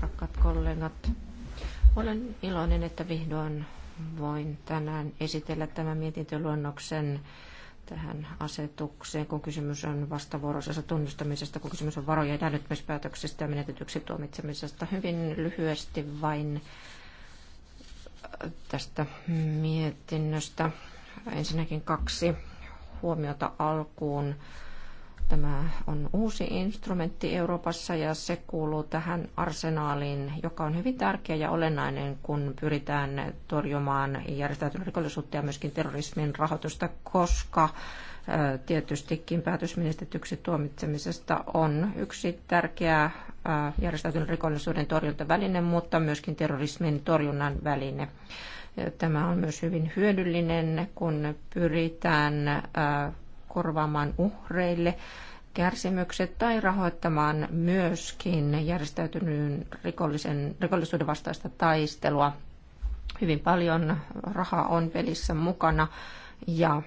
rakkaat kollegat. Olen iloinen, että vihdoin voin tänään esitellä tämän mietintöluonnoksen tähän asetukseen, kun kysymys on vastavuoroisesta tunnustamisesta, kun kysymys on varojen jäädyttämispäätöksestä ja menetetyksi tuomitsemisesta. Hyvin lyhyesti vain tästä mietinnöstä. Ensinnäkin kaksi huomiota alkuun. Tämä on uusi instrumentti Euroopassa ja se kuuluu tähän arsenaaliin, joka on hyvin tärkeä ja olennainen, kun pyritään torjumaan järjestäytynyt rikollisuutta ja myöskin terrorismin rahoitusta, koska tietystikin päätös tuomitsemisesta on yksi tärkeä järjestäytynyt rikollisuuden torjuntaväline, mutta myöskin terrorismin torjunnan väline. Tämä on myös hyvin hyödyllinen, kun pyritään korvaamaan uhreille kärsimykset tai rahoittamaan myöskin järjestäytyneen rikollisen, rikollisuuden vastaista taistelua. Hyvin paljon rahaa on pelissä mukana ja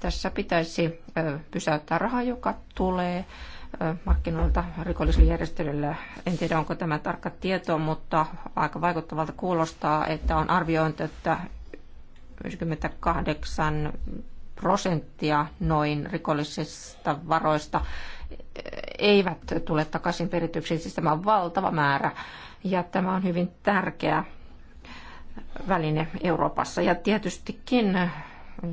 tässä pitäisi pysäyttää raha, joka tulee markkinoilta rikollisille järjestelyille. En tiedä, onko tämä tarkka tieto, mutta aika vaikuttavalta kuulostaa, että on arviointi, että 98 prosenttia noin rikollisista varoista eh, eivät tule takaisin perityksi. Siis tämä on valtava määrä ja tämä on hyvin tärkeä väline Euroopassa. Ja tietystikin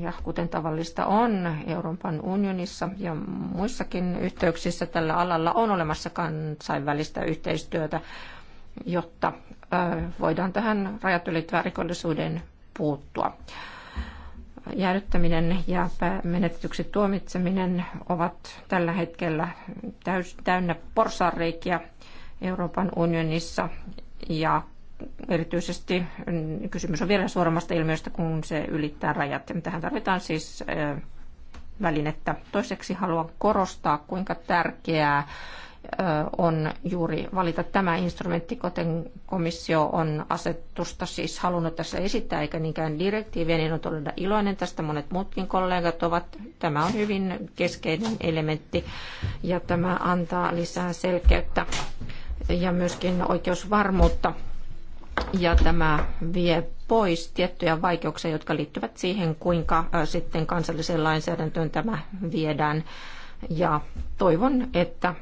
ja kuten tavallista on Euroopan unionissa ja muissakin yhteyksissä tällä alalla on olemassa kansainvälistä yhteistyötä, jotta voidaan tähän rajat ylittävän rikollisuuden puuttua jäädyttäminen ja menetetyksi tuomitseminen ovat tällä hetkellä täys, täynnä porsareikiä Euroopan unionissa ja erityisesti mm, kysymys on vielä suoremmasta ilmiöstä, kun se ylittää rajat. Tähän tarvitaan siis välinettä. Toiseksi haluan korostaa, kuinka tärkeää on juuri valita tämä instrumentti, kuten komissio on asetusta siis halunnut tässä esittää, eikä niinkään direktiiviä, niin on todella iloinen tästä. Monet muutkin kollegat ovat. Tämä on hyvin keskeinen elementti ja tämä antaa lisää selkeyttä ja myöskin oikeusvarmuutta. Ja tämä vie pois tiettyjä vaikeuksia, jotka liittyvät siihen, kuinka sitten kansalliseen lainsäädäntöön tämä viedään ja toivon, että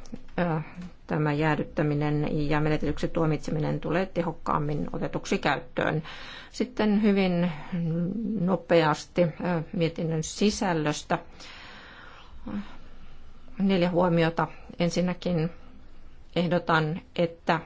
tämä jäädyttäminen ja menetetyksi tuomitseminen tulee tehokkaammin otetuksi käyttöön. Sitten hyvin nopeasti mietinnön sisällöstä neljä huomiota. Ensinnäkin ehdotan, että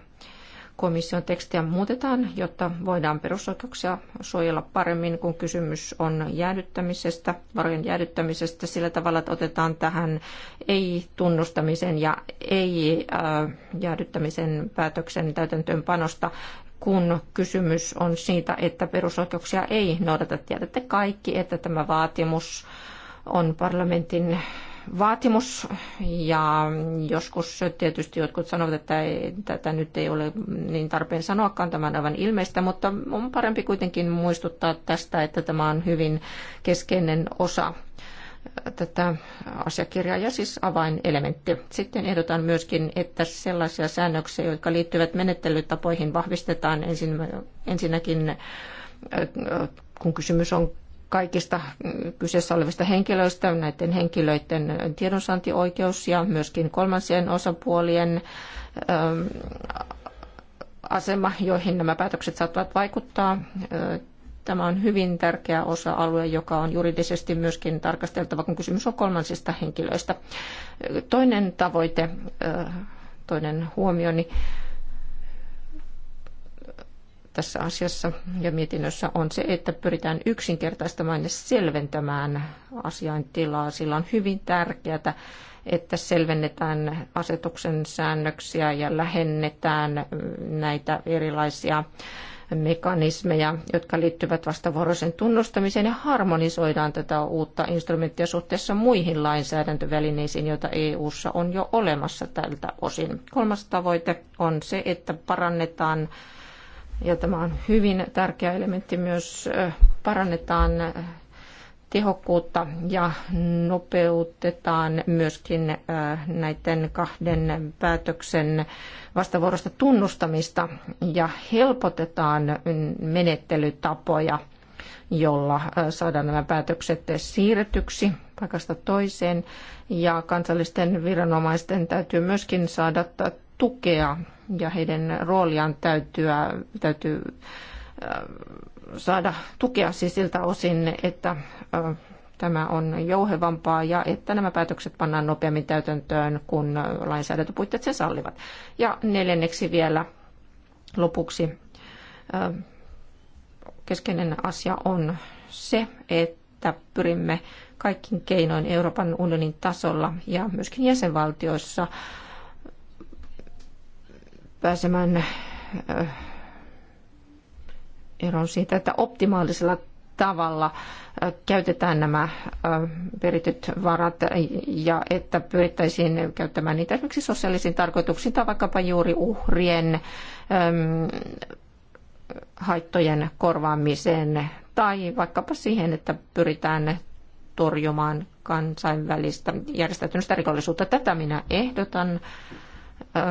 komission tekstiä muutetaan, jotta voidaan perusoikeuksia suojella paremmin, kun kysymys on jäädyttämisestä, varojen jäädyttämisestä sillä tavalla, että otetaan tähän ei-tunnustamisen ja ei-jäädyttämisen päätöksen täytäntöönpanosta kun kysymys on siitä, että perusoikeuksia ei noudata. Tiedätte kaikki, että tämä vaatimus on parlamentin vaatimus ja joskus tietysti jotkut sanovat, että ei, tätä nyt ei ole niin tarpeen sanoakaan, tämä on aivan ilmeistä, mutta on parempi kuitenkin muistuttaa tästä, että tämä on hyvin keskeinen osa tätä asiakirjaa ja siis avainelementti. Sitten ehdotan myöskin, että sellaisia säännöksiä, jotka liittyvät menettelytapoihin, vahvistetaan ensin, ensinnäkin kun kysymys on kaikista mm, kyseessä olevista henkilöistä, näiden henkilöiden tiedonsaantioikeus ja myöskin kolmansien osapuolien ähm, asema, joihin nämä päätökset saattavat vaikuttaa. Äh, tämä on hyvin tärkeä osa-alue, joka on juridisesti myöskin tarkasteltava, kun kysymys on kolmansista henkilöistä. Äh, toinen tavoite, äh, toinen huomioni, niin tässä asiassa ja mietinnössä on se, että pyritään yksinkertaistamaan ja selventämään asiantilaa. Sillä on hyvin tärkeää, että selvennetään asetuksen säännöksiä ja lähennetään näitä erilaisia mekanismeja, jotka liittyvät vastavuoroisen tunnustamiseen ja harmonisoidaan tätä uutta instrumenttia suhteessa muihin lainsäädäntövälineisiin, joita EU:ssa on jo olemassa tältä osin. Kolmas tavoite on se, että parannetaan ja tämä on hyvin tärkeä elementti myös, parannetaan tehokkuutta ja nopeutetaan myöskin näiden kahden päätöksen vastavuorosta tunnustamista ja helpotetaan menettelytapoja, jolla saadaan nämä päätökset siirretyksi paikasta toiseen. Ja kansallisten viranomaisten täytyy myöskin saada tukea ja heidän rooliaan täytyä, täytyy saada tukea siis siltä osin, että tämä on jouhevampaa ja että nämä päätökset pannaan nopeammin täytäntöön, kun lainsäädäntöpuitteet se sallivat. Ja neljänneksi vielä lopuksi keskeinen asia on se, että pyrimme kaikkiin keinoin Euroopan unionin tasolla ja myöskin jäsenvaltioissa pääsemään äh, eroon siitä, että optimaalisella tavalla äh, käytetään nämä äh, perityt varat ja että pyrittäisiin käyttämään niitä esimerkiksi sosiaalisiin tarkoituksiin tai vaikkapa juuri uhrien ähm, haittojen korvaamiseen tai vaikkapa siihen, että pyritään torjumaan kansainvälistä järjestäytymistä rikollisuutta. Tätä minä ehdotan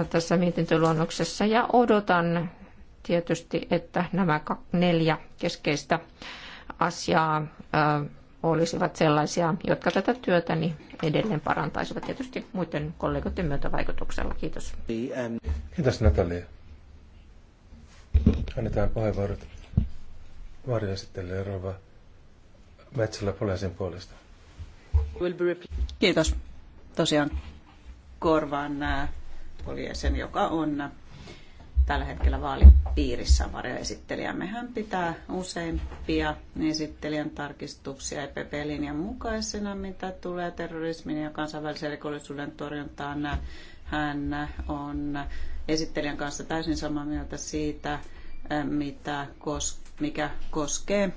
tässä mietintöluonnoksessa ja odotan tietysti, että nämä neljä keskeistä asiaa olisivat sellaisia, jotka tätä niin edelleen parantaisivat tietysti muiden kollegoiden myötävaikutuksella. Kiitos. Kiitos Natalia. Annetaan puheenvuorot varjoesittelijä Rova Metsällä Poliisin puolesta. Kiitos. Tosiaan korvaan nämä sen, joka on tällä hetkellä vaalipiirissä varjoesittelijä. mehän pitää useimpia esittelijän tarkistuksia EPP-linjan mukaisena, mitä tulee terrorismin ja kansainvälisen rikollisuuden torjuntaan. Hän on esittelijän kanssa täysin samaa mieltä siitä, eh, mitä kos- mikä koskee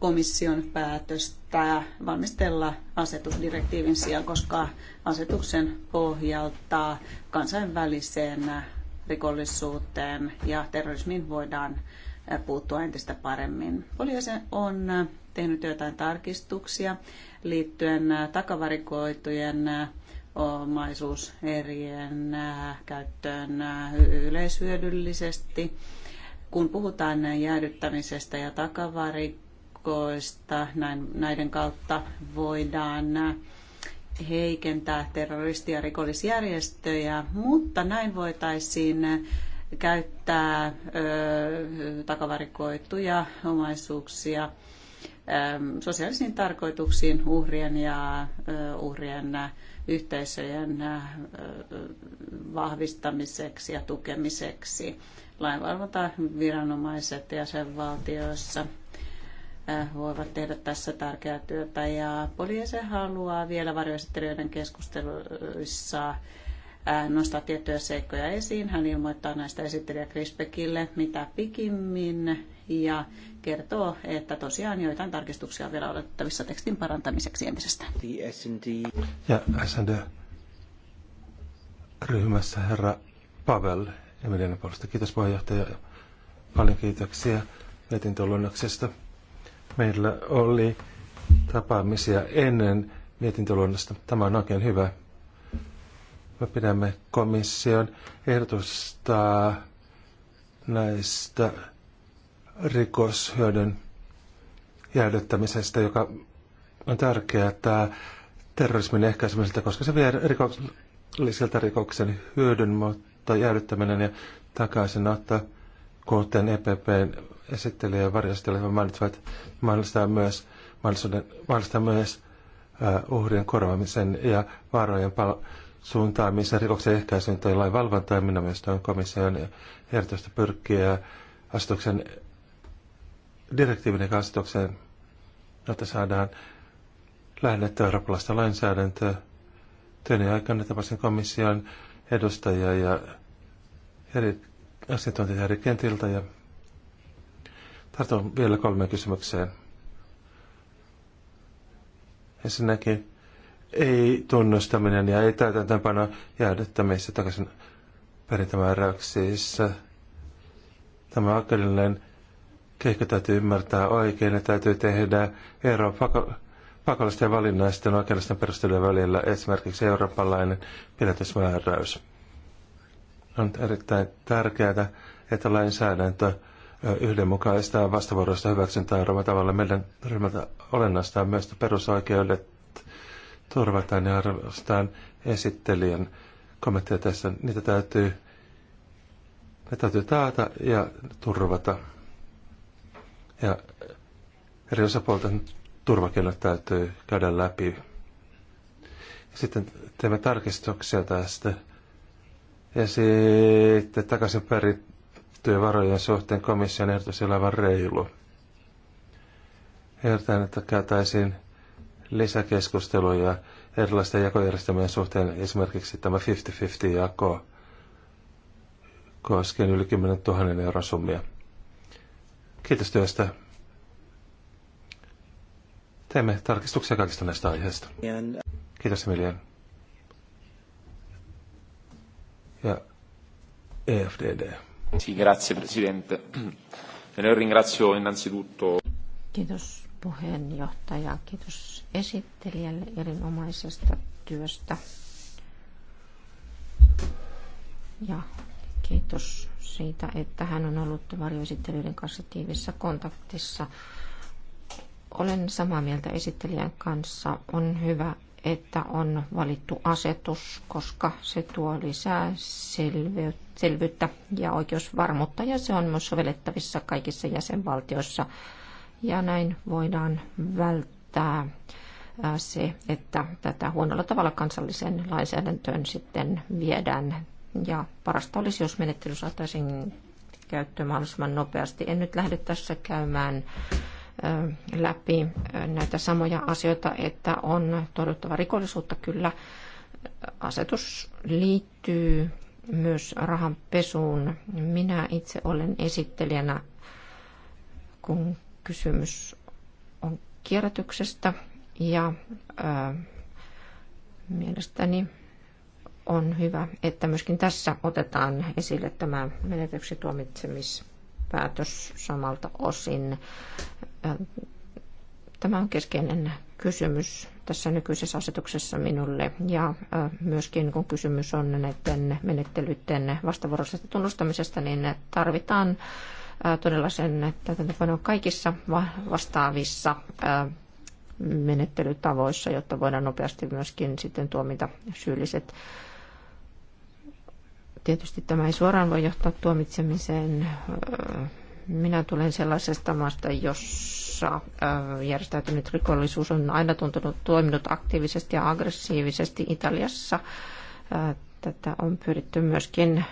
komission päätöstä valmistella asetusdirektiivin sijaan, koska asetuksen pohjalta kansainväliseen rikollisuuteen ja terrorismiin voidaan puuttua entistä paremmin. Poliisi on tehnyt joitain tarkistuksia liittyen takavarikoitujen omaisuuserien käyttöön yleishyödyllisesti. Kun puhutaan jäädyttämisestä ja takavarikoitujen, rikoista. Näin, näiden kautta voidaan heikentää terroristi- ja rikollisjärjestöjä, mutta näin voitaisiin käyttää ö, takavarikoituja omaisuuksia sosiaalisiin tarkoituksiin uhrien ja uhrien yhteisöjen vahvistamiseksi ja tukemiseksi lainvalvontaviranomaiset valtioissa. Äh, voivat tehdä tässä tärkeää työtä. Ja poliisi haluaa vielä varjoesittelijöiden keskusteluissa äh, nostaa tiettyjä seikkoja esiin. Hän ilmoittaa näistä esittelijä Krispekille mitä pikimmin ja kertoo, että tosiaan joitain tarkistuksia on vielä odotettavissa tekstin parantamiseksi entisestä. Ja S&D ryhmässä herra Pavel Emilian puolesta. Kiitos puheenjohtaja. Paljon kiitoksia mietintöluonnoksesta. Meillä oli tapaamisia ennen mietintöluonnosta. Tämä on oikein hyvä. Me pidämme komission ehdotusta näistä rikoshyödyn jäädyttämisestä, joka on tärkeää tämä terrorismin ehkäisemiseltä, koska se vie rikollisilta rikoksen hyödyn, mutta jäädyttäminen ja takaisin ottaa, kuten EPPn esittelijä ja varjosteleva mainitsivat, mahdollistaa myös, mahdollistaa myös uhrien korvaamisen ja vaarojen pal- suuntaamisen rikoksen ehkäisyyn tai lain valvontaan. Minä myös tuon komission ehdotusta ja asetuksen direktiivin ja asetuksen, jotta saadaan lähennetty eurooppalaista lainsäädäntöä. ja aikana tapasin komission edustajia ja eri asiantuntijat eri kentiltä ja Tartun vielä kolmeen kysymykseen. Ensinnäkin ei-tunnustaminen ja ei-täytäntöönpano jäädyttämistä takaisin perintämääräyksissä. Tämä oikeudellinen keikka täytyy ymmärtää oikein ja täytyy tehdä ero pako- pakollisten valinnaisten oikeudellisten perustelujen välillä, esimerkiksi eurooppalainen pidätysmääräys. On erittäin tärkeää, että lainsäädäntö yhdenmukaista vastavuoroista hyväksyntää olevalla tavalla meidän ryhmältä olennaista on myös perusoikeudet turvataan ja arvostetaan esittelijän kommentteja tässä. Niitä täytyy, ne täytyy taata ja turvata. Ja eri osapuolten turvakennot täytyy käydä läpi. Ja sitten teemme tarkistuksia tästä. Ja sitten takaisin perin varojen suhteen komission ehdotus olevan reilu. Ehdotan, että käytäisiin lisäkeskusteluja erilaisten jakojärjestelmien suhteen, esimerkiksi tämä 50-50-jako koskien yli 10 000 euron summia. Kiitos työstä. Teemme tarkistuksia kaikista näistä aiheista. Kiitos Emilian. Ja EFDD. Sì, grazie Presidente. Ringrazio innanzitutto. Kiitos puheenjohtaja, kiitos esittelijälle erinomaisesta työstä. Ja kiitos siitä, että hän on ollut varjoesittelyiden kanssa tiivissä kontaktissa. Olen samaa mieltä esittelijän kanssa. On hyvä, että on valittu asetus, koska se tuo lisää selvyyttä ja oikeusvarmuutta ja se on myös sovellettavissa kaikissa jäsenvaltioissa. Ja näin voidaan välttää se, että tätä huonolla tavalla kansalliseen lainsäädäntöön sitten viedään. Ja parasta olisi, jos menettely saataisiin käyttöön mahdollisimman nopeasti. En nyt lähde tässä käymään läpi näitä samoja asioita, että on torjuttava rikollisuutta kyllä. Asetus liittyy myös rahanpesuun. Minä itse olen esittelijänä, kun kysymys on kierrätyksestä ja ää, mielestäni on hyvä, että myöskin tässä otetaan esille tämä menetyksi tuomitsemispäätös samalta osin. Tämä on keskeinen kysymys tässä nykyisessä asetuksessa minulle. Ja myöskin kun kysymys on näiden menettelyiden vastavuoroisesta tunnustamisesta, niin tarvitaan todella sen että on kaikissa vastaavissa menettelytavoissa, jotta voidaan nopeasti myöskin sitten tuomita syylliset. Tietysti tämä ei suoraan voi johtaa tuomitsemiseen minä tulen sellaisesta maasta, jossa järjestäytynyt rikollisuus on aina tuntunut, toiminut aktiivisesti ja aggressiivisesti Italiassa. Tätä on pyritty myöskin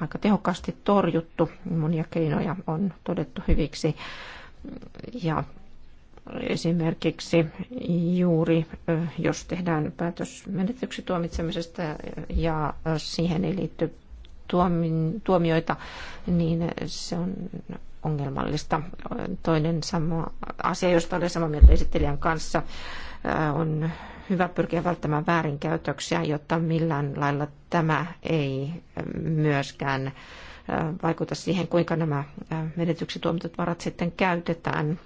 aika tehokkaasti torjuttu. Monia keinoja on todettu hyviksi. Ja esimerkiksi juuri, jos tehdään päätös menetyksi tuomitsemisesta ja siihen ei liitty tuomioita, niin se on ongelmallista. Toinen sama asia, josta olen samaa mieltä esittelijän kanssa, äh, on hyvä pyrkiä välttämään väärinkäytöksiä, jotta millään lailla tämä ei myöskään äh, vaikuta siihen, kuinka nämä äh, menetyksi tuomitut varat sitten käytetään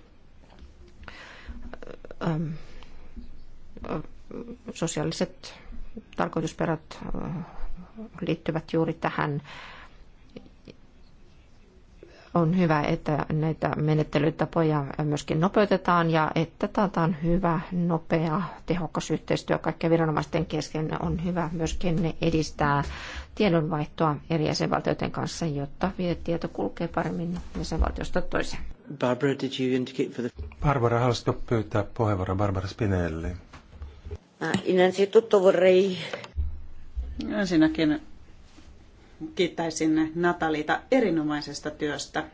ähm, sosiaaliset tarkoitusperät liittyvät juuri tähän. On hyvä, että näitä menettelytapoja myöskin nopeutetaan ja että on hyvä, nopea, tehokas yhteistyö kaikkien viranomaisten kesken. On hyvä myöskin edistää tiedonvaihtoa eri jäsenvaltioiden kanssa, jotta tieto kulkee paremmin jäsenvaltiosta toiseen. Barbara, did you indicate for the... Barbara, haluaisitko pyytää puheenvuoron Barbara Spinelli? Ah, innanzitutto vorrei Ensinnäkin kiittäisin Natalita erinomaisesta työstä.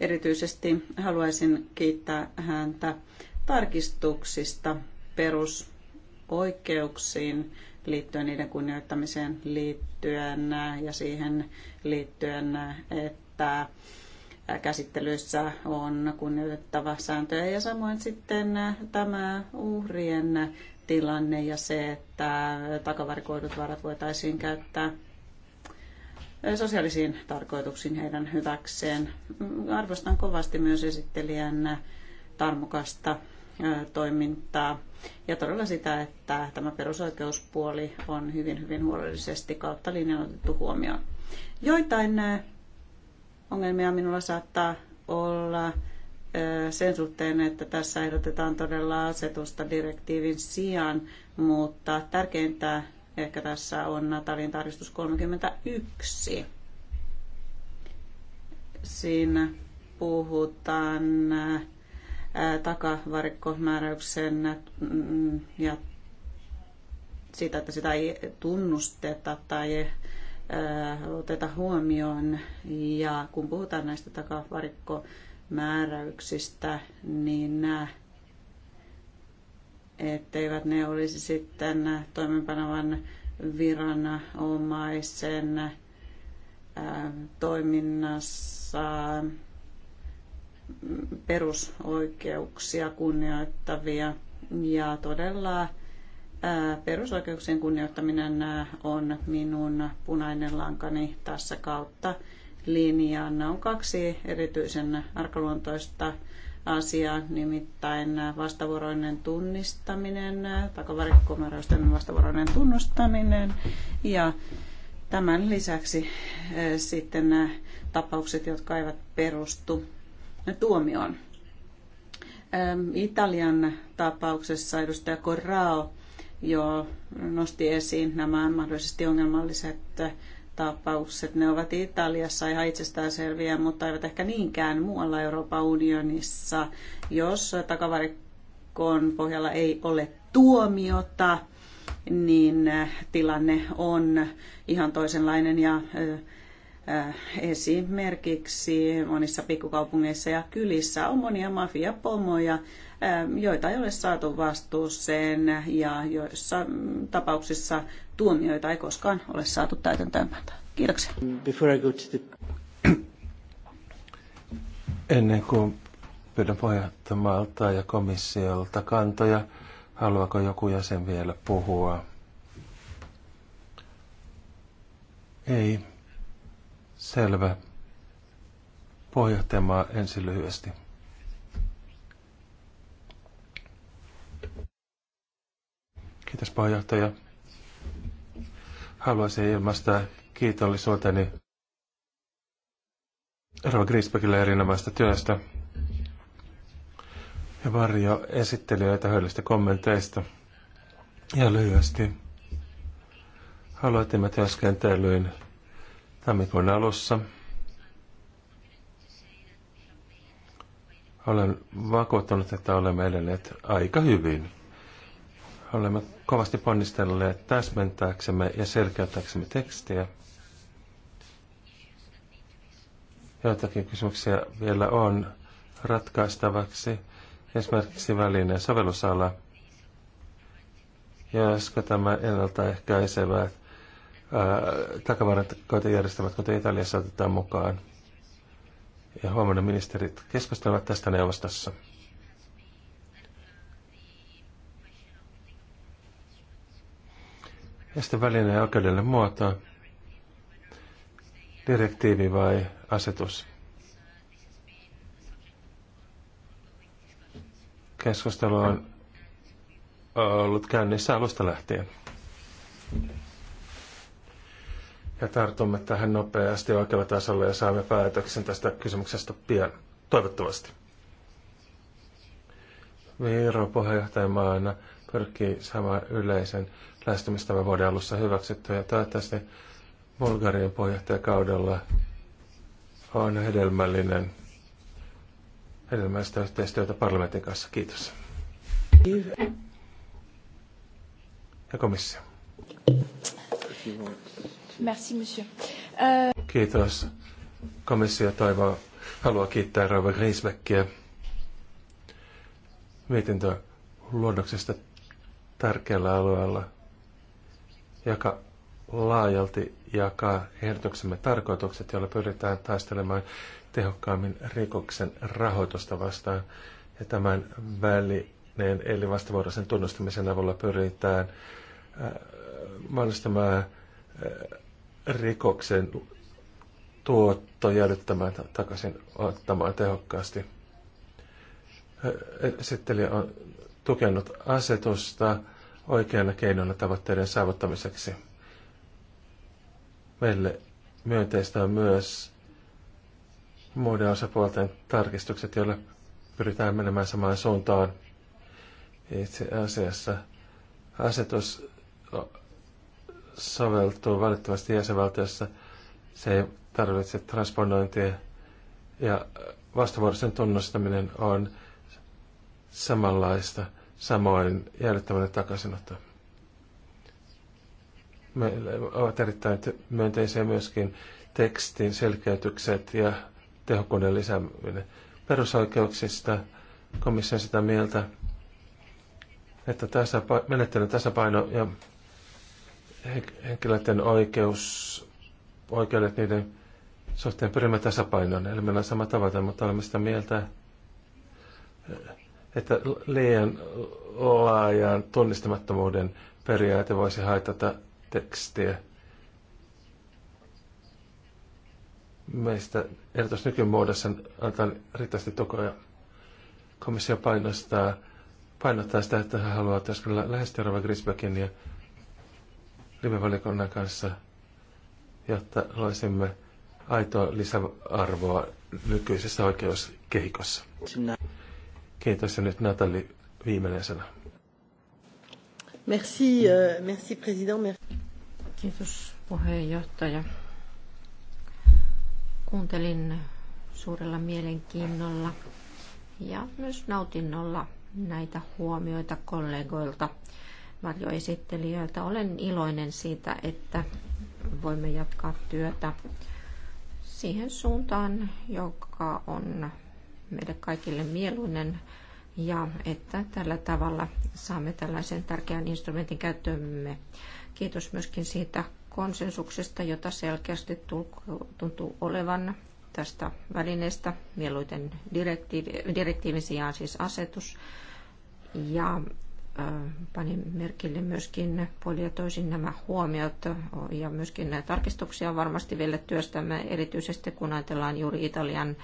Erityisesti haluaisin kiittää häntä tarkistuksista perusoikeuksiin liittyen niiden kunnioittamiseen liittyen ja siihen liittyen, että käsittelyissä on kunnioitettava sääntöjä ja samoin sitten tämä uhrien tilanne ja se, että takavarikoidut varat voitaisiin käyttää sosiaalisiin tarkoituksiin heidän hyväkseen. Arvostan kovasti myös esittelijän tarmokasta toimintaa ja todella sitä, että tämä perusoikeuspuoli on hyvin, hyvin huolellisesti kautta linjan otettu huomioon. Joitain ongelmia minulla saattaa olla sen suhteen, että tässä ehdotetaan todella asetusta direktiivin sijaan, mutta tärkeintä ehkä tässä on Natalin tarkistus 31. Siinä puhutaan takavarikkomääräyksen mm, ja siitä, että sitä ei tunnusteta tai oteta huomioon. Ja kun puhutaan näistä takavarikkomääräyksistä, määräyksistä, niin nämä, etteivät ne olisi sitten toimenpanovan viranomaisen toiminnassa perusoikeuksia kunnioittavia ja todella perusoikeuksien kunnioittaminen on minun punainen lankani tässä kautta linjaan. On kaksi erityisen arkaluontoista asiaa, nimittäin vastavuoroinen tunnistaminen, takavarikkomerausten vastavuoroinen tunnustaminen ja tämän lisäksi eh, sitten nämä eh, tapaukset, jotka eivät perustu tuomioon. Italian tapauksessa edustaja Corrao jo nosti esiin nämä mahdollisesti ongelmalliset eh, tapaukset. Ne ovat Italiassa ihan itsestään selviä, mutta eivät ehkä niinkään muualla Euroopan unionissa, jos takavarikon pohjalla ei ole tuomiota niin äh, tilanne on ihan toisenlainen ja äh, esimerkiksi monissa pikkukaupungeissa ja kylissä on monia mafiapomoja joita ei ole saatu vastuuseen ja joissa mm, tapauksissa tuomioita ei koskaan ole saatu täytäntöönpäntä. Kiitoksia. Ennen kuin pyydän pohjattomalta ja komissiolta kantoja, haluaako joku jäsen vielä puhua? Ei. Selvä. Pohjattomaa ensin lyhyesti. Kiitos puheenjohtaja. Haluaisin ilmaista kiitollisuuteni Rova Grisbergille erinomaista työstä ja varjo esittelijöitä höllistä kommenteista. Ja lyhyesti aloitimme työskentelyyn tammikuun alussa. Olen vakuuttunut, että olemme edenneet aika hyvin. Olemme kovasti ponnistelleet täsmentääksemme ja selkeyttääksemme tekstiä. Joitakin kysymyksiä vielä on ratkaistavaksi, esimerkiksi välineen sovellusala. Ja josko tämä ennaltaehkäisevät äh, takavarantikoitejärjestelmät, kuten Italiassa otetaan mukaan. Ja huomenna ministerit keskustelevat tästä neuvostossa. Ja sitten välineen oikeudelle muoto. Direktiivi vai asetus? Keskustelu on ollut käynnissä alusta lähtien. Ja tartumme tähän nopeasti oikealla tasolla ja saamme päätöksen tästä kysymyksestä pian, toivottavasti. Viro puheenjohtajamaana pyrkii saamaan yleisen lähestymistava vuoden alussa hyväksytty ja toivottavasti Bulgarian puheenjohtajakaudella on hedelmällinen, hedelmällistä yhteistyötä parlamentin kanssa. Kiitos. Ja komissio. Merci, monsieur. Kiitos. Komissio toivoo, haluaa kiittää Rauva Griesbeckia mietintö luonnoksesta tärkeällä alueella – joka laajalti jakaa ehdotuksemme tarkoitukset, joilla pyritään taistelemaan tehokkaammin rikoksen rahoitusta vastaan. Ja tämän välineen eli vastavuoroisen tunnustamisen avulla pyritään äh, mahdollistamaan äh, rikoksen tuotto jäädyttämään takaisin ottamaan tehokkaasti. Äh, Sitten on tukenut asetusta oikeana keinona tavoitteiden saavuttamiseksi. Meille myönteistä on myös muiden osapuolten tarkistukset, joilla pyritään menemään samaan suuntaan. Itse asiassa asetus soveltuu valitettavasti jäsenvaltiossa. Se ei tarvitse transponointia ja vastavuoroisen tunnustaminen on samanlaista – samoin jäädyttäminen takaisinotto. Meillä ovat erittäin myönteisiä myöskin tekstin selkeytykset ja tehokkuuden lisääminen. Perusoikeuksista komission sitä mieltä, että tässä menettelyn tasapaino ja henkilöiden oikeus, oikeudet niiden suhteen pyrimme tasapainoon. Eli meillä on sama tavoite, mutta olemme sitä mieltä, että liian laajan tunnistamattomuuden periaate voisi haitata tekstiä. Meistä ehdotus nykymuodossa antaa riittävästi tukoja. Komissio painostaa, painottaa sitä, että hän haluaa työskennellä lähestyä Rova ja live kanssa, jotta loisimme aitoa lisäarvoa nykyisessä oikeuskehikossa. Sinä. Kiitos ja nyt Natali viimeinen sana. Merci, euh, merci president. Merci. Kiitos puheenjohtaja. Kuuntelin suurella mielenkiinnolla ja myös nautinnolla näitä huomioita kollegoilta, varjoesittelijöiltä. Olen iloinen siitä, että voimme jatkaa työtä siihen suuntaan, joka on meille kaikille mieluinen ja että tällä tavalla saamme tällaisen tärkeän instrumentin käyttöömme. Kiitos myöskin siitä konsensuksesta, jota selkeästi tuntuu olevan tästä välineestä, mieluiten direktiivi, direktiivin sijaan siis asetus. Ja panin merkille myöskin puolin ja toisin nämä huomiot ja myöskin näitä tarkistuksia varmasti vielä työstämme, erityisesti kun ajatellaan juuri Italian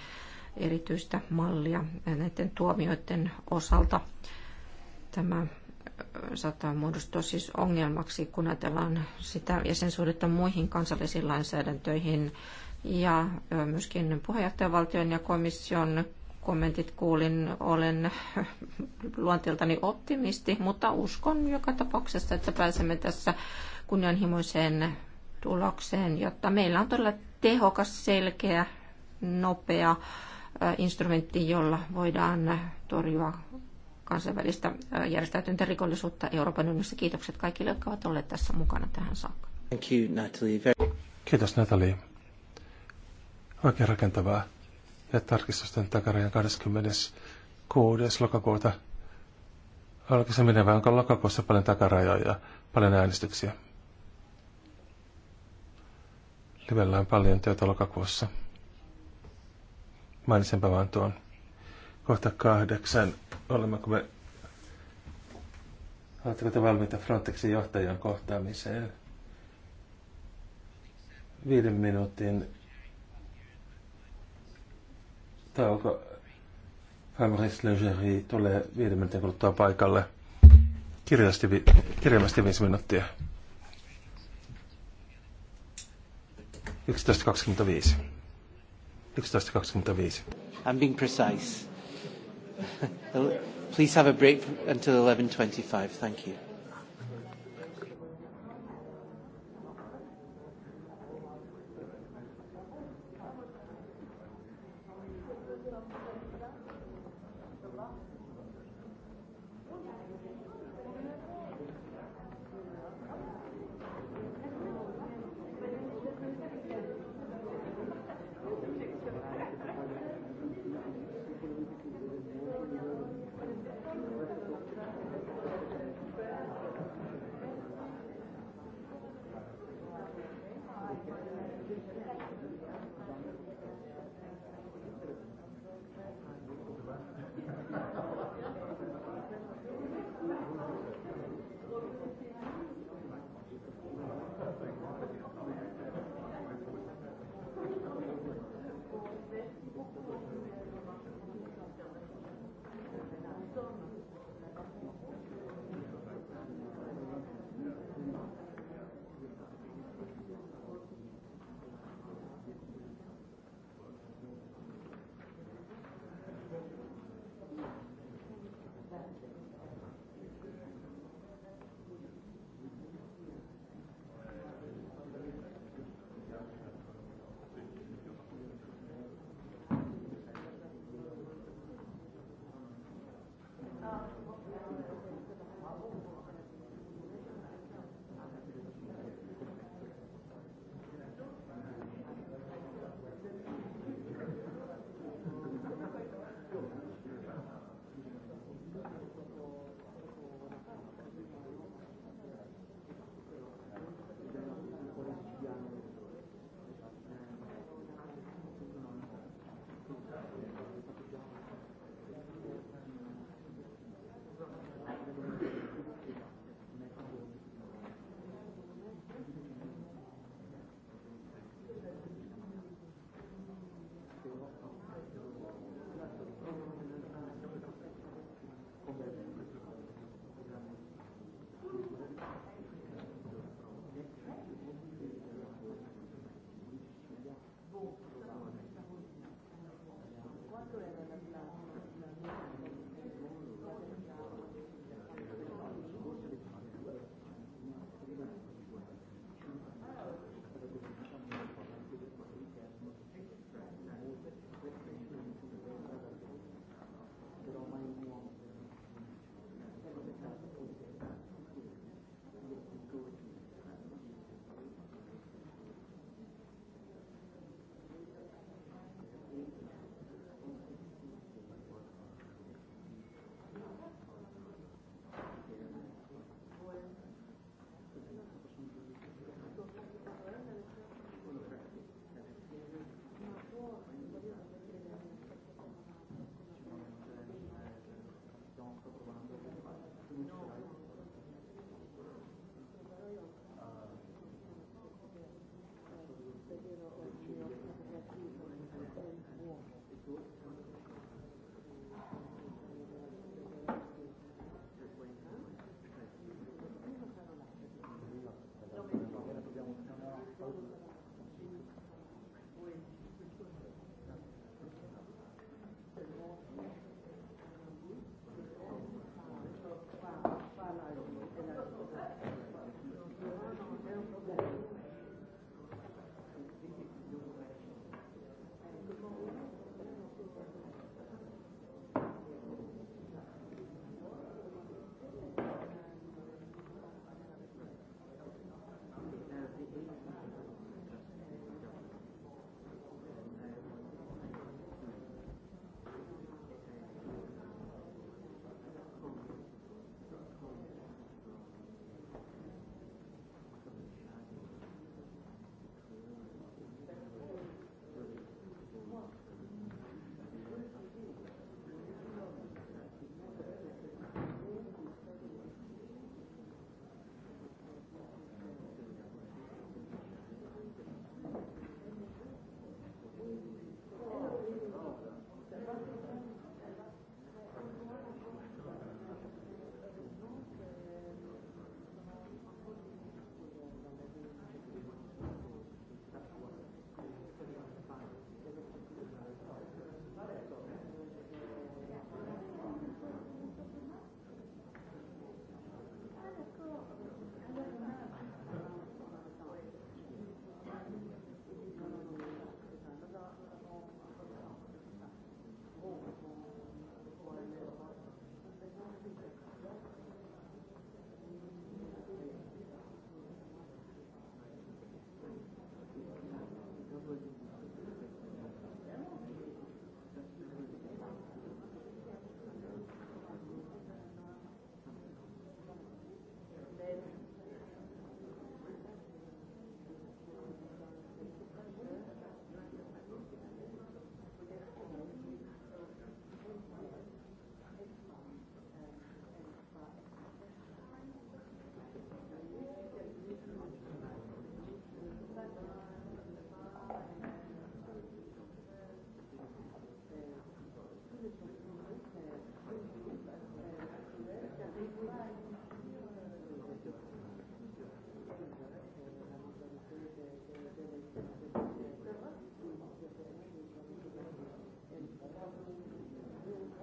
erityistä mallia näiden tuomioiden osalta. Tämä saattaa muodostua siis ongelmaksi, kun ajatellaan sitä ja sen muihin kansallisiin lainsäädäntöihin. Ja myöskin puheenjohtajavaltion ja komission kommentit kuulin, olen luonteeltani optimisti, mutta uskon joka tapauksessa, että pääsemme tässä kunnianhimoiseen tulokseen, jotta meillä on todella tehokas, selkeä, nopea Äh, instrumentti, jolla voidaan torjua kansainvälistä äh, järjestäytyntä rikollisuutta Euroopan unionissa. Kiitokset kaikille, jotka ovat olleet tässä mukana tähän saakka. Thank you, Natalie. Kiitos Natalie. Oikein rakentavaa. Ja tarkistusten takarajan 26. lokakuuta. Oliko se menevä? Onko lokakuussa paljon takarajoja ja paljon äänestyksiä? Livellä on paljon työtä lokakuussa mainitsenpä vaan tuon kohta kahdeksan. Olemmeko me... Oletteko te valmiita Frontexin johtajan kohtaamiseen? Viiden minuutin tauko. Fabrice Legeri tulee viiden minuutin kuluttua paikalle. Kirjallisesti, vi- kirjallisesti viisi minuuttia. 11.25. 11.25. I'm being precise. Please have a break until 11.25. Thank you.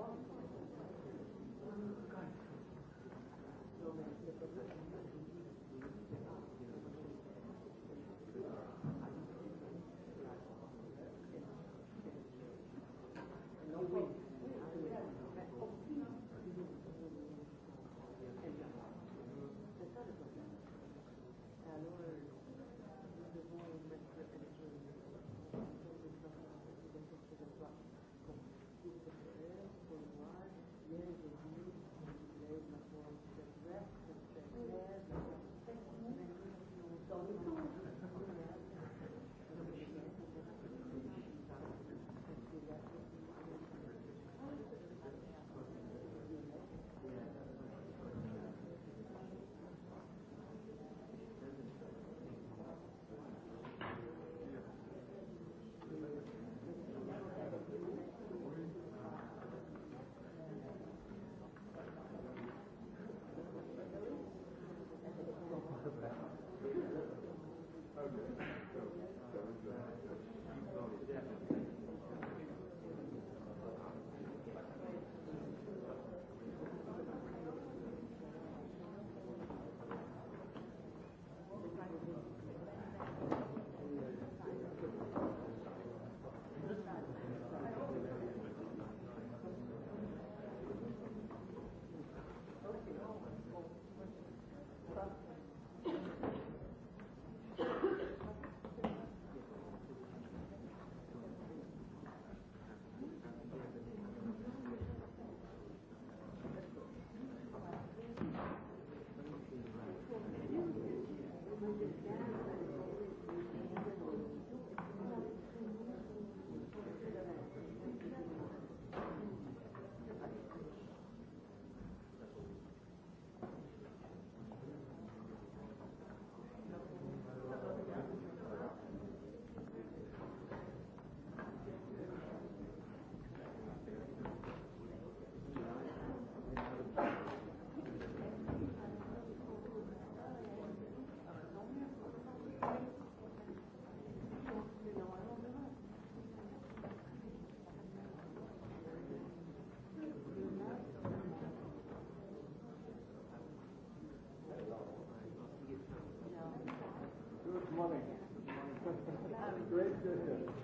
Thank you. Yes, yes, yes.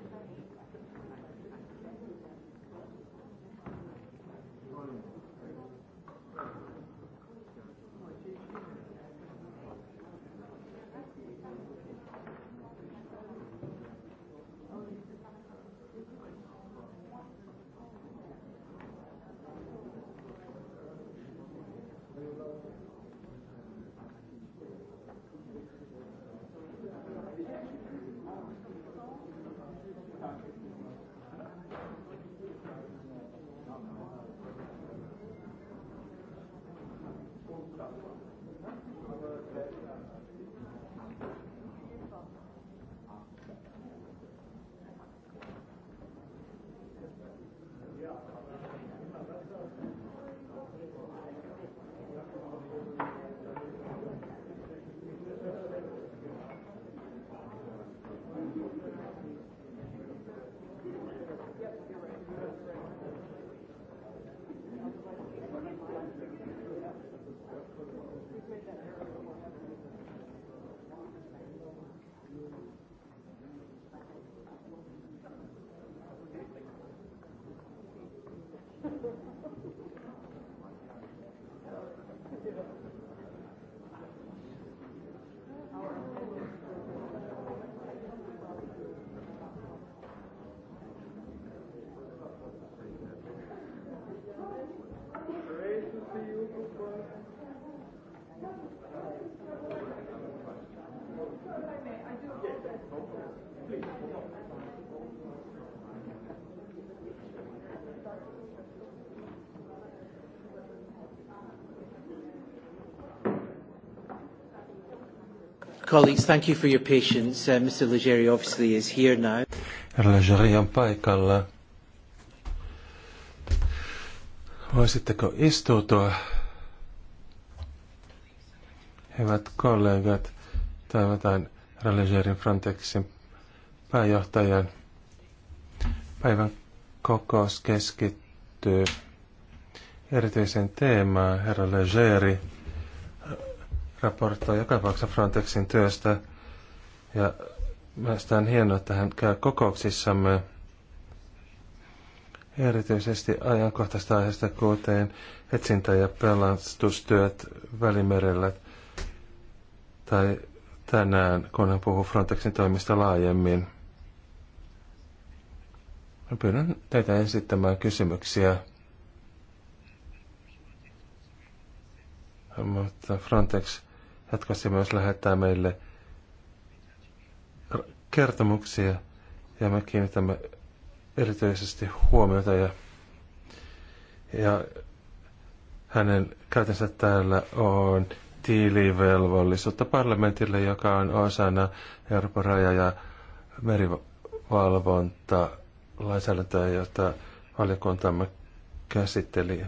Colleagues, thank you for your patience. Uh, Mr. Legeri obviously is here now. Herra Legeri on paikalla. Voisitteko istutua? Hyvät kollegat, toivotan herra Legerin Frontexin pääjohtajan. Päivän kokous keskittyy erityisen teemaan, herra Legeri raportoi joka tapauksessa Frontexin työstä. Ja mielestäni on hienoa, että hän käy kokouksissamme erityisesti ajankohtaista aiheesta kuuteen etsintä- ja pelastustyöt Välimerellä tai tänään, kun hän puhuu Frontexin toimista laajemmin. Mä pyydän teitä esittämään kysymyksiä. Mutta Frontex se myös lähettää meille kertomuksia ja me kiinnitämme erityisesti huomiota ja, ja hänen käytänsä täällä on tiilivelvollisuutta parlamentille, joka on osana Euroopan raja- ja merivalvonta lainsäädäntöä, jota valiokuntamme käsitteli.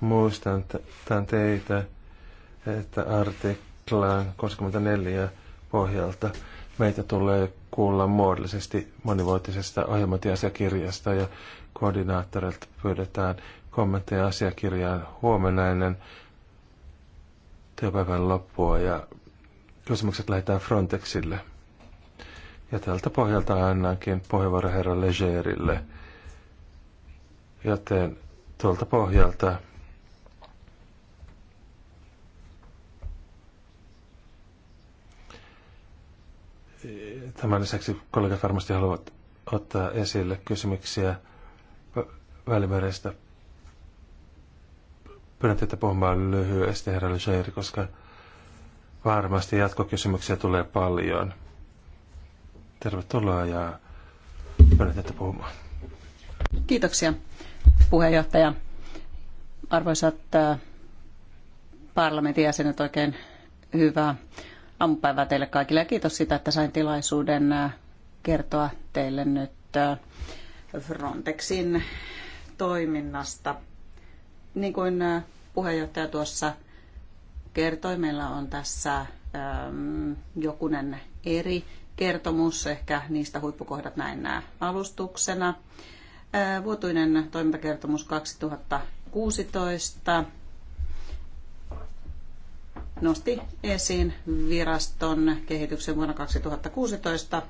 Muistan tämän teitä, että artikkeli Plan 34 pohjalta. Meitä tulee kuulla muodollisesti monivuotisesta ohjelmointiasiakirjasta ja koordinaattorilta pyydetään kommentteja asiakirjaan huomenna ennen työpäivän loppua ja kysymykset lähetään Frontexille. Ja tältä pohjalta annankin pohjavuoroherra Legerille. Joten tuolta pohjalta Tämän lisäksi kollegat varmasti haluavat ottaa esille kysymyksiä Välimerestä. Pyydän teitä puhumaan lyhyesti, herra Leger, koska varmasti jatkokysymyksiä tulee paljon. Tervetuloa ja pyydän teitä puhumaan. Kiitoksia, puheenjohtaja. Arvoisat äh, parlamentin jäsenet, oikein hyvää aamupäivää teille kaikille ja kiitos sitä, että sain tilaisuuden äh, kertoa teille nyt äh, Frontexin toiminnasta. Niin kuin äh, puheenjohtaja tuossa kertoi, meillä on tässä ähm, jokunen eri kertomus, ehkä niistä huippukohdat näin nämä alustuksena. Vuotuinen toimintakertomus 2016 nosti esiin viraston kehityksen vuonna 2016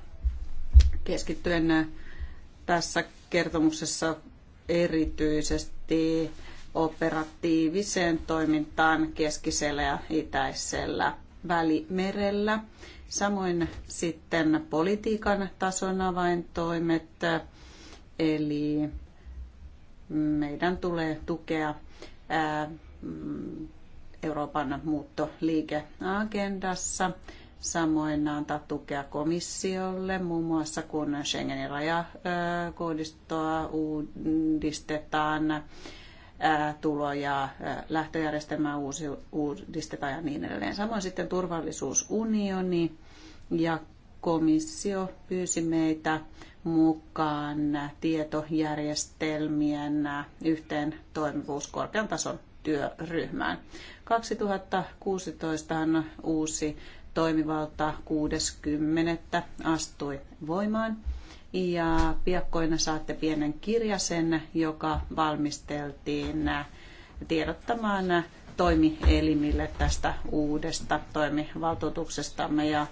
keskittyen tässä kertomuksessa erityisesti operatiiviseen toimintaan keskisellä ja itäisellä välimerellä. Samoin sitten politiikan tason avaintoimet, eli meidän tulee tukea Euroopan muuttoliikeagendassa. Samoin antaa tukea komissiolle, muun muassa kun Schengenin rajakoodistoa uudistetaan, tulo- ja lähtöjärjestelmää uudistetaan ja niin edelleen. Samoin sitten turvallisuusunioni ja komissio pyysi meitä mukaan tietojärjestelmien yhteen toimivuus korkean tason työryhmään. 2016 uusi toimivalta 60. astui voimaan. Ja piakkoina saatte pienen kirjasen, joka valmisteltiin tiedottamaan toimielimille tästä uudesta toimivaltuutuksestamme ja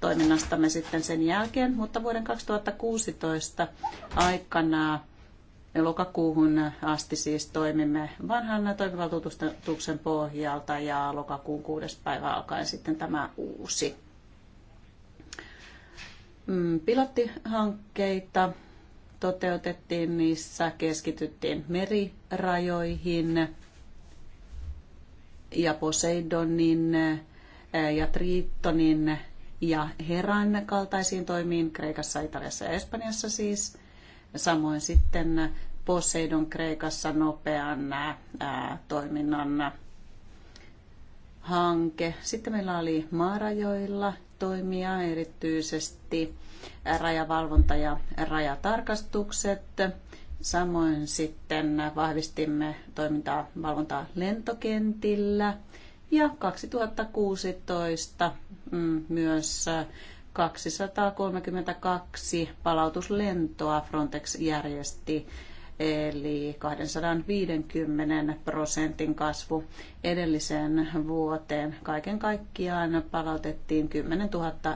toiminnastamme sitten sen jälkeen. Mutta vuoden 2016 aikana lokakuuhun asti siis toimimme vanhan toimivaltuutuksen pohjalta ja lokakuun kuudes päivä alkaen sitten tämä uusi. Mm, pilottihankkeita toteutettiin, niissä keskityttiin merirajoihin ja Poseidonin eh, ja Triitonin ja Heran kaltaisiin toimiin Kreikassa, Italiassa ja Espanjassa siis – Samoin sitten Poseidon Kreikassa nopean ää, toiminnan hanke. Sitten meillä oli maarajoilla toimia, erityisesti rajavalvonta ja rajatarkastukset. Samoin sitten vahvistimme toimintaa valvontaa lentokentillä ja 2016 mm, myös 232 palautuslentoa Frontex järjesti, eli 250 prosentin kasvu edelliseen vuoteen. Kaiken kaikkiaan palautettiin 10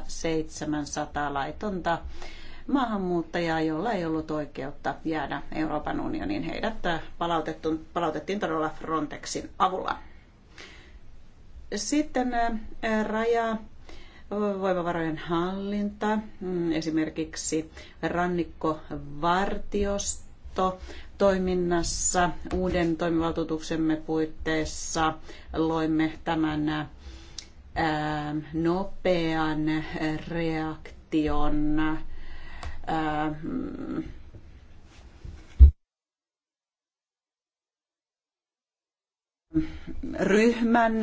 700 laitonta maahanmuuttajaa, jolla ei ollut oikeutta jäädä Euroopan unioniin. Heidät palautettiin todella Frontexin avulla. Sitten eh, raja voimavarojen hallinta, mm, esimerkiksi rannikkovartiosto toiminnassa uuden toimivaltuutuksemme puitteissa loimme tämän nopean reaktion mm, ryhmän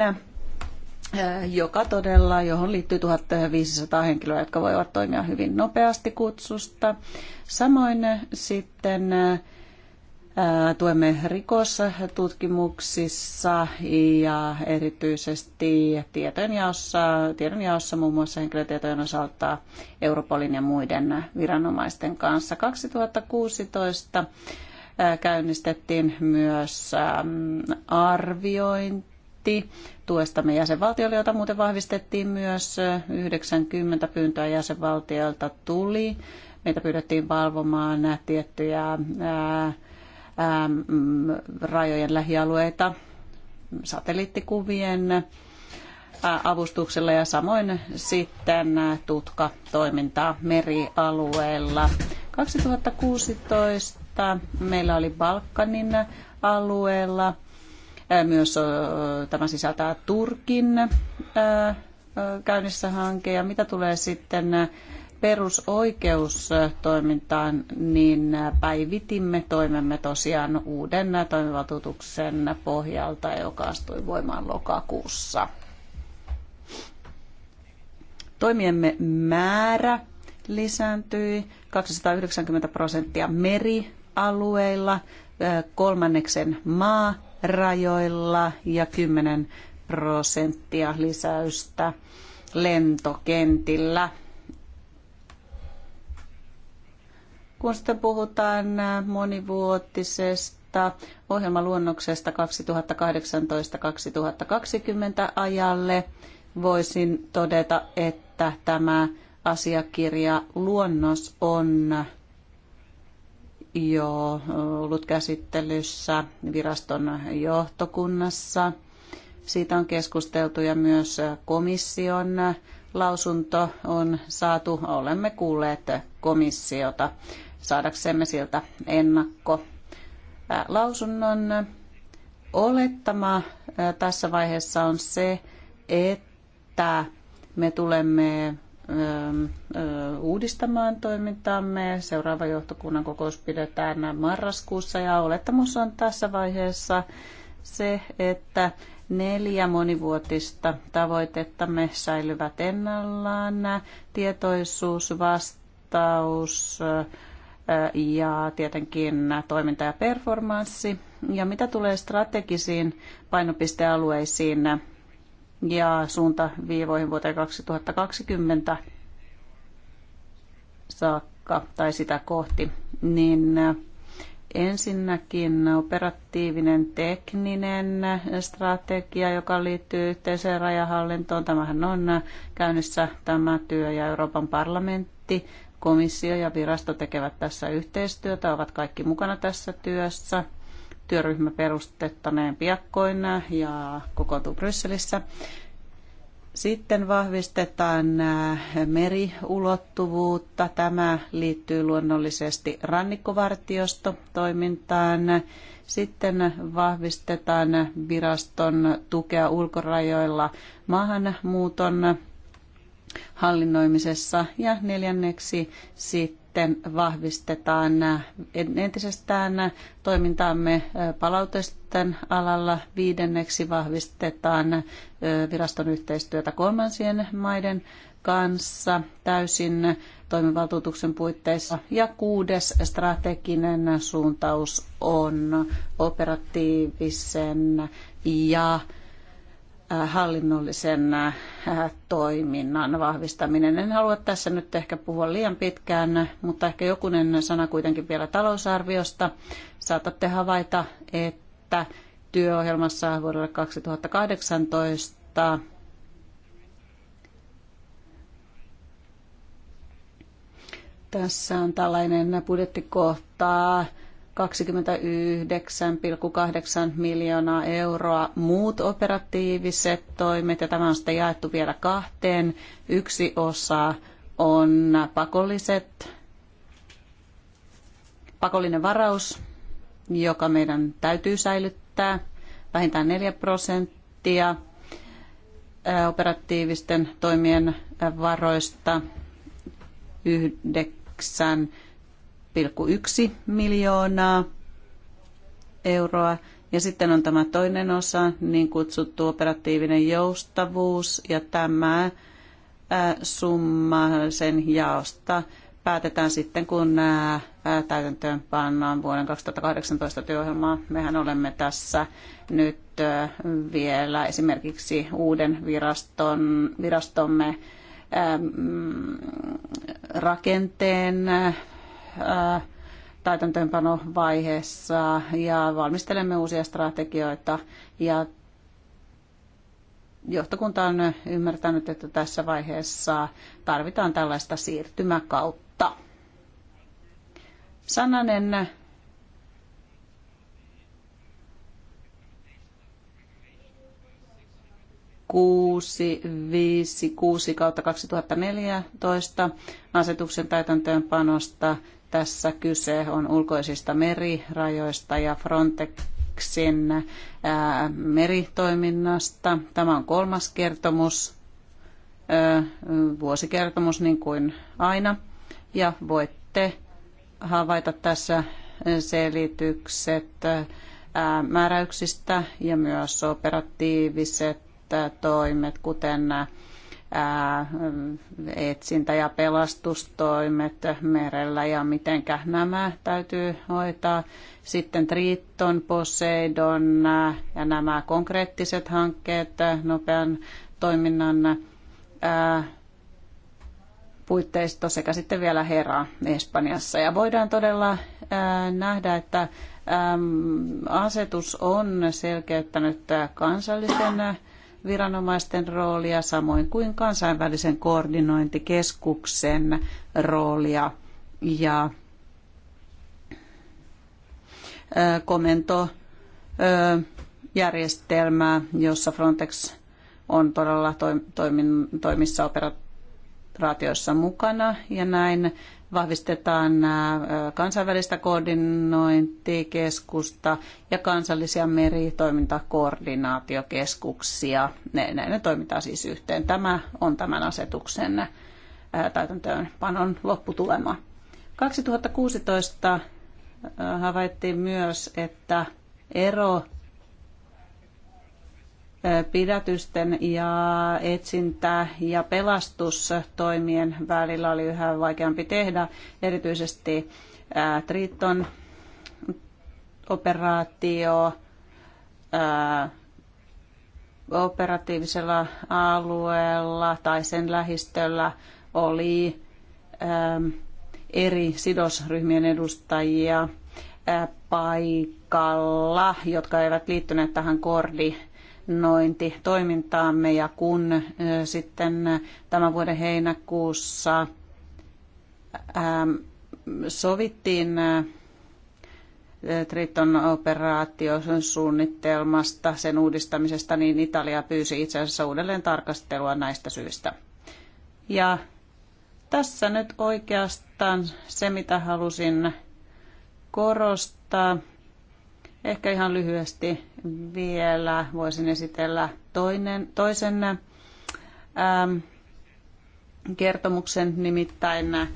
joka todella, johon liittyy 1500 henkilöä, jotka voivat toimia hyvin nopeasti kutsusta. Samoin sitten tuemme rikostutkimuksissa ja erityisesti tiedonjaossa, tiedonjaossa muun muassa henkilötietojen osalta Europolin ja muiden viranomaisten kanssa. 2016 käynnistettiin myös arviointi tuesta tuestamme jäsenvaltiolle, jota muuten vahvistettiin myös. 90 pyyntöä jäsenvaltiolta tuli. Meitä pyydettiin valvomaan tiettyjä ää, ää, mm, rajojen lähialueita satelliittikuvien avustuksella ja samoin sitten tutkatoimintaa merialueella. 2016 meillä oli Balkanin alueella myös tämä sisältää Turkin käynnissä hanke. Ja mitä tulee sitten perusoikeustoimintaan, niin päivitimme toimemme tosiaan uuden toimivaltuutuksen pohjalta, joka astui voimaan lokakuussa. Toimiemme määrä lisääntyi 290 prosenttia merialueilla, kolmanneksen maa rajoilla ja 10 prosenttia lisäystä lentokentillä. Kun sitten puhutaan monivuotisesta ohjelmaluonnoksesta 2018-2020 ajalle, voisin todeta, että tämä asiakirja luonnos on jo ollut käsittelyssä viraston johtokunnassa. Siitä on keskusteltu ja myös komission lausunto on saatu. Olemme kuulleet komissiota saadaksemme siltä ennakko lausunnon. Olettama tässä vaiheessa on se, että me tulemme Ähm, uudistamaan toimintaamme. Seuraava johtokunnan kokous pidetään marraskuussa ja olettamus on tässä vaiheessa se, että neljä monivuotista tavoitettamme säilyvät ennallaan. Tietoisuus, vastaus ja tietenkin toiminta ja performanssi. Ja mitä tulee strategisiin painopistealueisiin, ja suunta viivoihin vuoteen 2020 saakka tai sitä kohti, niin ensinnäkin operatiivinen tekninen strategia, joka liittyy yhteiseen rajahallintoon. Tämähän on käynnissä tämä työ ja Euroopan parlamentti, komissio ja virasto tekevät tässä yhteistyötä, ovat kaikki mukana tässä työssä – työryhmä perustettaneen piakkoin ja kokoontuu Brysselissä. Sitten vahvistetaan äh, meriulottuvuutta. Tämä liittyy luonnollisesti rannikkovartiostotoimintaan. Sitten vahvistetaan viraston tukea ulkorajoilla maahanmuuton hallinnoimisessa ja neljänneksi sitten sitten vahvistetaan entisestään toimintaamme palautusten alalla. Viidenneksi vahvistetaan viraston yhteistyötä kolmansien maiden kanssa täysin toimivaltuutuksen puitteissa. Ja kuudes strateginen suuntaus on operatiivisen ja hallinnollisen äh, toiminnan vahvistaminen. En halua tässä nyt ehkä puhua liian pitkään, mutta ehkä jokunen sana kuitenkin vielä talousarviosta. Saatatte havaita, että työohjelmassa vuodelle 2018 tässä on tällainen budjettikohta 29,8 miljoonaa euroa muut operatiiviset toimet, ja tämä on sitten jaettu vielä kahteen. Yksi osa on pakolliset, pakollinen varaus, joka meidän täytyy säilyttää, vähintään 4 prosenttia operatiivisten toimien varoista 9 yksi miljoonaa euroa. Ja sitten on tämä toinen osa, niin kutsuttu operatiivinen joustavuus, ja tämä summa sen jaosta päätetään sitten, kun nämä täytäntöön pannaan vuoden 2018 työohjelmaa. Mehän olemme tässä nyt vielä esimerkiksi uuden viraston, virastomme mm, rakenteen täytäntöönpanovaiheessa ja valmistelemme uusia strategioita ja johtokunta on ymmärtänyt, että tässä vaiheessa tarvitaan tällaista siirtymäkautta. Sananen kuusi viisi kuusi kautta 2014 asetuksen täytäntöönpanosta tässä kyse on ulkoisista merirajoista ja Frontexin meritoiminnasta. Tämä on kolmas kertomus, vuosikertomus niin kuin aina. Ja voitte havaita tässä selitykset määräyksistä ja myös operatiiviset toimet, kuten Mm, etsintä- ja pelastustoimet merellä ja mitenkä nämä täytyy hoitaa. Sitten Triton, Poseidon ja nämä konkreettiset hankkeet nopean toiminnan puitteisto sekä sitten vielä Hera Espanjassa. Ja voidaan todella nähdä, että asetus on selkeyttänyt kansallisen viranomaisten roolia, samoin kuin kansainvälisen koordinointikeskuksen roolia ja komentojärjestelmää, jossa Frontex on todella toimissa operaatioissa mukana ja näin vahvistetaan kansainvälistä koordinointikeskusta ja kansallisia meritoimintakoordinaatiokeskuksia. Ne, ne, ne toimitaan siis yhteen. Tämä on tämän asetuksen täytäntöönpanon lopputulema. 2016 havaittiin myös, että ero pidätysten ja etsintä- ja pelastustoimien välillä oli yhä vaikeampi tehdä, erityisesti Triton operaatio, operatiivisella alueella tai sen lähistöllä oli eri sidosryhmien edustajia paikalla, jotka eivät liittyneet tähän kordi markkinointitoimintaamme ja kun sitten tämän vuoden heinäkuussa sovittiin Triton operaation suunnitelmasta, sen uudistamisesta, niin Italia pyysi itse asiassa uudelleen tarkastelua näistä syistä. Ja tässä nyt oikeastaan se, mitä halusin korostaa. Ehkä ihan lyhyesti vielä voisin esitellä toinen, toisen äm, kertomuksen, nimittäin äh,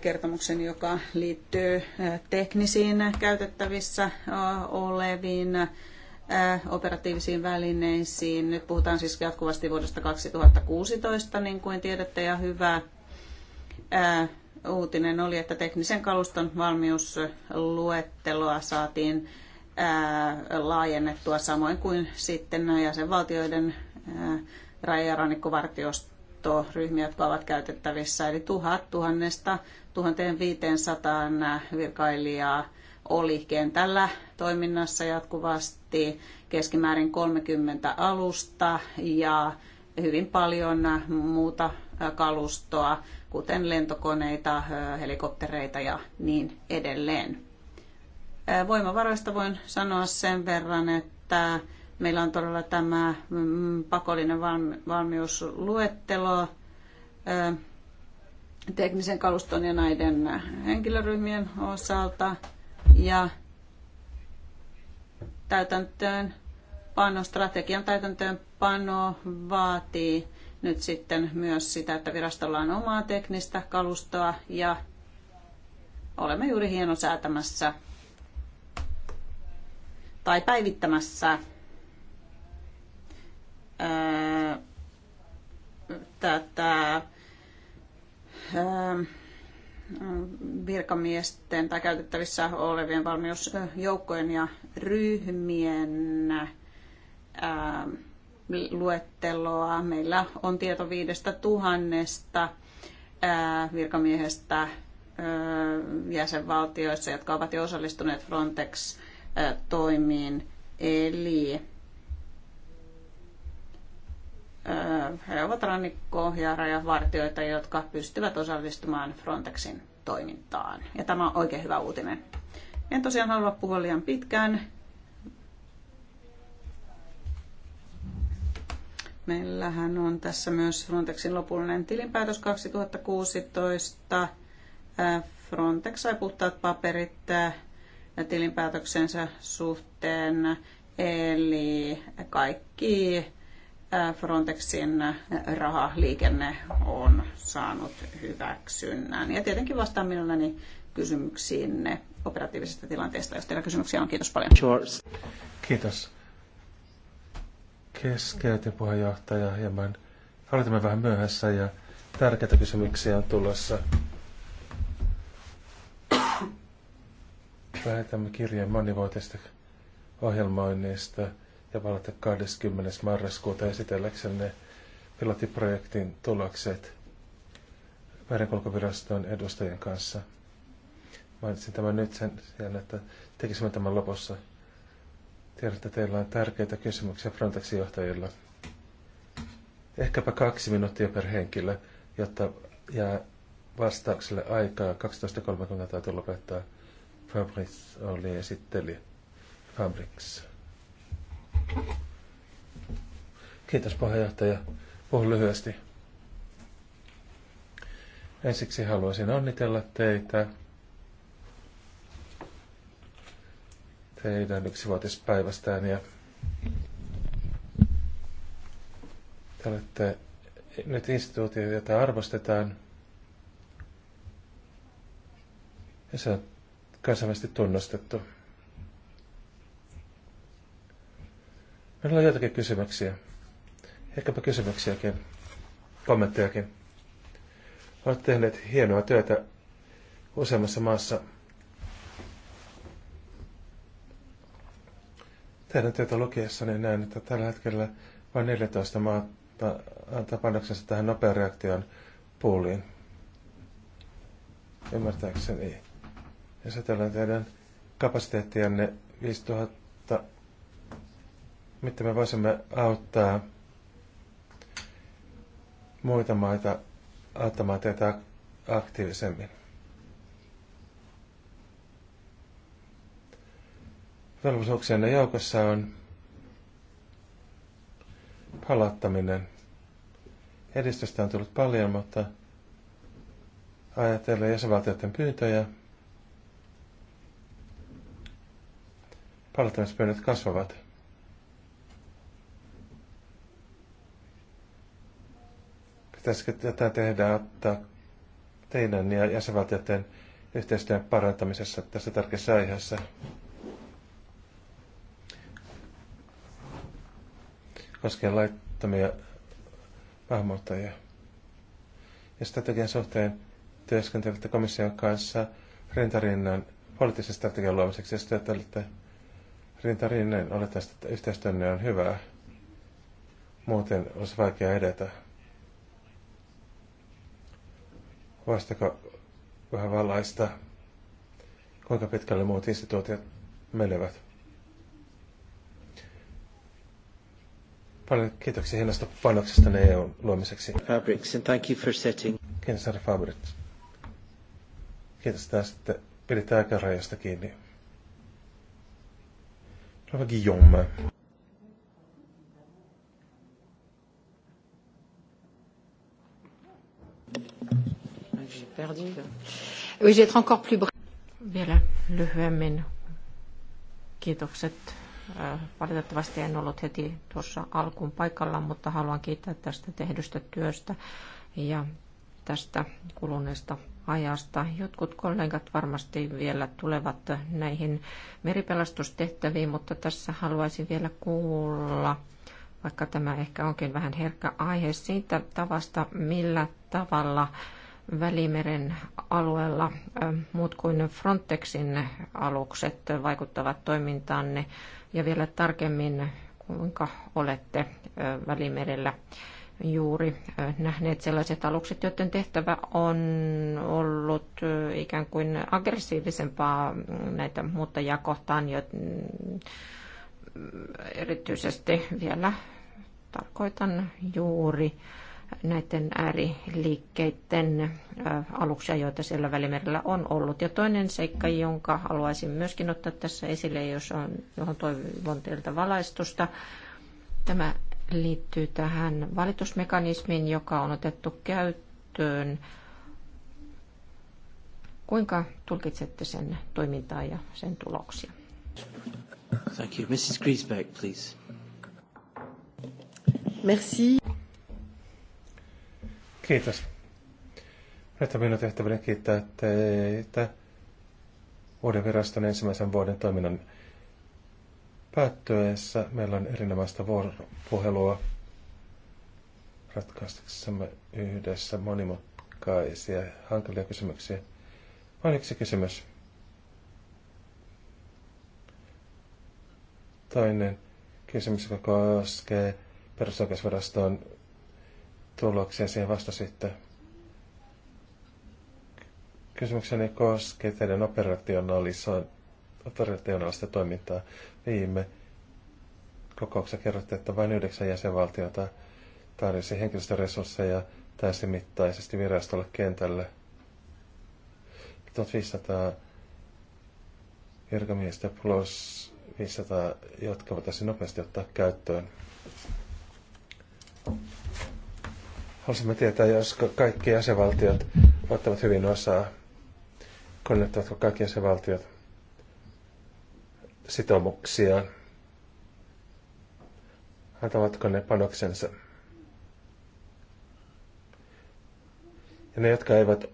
kertomuksen, joka liittyy äh, teknisiin käytettävissä äh, oleviin operatiivisiin välineisiin. Nyt puhutaan siis jatkuvasti vuodesta 2016, niin kuin tiedätte, ja hyvä uutinen oli, että teknisen kaluston valmiusluetteloa saatiin laajennettua, samoin kuin sitten jäsenvaltioiden raja- ja rannikkovartiostoryhmiä, jotka ovat käytettävissä. Eli tuhat tuhannesta 1500 virkailijaa oli kentällä toiminnassa jatkuvasti, keskimäärin 30 alusta ja hyvin paljon muuta kalustoa, kuten lentokoneita, helikoptereita ja niin edelleen. Voimavaroista voin sanoa sen verran, että meillä on todella tämä mm, pakollinen valmiusluettelo teknisen kaluston ja näiden henkilöryhmien osalta ja täytäntöön pano, strategian täytäntöön pano vaatii nyt sitten myös sitä, että virastolla on omaa teknistä kalustoa ja olemme juuri hieno säätämässä tai päivittämässä ää, tätä ää, virkamiesten tai käytettävissä olevien valmiusjoukkojen ja ryhmien ää, luetteloa. Meillä on tieto viidestä tuhannesta virkamiehestä jäsenvaltioissa, jotka ovat jo osallistuneet Frontex toimiin. Eli he ovat rannikko- ja rajavartioita, jotka pystyvät osallistumaan Frontexin toimintaan. Ja tämä on oikein hyvä uutinen. En tosiaan halua puhua liian pitkään. Meillähän on tässä myös Frontexin lopullinen tilinpäätös 2016. Frontex sai puhtaat paperit tilinpäätöksensä suhteen, eli kaikki äh, Frontexin rahaliikenne on saanut hyväksynnän. Ja tietenkin vastaan mielelläni kysymyksiinne operatiivisesta tilanteesta, jos teillä kysymyksiä on. Kiitos paljon. George. Kiitos. Keskeytin puheenjohtaja hieman. Aloitamme vähän myöhässä ja tärkeitä kysymyksiä on tulossa. päätämme kirjeen monivuotista ohjelmoinnista ja valita 20. marraskuuta esitelläksenne pilottiprojektin tulokset Merenkulkuviraston edustajien kanssa. Mainitsin tämän nyt sen sijaan, että tekisimme tämän lopussa. Tiedän, että teillä on tärkeitä kysymyksiä Frontexin johtajilla. Ehkäpä kaksi minuuttia per henkilö, jotta jää vastaukselle aikaa. 12.30 täytyy lopettaa. Fabrice oli esitteli. Fabriks. Kiitos puheenjohtaja. Puhun lyhyesti. Ensiksi haluaisin onnitella teitä teidän yksivuotispäivästään ja te olette nyt instituutio, jota arvostetaan. Ja se on kansainvälisesti tunnustettu. Meillä on joitakin kysymyksiä. Ehkäpä kysymyksiäkin, kommenttejakin. Olet tehneet hienoa työtä useammassa maassa. Teidän työtä niin näen, että tällä hetkellä vain 14 maata antaa panoksensa tähän nopean reaktion puuliin. Ymmärtääkseni jos ajatellaan teidän kapasiteettianne 5000, miten me voisimme auttaa muita maita auttamaan teitä aktiivisemmin? Velvollisuuksienne joukossa on palauttaminen. Edistöstä on tullut paljon, mutta ajatellen jäsenvaltioiden pyyntöjä – Valtaispöydät kasvavat. Pitäisikö tätä tehdä ottaa teidän ja jäsenvaltioiden yhteistyön parantamisessa tässä tärkeässä aiheessa? Koskien laittomia maahanmuuttajia. Ja strategian suhteen työskentelette komission kanssa rintarinnan poliittisen strategian luomiseksi ja työtä Rinta rinnen, tästä, että yhteistyönne on hyvää. Muuten olisi vaikea edetä. Voisitko vähän valaista, kuinka pitkälle muut instituutiot menevät? Paljon kiitoksia hienosta panoksesta EUn luomiseksi. Fabrics, and thank you for setting. Kiitos, Sarah Fabrics. Kiitos tästä. Pidit aikarajasta kiinni. Rova Guillaume. J'ai perdu. Oui, j'ai encore plus bref. Voilà, Vielä lyhyemmin. Kiitokset. Äh, valitettavasti en ollut heti tuossa alkuun paikalla, mutta haluan kiittää tästä tehdystä työstä ja tästä kuluneesta ajasta. Jotkut kollegat varmasti vielä tulevat näihin meripelastustehtäviin, mutta tässä haluaisin vielä kuulla, vaikka tämä ehkä onkin vähän herkkä aihe, siitä tavasta, millä tavalla Välimeren alueella muut kuin Frontexin alukset vaikuttavat toimintaanne ja vielä tarkemmin, kuinka olette Välimerellä juuri nähneet sellaiset alukset, joiden tehtävä on ollut ikään kuin aggressiivisempaa mm, näitä muuttajia kohtaan, joten mm, erityisesti vielä tarkoitan juuri näiden ääriliikkeiden aluksia, joita siellä Välimerellä on ollut. Ja toinen seikka, jonka haluaisin myöskin ottaa tässä esille, jos on, johon toivon teiltä valaistusta, tämä liittyy tähän valitusmekanismiin, joka on otettu käyttöön. Kuinka tulkitsette sen toimintaa ja sen tuloksia? Thank you. Mrs. Griesbeck, please. Merci. Kiitos. Nyt minun tehtäväni kiittää teitä uuden viraston ensimmäisen vuoden toiminnan päättyessä meillä on erinomaista vuoropuhelua ratkaistaksemme yhdessä monimutkaisia, hankalia kysymyksiä. Vain yksi kysymys. Toinen kysymys, joka koskee perusoikeusviraston tuloksia, siihen vastasitte. Kysymykseni koskee teidän operationaalista toimintaa viime kokouksessa kerrottiin, että vain yhdeksän jäsenvaltiota tarjosi henkilöstöresursseja täysimittaisesti virastolle kentälle. 1500 virkamiestä plus 500, jotka voitaisiin nopeasti ottaa käyttöön. Haluaisimme tietää, jos kaikki jäsenvaltiot ottavat hyvin osaa. Konnettavatko kaikki jäsenvaltiot? sitoumuksiaan? Antavatko ne panoksensa? Ja ne, jotka eivät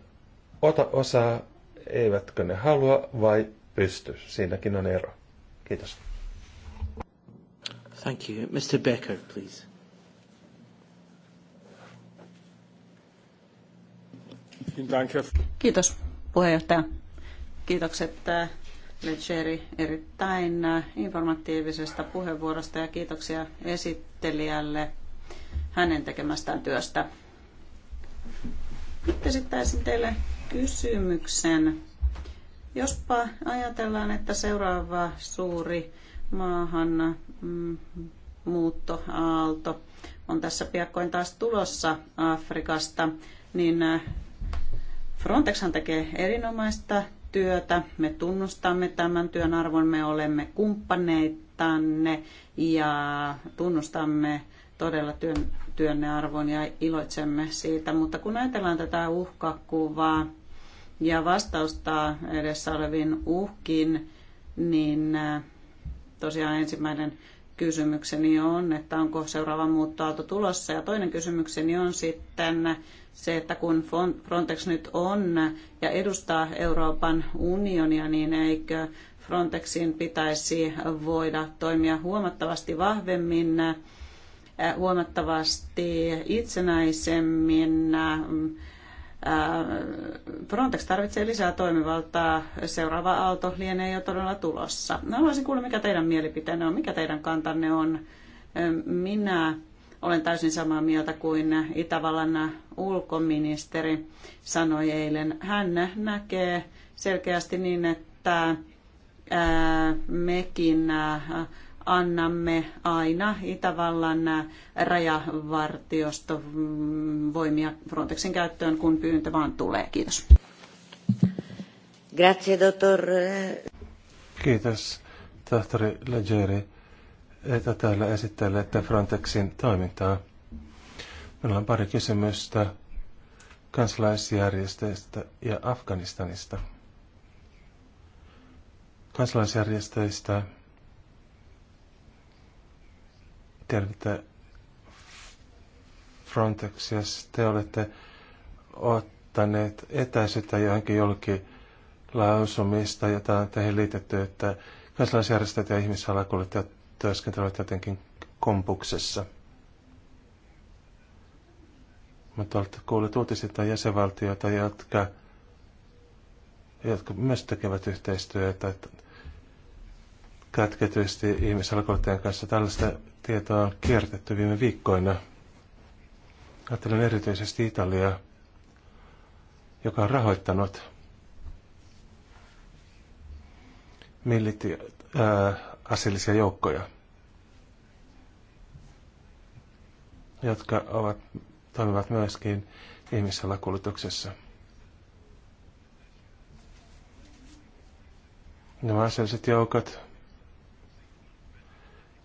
ota osaa, eivätkö ne halua vai pysty? Siinäkin on ero. Kiitos. Thank you. Mr. Becker, please. Kiitos puheenjohtaja. Kiitokset äh, Lecheri erittäin äh, informatiivisesta puheenvuorosta ja kiitoksia esittelijälle hänen tekemästään työstä. Nyt esittäisin teille kysymyksen. Jospa ajatellaan, että seuraava suuri maahan mm, muuttoaalto on tässä piakkoin taas tulossa Afrikasta, niin äh, Frontexhan tekee erinomaista työtä. Me tunnustamme tämän työn arvon, me olemme kumppaneitanne ja tunnustamme todella työn, työnne arvon ja iloitsemme siitä. Mutta kun ajatellaan tätä uhkakuvaa ja vastausta edessä oleviin uhkiin, niin äh, tosiaan ensimmäinen kysymykseni on, että onko seuraava muuttoaalto tulossa. Ja toinen kysymykseni on sitten, se, että kun Frontex nyt on ja edustaa Euroopan unionia, niin eikö Frontexin pitäisi voida toimia huomattavasti vahvemmin, äh, huomattavasti itsenäisemmin. Äh, Frontex tarvitsee lisää toimivaltaa. Seuraava aalto lienee jo todella tulossa. No, Haluaisin kuulla, mikä teidän mielipiteenne on, mikä teidän kantanne on. Äh, minä olen täysin samaa mieltä kuin Itävallan ulkoministeri sanoi eilen. Hän näkee selkeästi niin, että mekin annamme aina Itävallan rajavartiosta voimia Frontexin käyttöön, kun pyyntö vaan tulee. Kiitos. Grazie, dottor. Kiitos, tohtori Leggeri että täällä esittelette Frontexin toimintaa. Meillä on pari kysymystä kansalaisjärjestöistä ja Afganistanista. Kansalaisjärjestöistä tiedätte Frontexia, te olette ottaneet etäisyyttä johonkin jolki lausumista, jota on teihin liitetty, että kansalaisjärjestöt ja ihmissalakuljettajat työskentelevät jotenkin kompuksessa. Mutta olette kuulleet uutisista jäsenvaltioita, jotka, jotka myös tekevät yhteistyötä kätketysti ihmisalkoitteen kanssa. Tällaista tietoa on kiertetty viime viikkoina. Ajattelen erityisesti Italiaa, joka on rahoittanut aseellisia joukkoja, jotka ovat, toimivat myöskin ihmissalakuljetuksessa. Nämä aseelliset joukot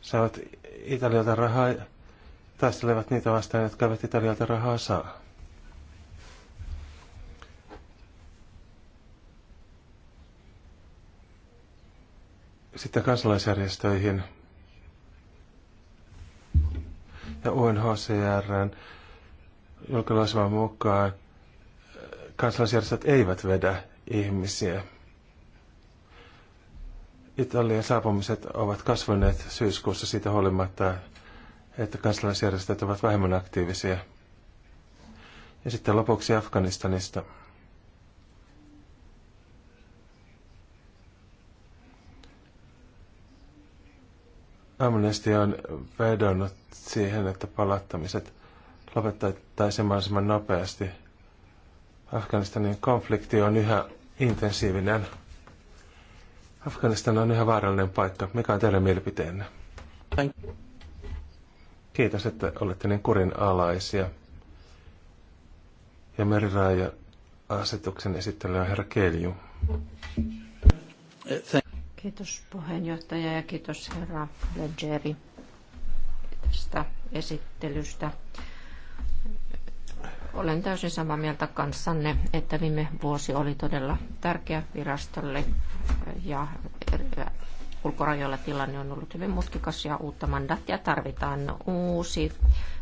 saavat Italialta rahaa, taistelevat niitä vastaan, jotka eivät Italialta rahaa saa. Sitten kansalaisjärjestöihin ja UNHCRn julkilausuman mukaan äh, kansalaisjärjestöt eivät vedä ihmisiä. Italian saapumiset ovat kasvaneet syyskuussa siitä huolimatta, että kansalaisjärjestöt ovat vähemmän aktiivisia. Ja sitten lopuksi Afganistanista. Amnesty on vedonnut siihen, että palattamiset lopettaisiin mahdollisimman nopeasti. Afganistanin konflikti on yhä intensiivinen. Afganistan on yhä vaarallinen paikka. Mikä on teidän mielipiteenne? Kiitos, että olette niin kurinalaisia. Ja meriraaja asetuksen esittelijä herra Kelju. Kiitos puheenjohtaja ja kiitos herra Leggeri tästä esittelystä. Olen täysin samaa mieltä kanssanne, että viime vuosi oli todella tärkeä virastolle ja ulkorajoilla tilanne on ollut hyvin mutkikas ja uutta mandaattia tarvitaan uusi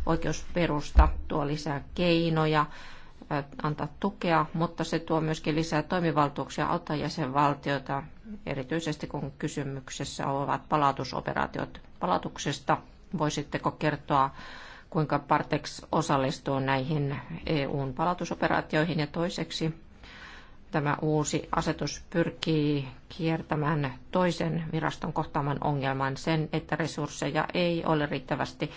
oikeusperusta, tuo lisää keinoja antaa tukea, mutta se tuo myöskin lisää toimivaltuuksia auttaa jäsenvaltiota, erityisesti kun kysymyksessä ovat palautusoperaatiot. Palautuksesta voisitteko kertoa, kuinka Partex osallistuu näihin EUn palautusoperaatioihin ja toiseksi tämä uusi asetus pyrkii kiertämään toisen viraston kohtaaman ongelman sen, että resursseja ei ole riittävästi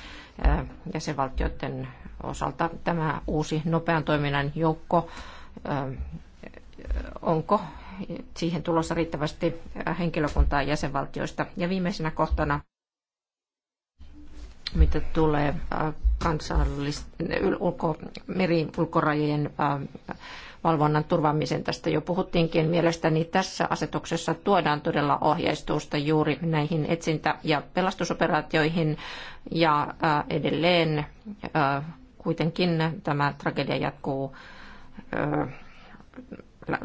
jäsenvaltioiden osalta tämä uusi nopean toiminnan joukko, onko siihen tulossa riittävästi henkilökuntaa jäsenvaltioista. Ja viimeisenä kohtana, mitä tulee kansallisten ulko, merin ulkorajojen valvonnan turvaamisen tästä jo puhuttiinkin. Mielestäni tässä asetuksessa tuodaan todella ohjeistusta juuri näihin etsintä- ja pelastusoperaatioihin ja edelleen kuitenkin tämä tragedia jatkuu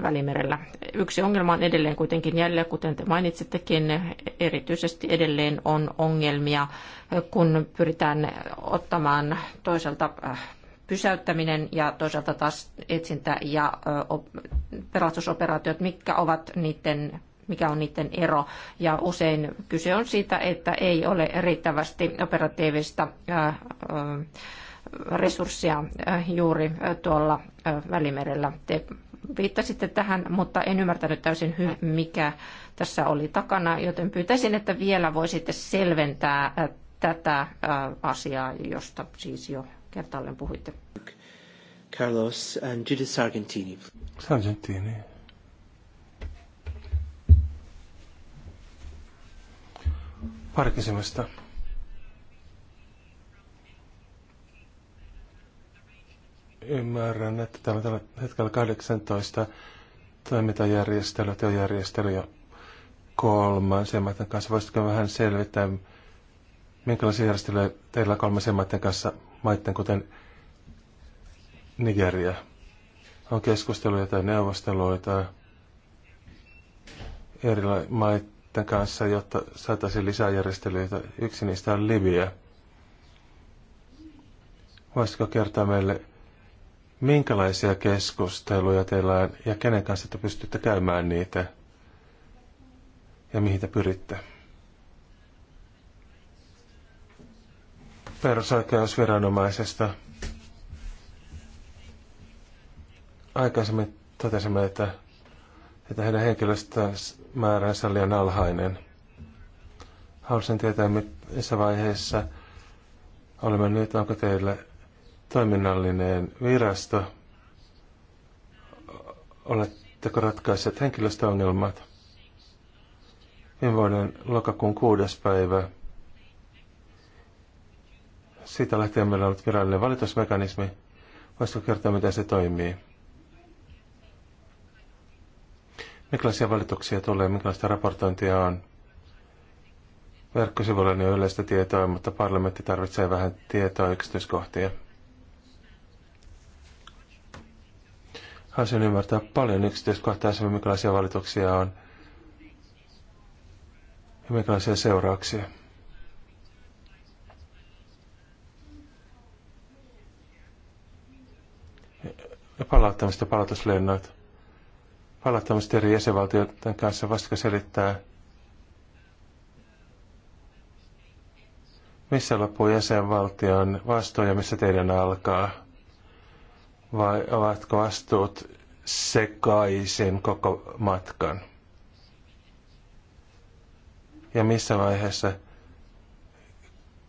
Välimerellä. Yksi ongelma on edelleen kuitenkin jälleen, kuten te mainitsittekin, erityisesti edelleen on ongelmia, kun pyritään ottamaan toiselta äh, pysäyttäminen ja toisaalta taas etsintä ja pelastusoperaatiot, mikä ovat niiden mikä on niiden ero. Ja usein kyse on siitä, että ei ole riittävästi operatiivista ää, äh, ää, Resursseja juuri tuolla Välimerellä. Te viittasitte tähän, mutta en ymmärtänyt täysin, mikä tässä oli takana, joten pyytäisin, että vielä voisitte selventää tätä asiaa, josta siis jo kertaalleen puhuitte. Carlos and Judith Sargentini. Sargentini. Pari Ymmärrän, että täällä tällä hetkellä 18 toimintajärjestelyä, työjärjestelyä kolmansien maiden kanssa. Voisitko vähän selvittää, minkälaisia järjestelyjä teillä kolmansien maiden kanssa, maiden kuten Nigeria? On keskusteluja tai neuvosteluita eri maiden kanssa, jotta saataisiin lisää järjestelyitä. Yksi niistä on Libya. Voisitko kertoa meille Minkälaisia keskusteluja teillä on ja kenen kanssa te pystytte käymään niitä ja mihin te pyritte? Perusoikeusviranomaisesta. Aikaisemmin totesimme, että, että heidän henkilöstömääränsä liian alhainen. Haluaisin tietää, missä vaiheessa olemme nyt, onko teille? toiminnallinen virasto. Oletteko ratkaisseet henkilöstöongelmat? Viime vuoden lokakuun kuudes päivä. Siitä lähtien meillä on ollut virallinen valitusmekanismi. Voisitko kertoa, miten se toimii? Minkälaisia valituksia tulee, minkälaista raportointia on? Verkkosivuilla on yleistä tietoa, mutta parlamentti tarvitsee vähän tietoa yksityiskohtia. Haluaisin ymmärtää paljon yksityiskohtaisemmin, minkälaisia valituksia on ja minkälaisia seurauksia. Ja palauttamista palautuslennot. Palauttamista eri jäsenvaltioiden kanssa vastaka selittää, missä loppuu jäsenvaltion vastuu ja missä teidän alkaa vai ovatko vastuut sekaisin koko matkan? Ja missä vaiheessa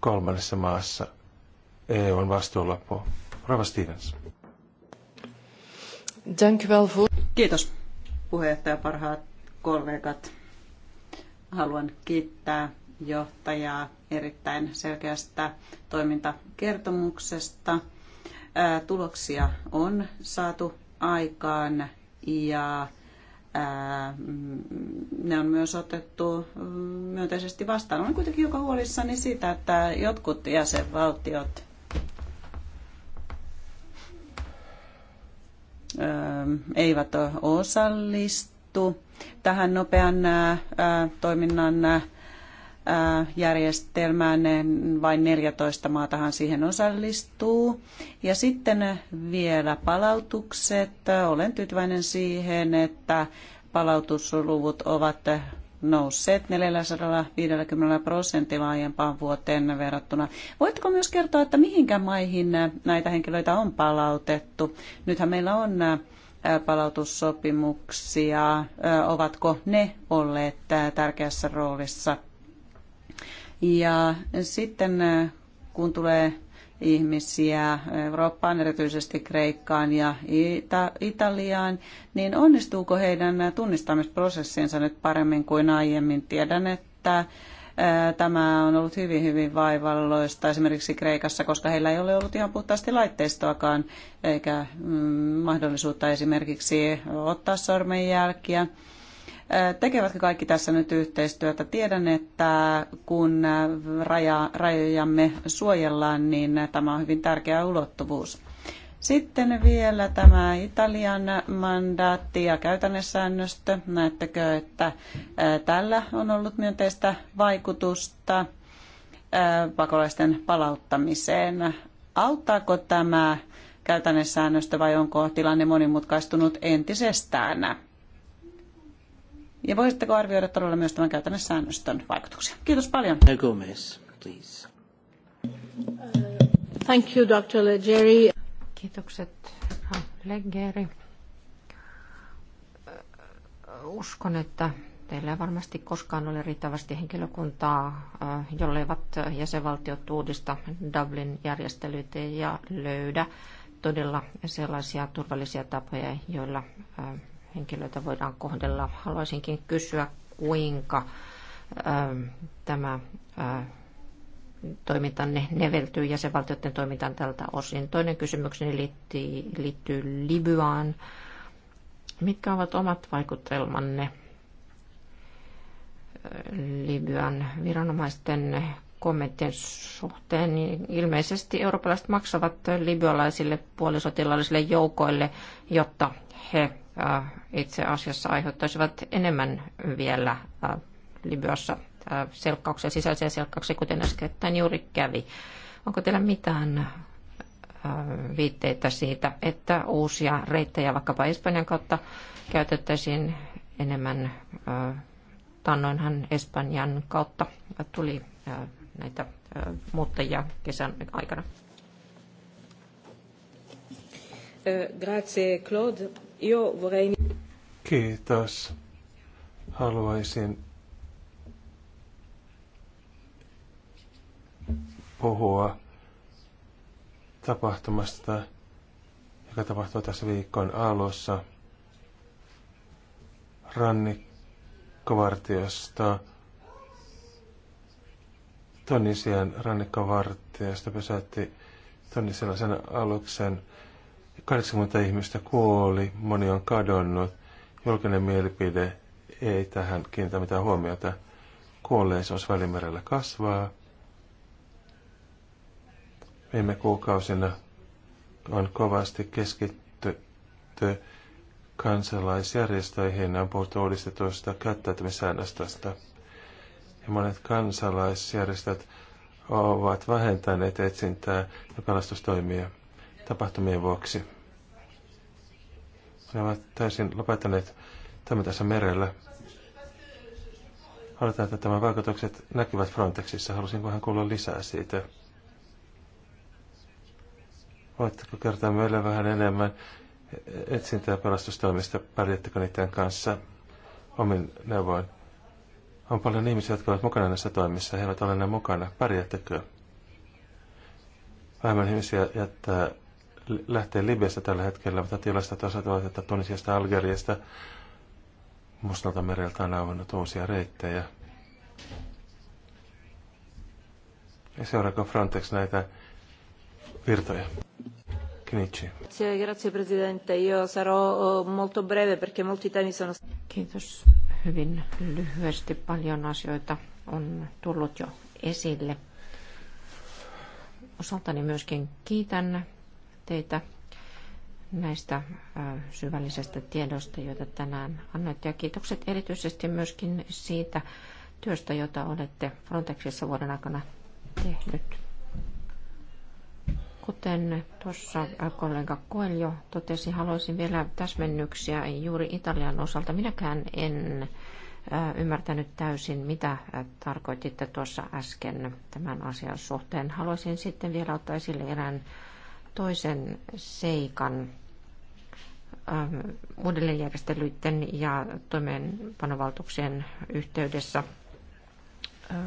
kolmannessa maassa EU on vastuunlappu? Rava Stevens. Kiitos puheenjohtaja parhaat kollegat. Haluan kiittää johtajaa erittäin selkeästä toimintakertomuksesta tuloksia on saatu aikaan ja mm, ne on myös otettu mm, myönteisesti vastaan. Olen kuitenkin joka huolissani siitä, että jotkut jäsenvaltiot eivät osallistu tähän nopean toiminnan Äh, järjestelmään, vain 14 maatahan siihen osallistuu. Ja sitten vielä palautukset. Olen tyytyväinen siihen, että palautusluvut ovat nousseet 450 prosentilla aiempaan vuoteen verrattuna. Voitko myös kertoa, että mihinkä maihin näitä henkilöitä on palautettu? Nythän meillä on äh, palautussopimuksia. Äh, ovatko ne olleet tärkeässä roolissa ja sitten äh, kun tulee ihmisiä Eurooppaan, erityisesti Kreikkaan ja Ita- Italiaan, niin onnistuuko heidän tunnistamisprosessinsa nyt paremmin kuin aiemmin? Tiedän, että äh, Tämä on ollut hyvin, hyvin vaivalloista esimerkiksi Kreikassa, koska heillä ei ole ollut ihan puhtaasti laitteistoakaan eikä mm, mahdollisuutta esimerkiksi ottaa sormenjälkiä. Tekevätkö kaikki tässä nyt yhteistyötä? Tiedän, että kun raja, rajojamme suojellaan, niin tämä on hyvin tärkeä ulottuvuus. Sitten vielä tämä Italian mandaatti ja käytännössäännöstö. Näettekö, että tällä on ollut myönteistä vaikutusta pakolaisten palauttamiseen? Auttaako tämä käytännössäännöstö vai onko tilanne monimutkaistunut entisestään? Ja voisitteko arvioida todella myös tämän käytännön säännöstön vaikutuksia? Kiitos paljon. Gomez, please. Thank you, Dr. Leggeri. Kiitokset, Leggeri. Uskon, että teillä ei varmasti koskaan ole riittävästi henkilökuntaa, äh, jolleivät jäsenvaltiot uudista Dublin-järjestelyitä ja löydä todella sellaisia turvallisia tapoja, joilla äh, henkilöitä voidaan kohdella. Haluaisinkin kysyä, kuinka ähm, tämä äh, toimintanne neveltyy jäsenvaltioiden toimintaan tältä osin. Toinen kysymykseni liittyy, liittyy Libyaan. Mitkä ovat omat vaikutelmanne äh, Libyan viranomaisten kommenttien suhteen, niin ilmeisesti eurooppalaiset maksavat libyalaisille puolisotilaallisille joukoille, jotta he itse asiassa aiheuttaisivat enemmän vielä Libyassa selkkauksia, sisäisiä selkkauksia, kuten äskettäin juuri kävi. Onko teillä mitään viitteitä siitä, että uusia reittejä vaikkapa Espanjan kautta käytettäisiin enemmän? Tannoinhan Espanjan kautta tuli näitä muuttajia kesän aikana. Grazie Claude vorrei... Kiitos. Haluaisin puhua tapahtumasta, joka tapahtuu tässä viikon alussa rannikkovartiosta, Tonisian rannikkovartiosta pysäytti sen aluksen 80 ihmistä kuoli, moni on kadonnut. Julkinen mielipide ei tähän kiinnitä mitään huomiota. Kuolleisuus välimerellä kasvaa. Viime kuukausina on kovasti keskittytty kansalaisjärjestöihin on puhuttu uudistetusta käyttäytymissäännöstöstä. Ja monet kansalaisjärjestöt ovat vähentäneet etsintää ja pelastustoimia tapahtumien vuoksi. Ne ovat täysin lopettaneet tässä merellä. halutaan, että tämän vaikutukset näkyvät Frontexissa. Halusin vähän kuulla lisää siitä. Voitteko kertoa meille vähän enemmän etsintä- ja pelastustoimista? Pärjättekö niiden kanssa omin neuvoin? On paljon ihmisiä, jotka ovat mukana näissä toimissa. He eivät ole enää mukana. Pärjättekö? Vähemmän ihmisiä jättää lähtee Libiasta tällä hetkellä, mutta tilasta osoittavat, että Tunisiasta Algeriasta Mustalta mereltä on avannut uusia reittejä. Ja seuraako Frontex näitä virtoja? Kinichi. Grazie Presidente, io sarò eh, molto breve perché molti temi sono... Kiitos hyvin lyhyesti. Paljon asioita on tullut jo esille. Osaltani myöskin kiitän teitä näistä syvällisestä tiedosta, joita tänään annoitte. Ja kiitokset erityisesti myöskin siitä työstä, jota olette Frontexissa vuoden aikana tehnyt. Kuten tuossa kollega Koeljo totesi, haluaisin vielä täsmennyksiä juuri Italian osalta. Minäkään en ymmärtänyt täysin, mitä tarkoititte tuossa äsken tämän asian suhteen. Haluaisin sitten vielä ottaa esille erään toisen seikan ähm, uudelleenjärjestelyiden ja toimeenpanovaltuuksien yhteydessä. Äh,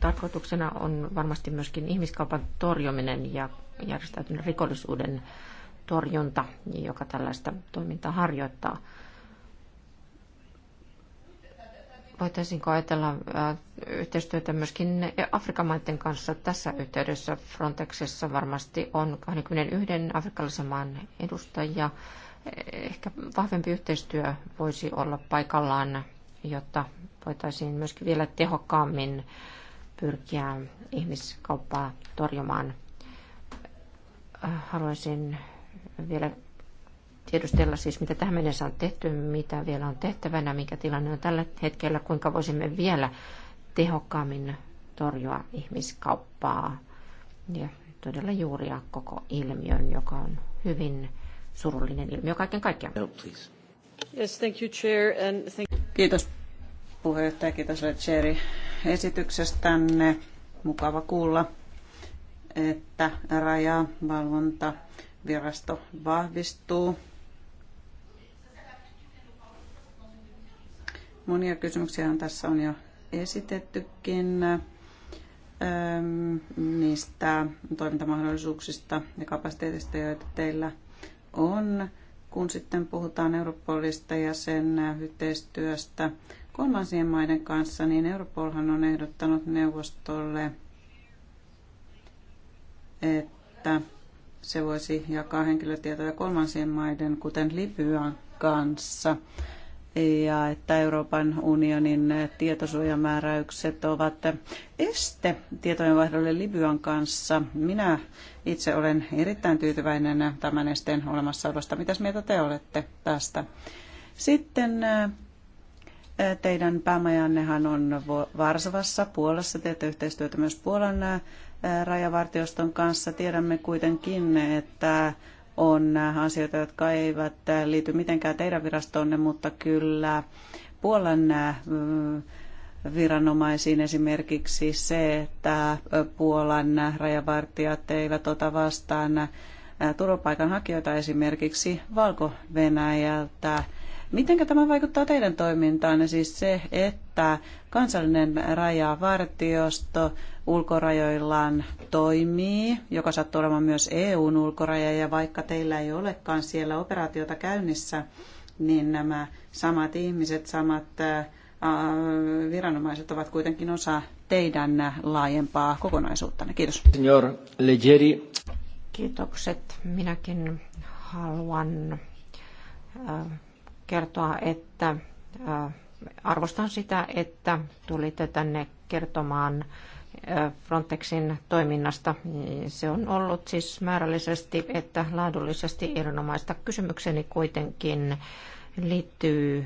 tarkoituksena on varmasti myöskin ihmiskaupan torjuminen ja järjestäytyneen rikollisuuden torjunta, joka tällaista toimintaa harjoittaa. voitaisiinko ajatella äh, yhteistyötä myöskin Afrikan maiden kanssa tässä yhteydessä? Frontexissa varmasti on 21 afrikkalaisen maan edustajia. Ehkä vahvempi yhteistyö voisi olla paikallaan, jotta voitaisiin myöskin vielä tehokkaammin pyrkiä ihmiskauppaa torjumaan. Äh, haluaisin vielä tiedustella siis, mitä tähän mennessä on tehty, mitä vielä on tehtävänä, mikä tilanne on tällä hetkellä, kuinka voisimme vielä tehokkaammin torjua ihmiskauppaa ja todella juuria koko ilmiön, joka on hyvin surullinen ilmiö kaiken kaikkiaan. No, yes, thank you, chair, and thank... Kiitos puheenjohtaja, kiitos Lecheri esityksestänne. Mukava kuulla, että rajavalvonta virasto vahvistuu Monia kysymyksiä on tässä on jo esitettykin ähm, niistä toimintamahdollisuuksista ja kapasiteetista, joita teillä on, kun sitten puhutaan Europolista ja sen yhteistyöstä kolmansien maiden kanssa, niin Europolhan on ehdottanut neuvostolle, että se voisi jakaa henkilötietoja kolmansien maiden, kuten Libyan kanssa ja että Euroopan unionin tietosuojamääräykset ovat este tietojenvaihdolle Libyan kanssa. Minä itse olen erittäin tyytyväinen tämän esteen olemassaolosta. Mitäs mieltä te olette tästä? Sitten teidän päämajannehan on Varsovassa, Puolassa. Teette yhteistyötä myös Puolan rajavartioston kanssa. Tiedämme kuitenkin, että on asioita, jotka eivät liity mitenkään teidän virastoonne, mutta kyllä Puolan viranomaisiin esimerkiksi se, että Puolan rajavartijat eivät ota vastaan turvapaikanhakijoita esimerkiksi Valko-Venäjältä Miten tämä vaikuttaa teidän toimintaanne? Siis se, että kansallinen rajavartiosto ulkorajoillaan toimii, joka sattuu olemaan myös EUn ulkoraja, ja vaikka teillä ei olekaan siellä operaatiota käynnissä, niin nämä samat ihmiset, samat äh, viranomaiset ovat kuitenkin osa teidän laajempaa kokonaisuuttanne. Kiitos. Signor Leggeri. Kiitokset. Minäkin haluan äh, kertoa, että arvostan sitä, että tulitte tänne kertomaan Frontexin toiminnasta. Se on ollut siis määrällisesti että laadullisesti erinomaista. Kysymykseni kuitenkin liittyy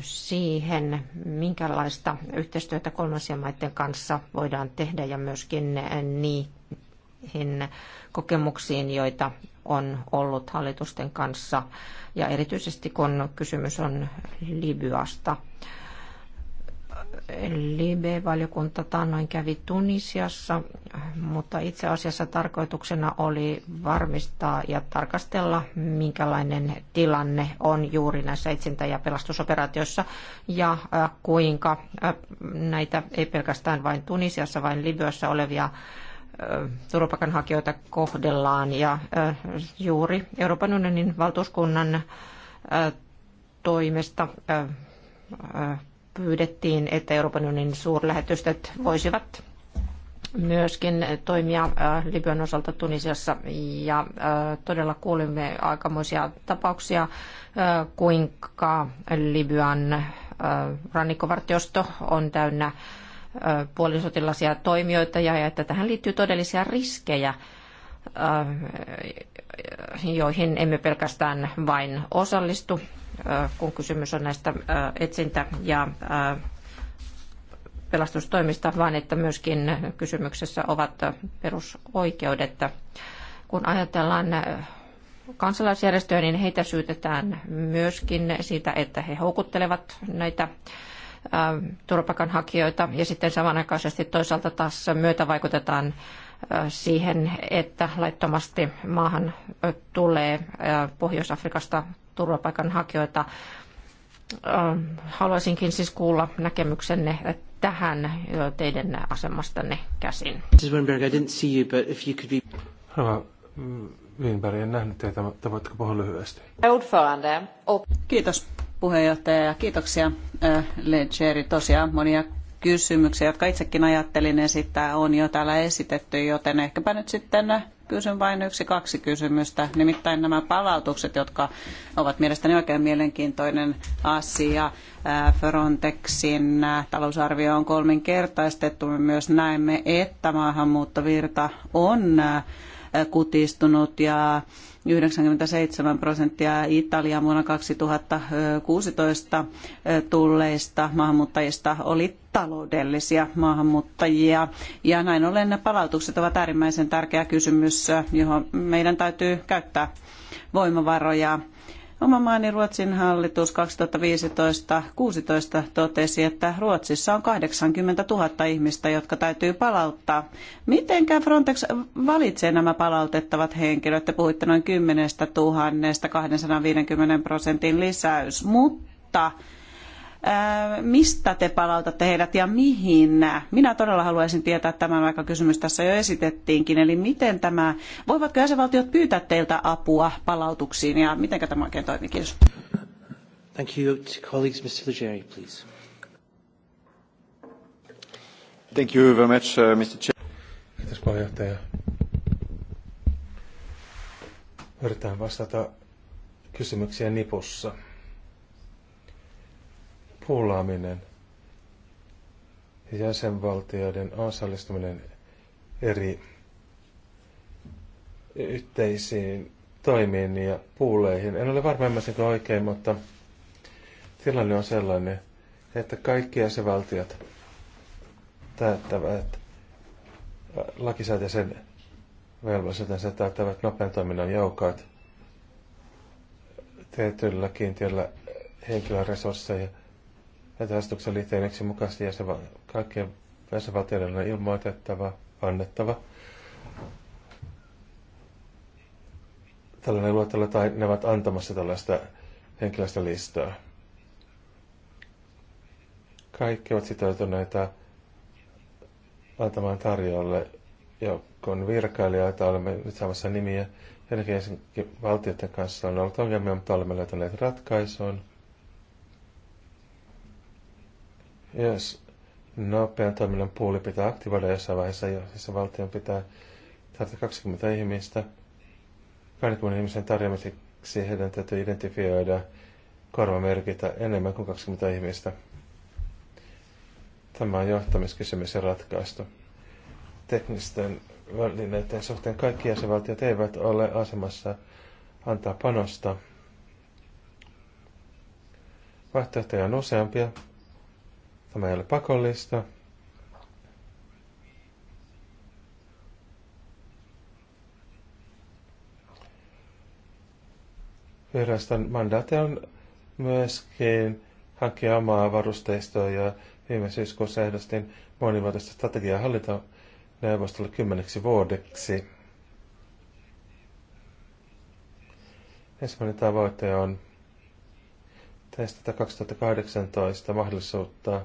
siihen, minkälaista yhteistyötä kolmansien maiden kanssa voidaan tehdä ja myöskin niin niihin kokemuksiin, joita on ollut hallitusten kanssa, ja erityisesti kun kysymys on Libyasta. Libe-valiokunta taannoin kävi Tunisiassa, mutta itse asiassa tarkoituksena oli varmistaa ja tarkastella, minkälainen tilanne on juuri näissä etsintä- ja pelastusoperaatioissa ja äh, kuinka äh, näitä ei pelkästään vain Tunisiassa, vain Libyassa olevia turvapaikanhakijoita kohdellaan. Ja juuri Euroopan unionin valtuuskunnan toimesta pyydettiin, että Euroopan unionin suurlähetystöt voisivat myöskin toimia Libyan osalta Tunisiassa ja todella kuulimme aikamoisia tapauksia, kuinka Libyan rannikkovartiosto on täynnä puolisotilaisia toimijoita ja että tähän liittyy todellisia riskejä, joihin emme pelkästään vain osallistu, kun kysymys on näistä etsintä- ja pelastustoimista, vaan että myöskin kysymyksessä ovat perusoikeudet. Kun ajatellaan kansalaisjärjestöjä, niin heitä syytetään myöskin siitä, että he houkuttelevat näitä Ähm, turvapaikanhakijoita ja sitten samanaikaisesti toisaalta taas myötävaikutetaan äh, siihen, että laittomasti maahan tulee äh, Pohjois-Afrikasta turvapaikanhakijoita. Ähm, haluaisinkin siis kuulla näkemyksenne tähän teidän asemastanne käsin. I didn't see you, but if you could be... Rova Winberg, en nähnyt teitä, voitko puhua lyhyesti? Eh? Kiitos puheenjohtaja ja kiitoksia Ledgeri. Tosiaan monia kysymyksiä, jotka itsekin ajattelin esittää, on jo täällä esitetty, joten ehkäpä nyt sitten kysyn vain yksi kaksi kysymystä. Nimittäin nämä palautukset, jotka ovat mielestäni oikein mielenkiintoinen asia. Frontexin talousarvio on kolminkertaistettu. Me myös näemme, että maahanmuuttovirta on kutistunut ja 97 prosenttia Italiaan vuonna 2016 tulleista maahanmuuttajista oli taloudellisia maahanmuuttajia. Ja näin ollen palautukset ovat äärimmäisen tärkeä kysymys, johon meidän täytyy käyttää voimavaroja. Oma maani Ruotsin hallitus 2015-16 totesi, että Ruotsissa on 80 000 ihmistä, jotka täytyy palauttaa. Mitenkä Frontex valitsee nämä palautettavat henkilöt? Te puhuitte noin 10 000, 250 prosentin lisäys, mutta mistä te palautatte heidät ja mihin? Minä todella haluaisin tietää tämän, vaikka kysymys tässä jo esitettiinkin. Eli miten tämä, voivatko jäsenvaltiot pyytää teiltä apua palautuksiin ja miten tämä oikein toimii? Kiitos. Thank you to colleagues, Mr. Legere, please. Thank you very much, uh, Mr. Chair. Kiitos puheenjohtaja. Yritetään vastata kysymyksiä nipussa puulaaminen ja jäsenvaltioiden osallistuminen eri yhteisiin toimiin ja puuleihin. En ole varma, ymmärsinkö oikein, mutta tilanne on sellainen, että kaikki jäsenvaltiot täyttävät lakisääteisen velvollisuutensa täyttävät nopean toiminnan joukot tietyllä kiintiöllä henkilöresursseja – Näitä asetuksen liitteen yksi mukaisesti jäsenva- kaikkien jäsenvaltioiden on ilmoitettava, annettava tällainen luettelo tai ne ovat antamassa tällaista henkilöstä listaa. Kaikki ovat sitoutuneita antamaan tarjolle joukon virkailijoita, olemme nyt saamassa nimiä. Jälkeen valtioiden kanssa on ollut ongelmia, mutta olemme löytäneet ratkaisun. Jos nopean toiminnan puoli pitää aktivoida jossain vaiheessa, jossa siis valtion pitää tarjota 20 ihmistä, 20 ihmisen tarjoamiseksi heidän täytyy identifioida korvamerkitä enemmän kuin 20 ihmistä. Tämä on johtamiskysymys ja ratkaistu. Teknisten välineiden suhteen kaikki jäsenvaltiot eivät ole asemassa antaa panosta. Vaihtoehtoja on useampia. Tämä ei ole pakollista. Viraston mandaatti on myöskin hankkia omaa varusteistoa ja viime syyskuussa ehdostin monivuotista strategiaa hallintoneuvostolle kymmeneksi vuodeksi. Ensimmäinen tavoite on testata 2018 mahdollisuutta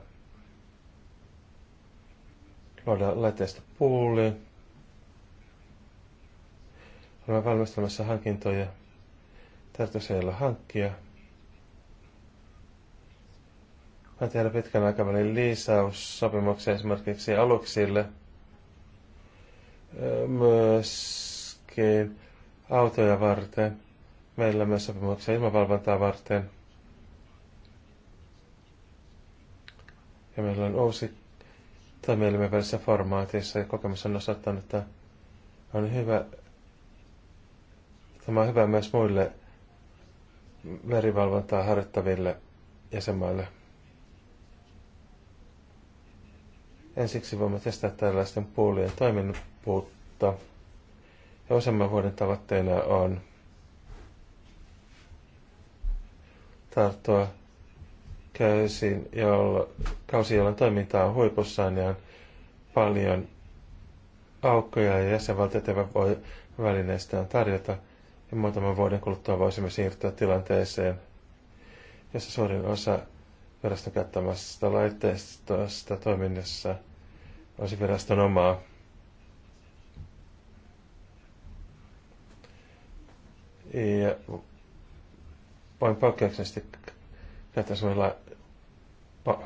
Luodaan laiteista puuli. Olemme valmistamassa hankintoja. Tarkoitus ei ole hankkia. Mä tehdä pitkän aikavälin lisäys sopimuksia esimerkiksi aluksille. Myöskin autoja varten. Meillä myös sopimuksia ilmavalvontaa varten. Ja meillä on uusi toimielimen välissä formaatissa ja kokemus on osoittanut, että on hyvä, tämä on hyvä myös muille merivalvontaa harjoittaville jäsenmaille. Ensiksi voimme testata tällaisten puolien toiminnuutta. Ja useamman vuoden tavoitteena on tarttua käysin, jollo, kausi, jolloin toiminta on huipussaan ja on paljon aukkoja ja jäsenvaltiot voi välineistään tarjota. Ja muutaman vuoden kuluttua voisimme siirtyä tilanteeseen, jossa suurin osa viraston käyttämästä laitteistosta toiminnassa olisi viraston omaa. Ja voin poikkeuksellisesti näitä suojella pa-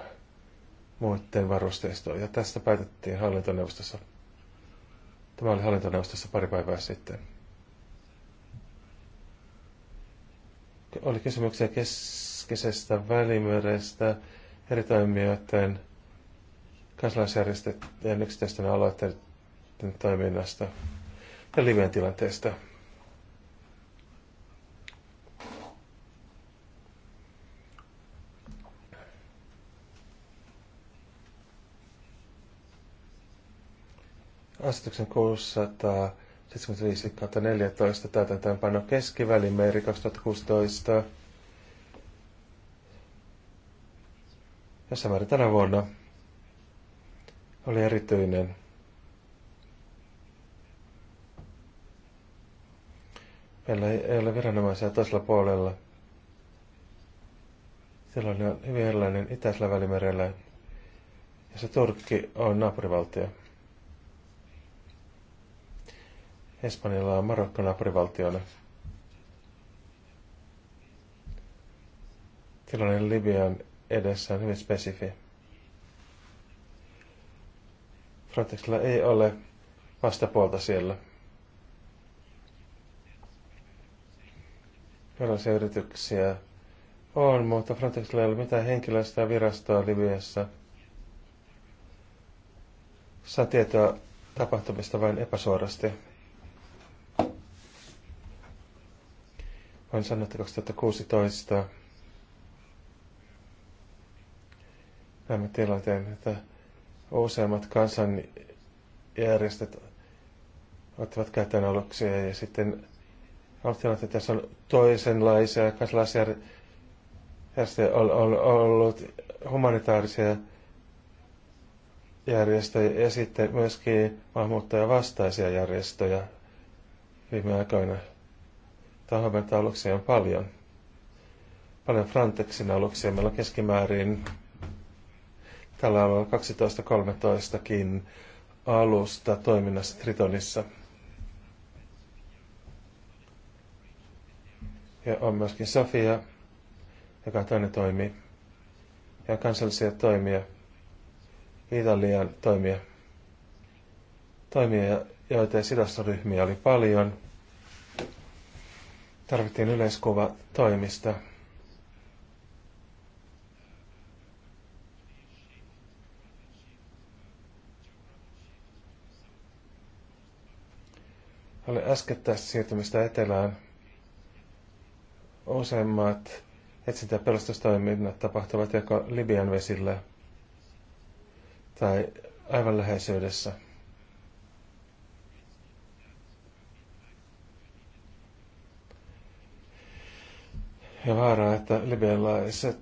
muiden varusteistoa. Ja tästä päätettiin hallintoneuvostossa. Tämä oli hallintoneuvostossa pari päivää sitten. Oli kysymyksiä keskeisestä välimerestä, eri toimijoiden, kansalaisjärjestöjen yksittäisten aloitteiden toiminnasta ja liveen tilanteesta. asetuksen 675 kautta 14 täytäntöönpano keskivälimeri 2016. Jossain määrin tänä vuonna oli erityinen. Meillä ei ole viranomaisia toisella puolella. Siellä on hyvin erilainen Itäisellä välimerellä, se Turkki on naapurivaltio. Espanjalla on Marokko naapurivaltiona. Tilanne Libyan edessä on hyvin spesifi. Frontexilla ei ole vastapuolta siellä. Tällaisia yrityksiä on, mutta Frontexilla ei ole mitään henkilöstöä virastoa Libyassa. Saa tietoa tapahtumista vain epäsuorasti. on sanottu 2016 näemme tilanteen, että useammat kansanjärjestöt ottivat käyttöön aluksi ja sitten että tässä on toisenlaisia kansalaisjärjestöjä on, on, on ollut humanitaarisia järjestöjä ja sitten myöskin maahanmuuttajavastaisia järjestöjä viime aikoina. Tahomeita aluksia on paljon. Paljon Frantexin aluksia. Meillä on keskimäärin tällä alueella 12-13kin alusta toiminnassa Tritonissa. Ja on myöskin Sofia, joka toinen toimii. Ja kansallisia toimia. Italian toimia. Toimia, joita sidosryhmiä oli paljon – Tarvittiin yleiskuva toimista. oli äskettäistä siirtymistä etelään. Useimmat etsintä- ja pelastustoiminnat tapahtuvat joko Libian vesillä tai aivan läheisyydessä. ja vaaraa, että libialaiset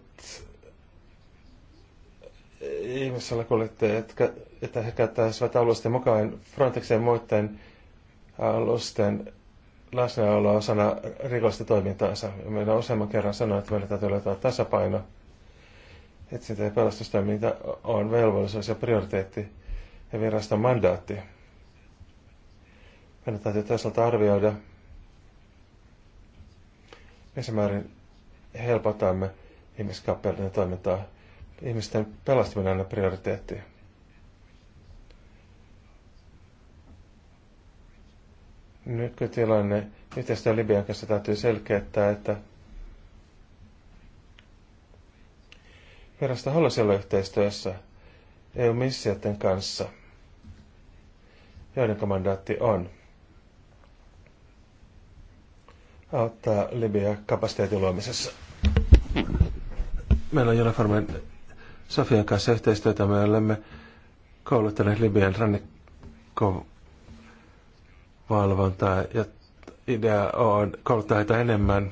ihmisellä kuljettajat, että he käyttäisivät alusten mukaan Frontexin ja muiden alusten läsnäoloa osana rikollista toimintaansa. Meillä on useamman kerran sanoa, että meillä täytyy löytää tasapaino. Etsintä ja pelastustoiminta on velvollisuus ja prioriteetti ja viraston mandaatti. Meidän täytyy toisaalta arvioida, missä määrin helpotamme ihmiskapellinen toimintaa. Ihmisten pelastaminen on aina prioriteetti. Nykytilanne yhteistyö Libian kanssa täytyy selkeyttää, että virasto haluaisi olla yhteistyössä EU-missioiden kanssa, joiden mandaatti on auttaa Libyaa kapasiteetin luomisessa. Meillä on Jonafarmen Sofian kanssa yhteistyötä. Me olemme kouluttaneet Libyan rannikkovalvontaa ja idea on kouluttaa heitä enemmän.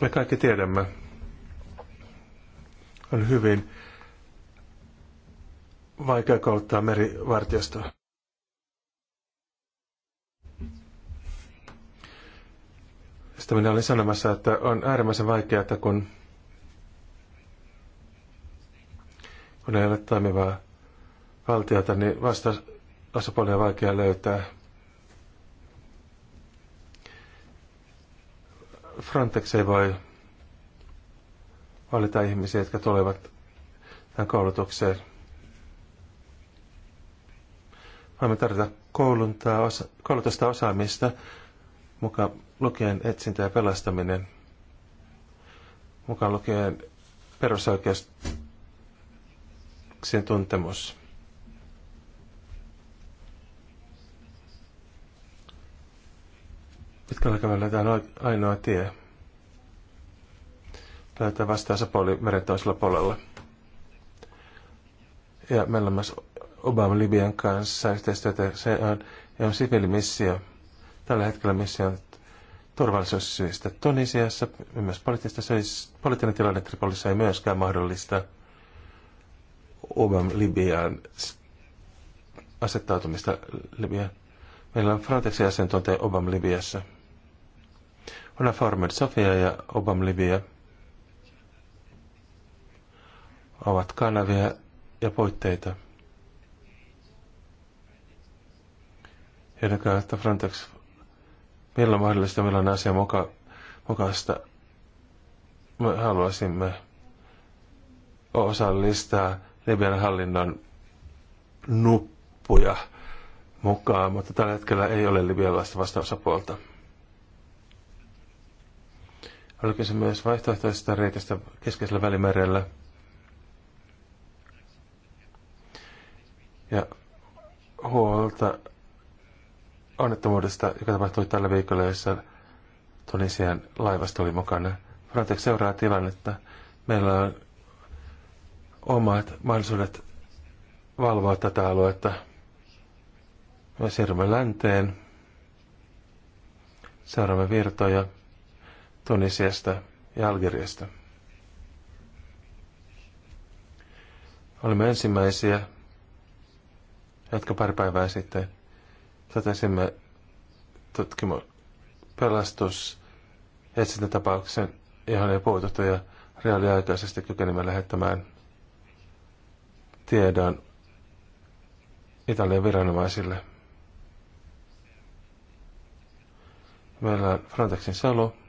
Me kaikki tiedämme, on hyvin vaikea kouluttaa merivartiostoa. Sitä minä olin sanomassa, että on äärimmäisen vaikeaa, että kun, kun ei ole toimivaa valtiota, niin vasta osapuolia on vaikea löytää. Frontex ei voi valita ihmisiä, jotka tulevat tämän koulutukseen. Voimme tarjota kouluntaa, osa, koulutusta osaamista, mukaan lukien etsintä ja pelastaminen, mukaan lukien perusoikeuksien tuntemus. Pitkällä aikavälillä tämä on ainoa tie löytää vastaansa puoli meren toisella puolella. Ja meillä on myös Obama Libyan kanssa yhteistyötä. Se on, on sivilimissio. Tällä hetkellä missio on turvallisuussyistä. Tunisiassa myös poliittista syistä, poliittinen tilanne Tripolissa ei myöskään mahdollista UBAM Libyan asettautumista Libyan. Meillä on Frontexin asiantuntija Obam Libyassa. Ona Formed Sofia ja Obam Libya ovat kanavia ja puitteita, joiden kautta Frontex millä mahdollista, milloin asia muka, mukaista. Me haluaisimme osallistaa Libyan hallinnon nuppuja mukaan, mutta tällä hetkellä ei ole libialaista vastausapuolta. Oli se myös vaihtoehtoisesta reitistä keskeisellä välimerellä. Ja huolta onnettomuudesta, joka tapahtui tällä viikolla, jossa Tunisian laivasto oli mukana. Frontex seuraa tilannetta. Meillä on omat mahdollisuudet valvoa tätä aluetta. Me siirrymme länteen, seuraamme virtoja Tunisiasta ja Algeriasta. Olimme ensimmäisiä, jotka pari päivää sitten totesimme tutkimu pelastus tapauksen, johon ei puututtu ja reaaliaikaisesti kykenimme lähettämään tiedon Italian viranomaisille. Meillä on Frontexin salu,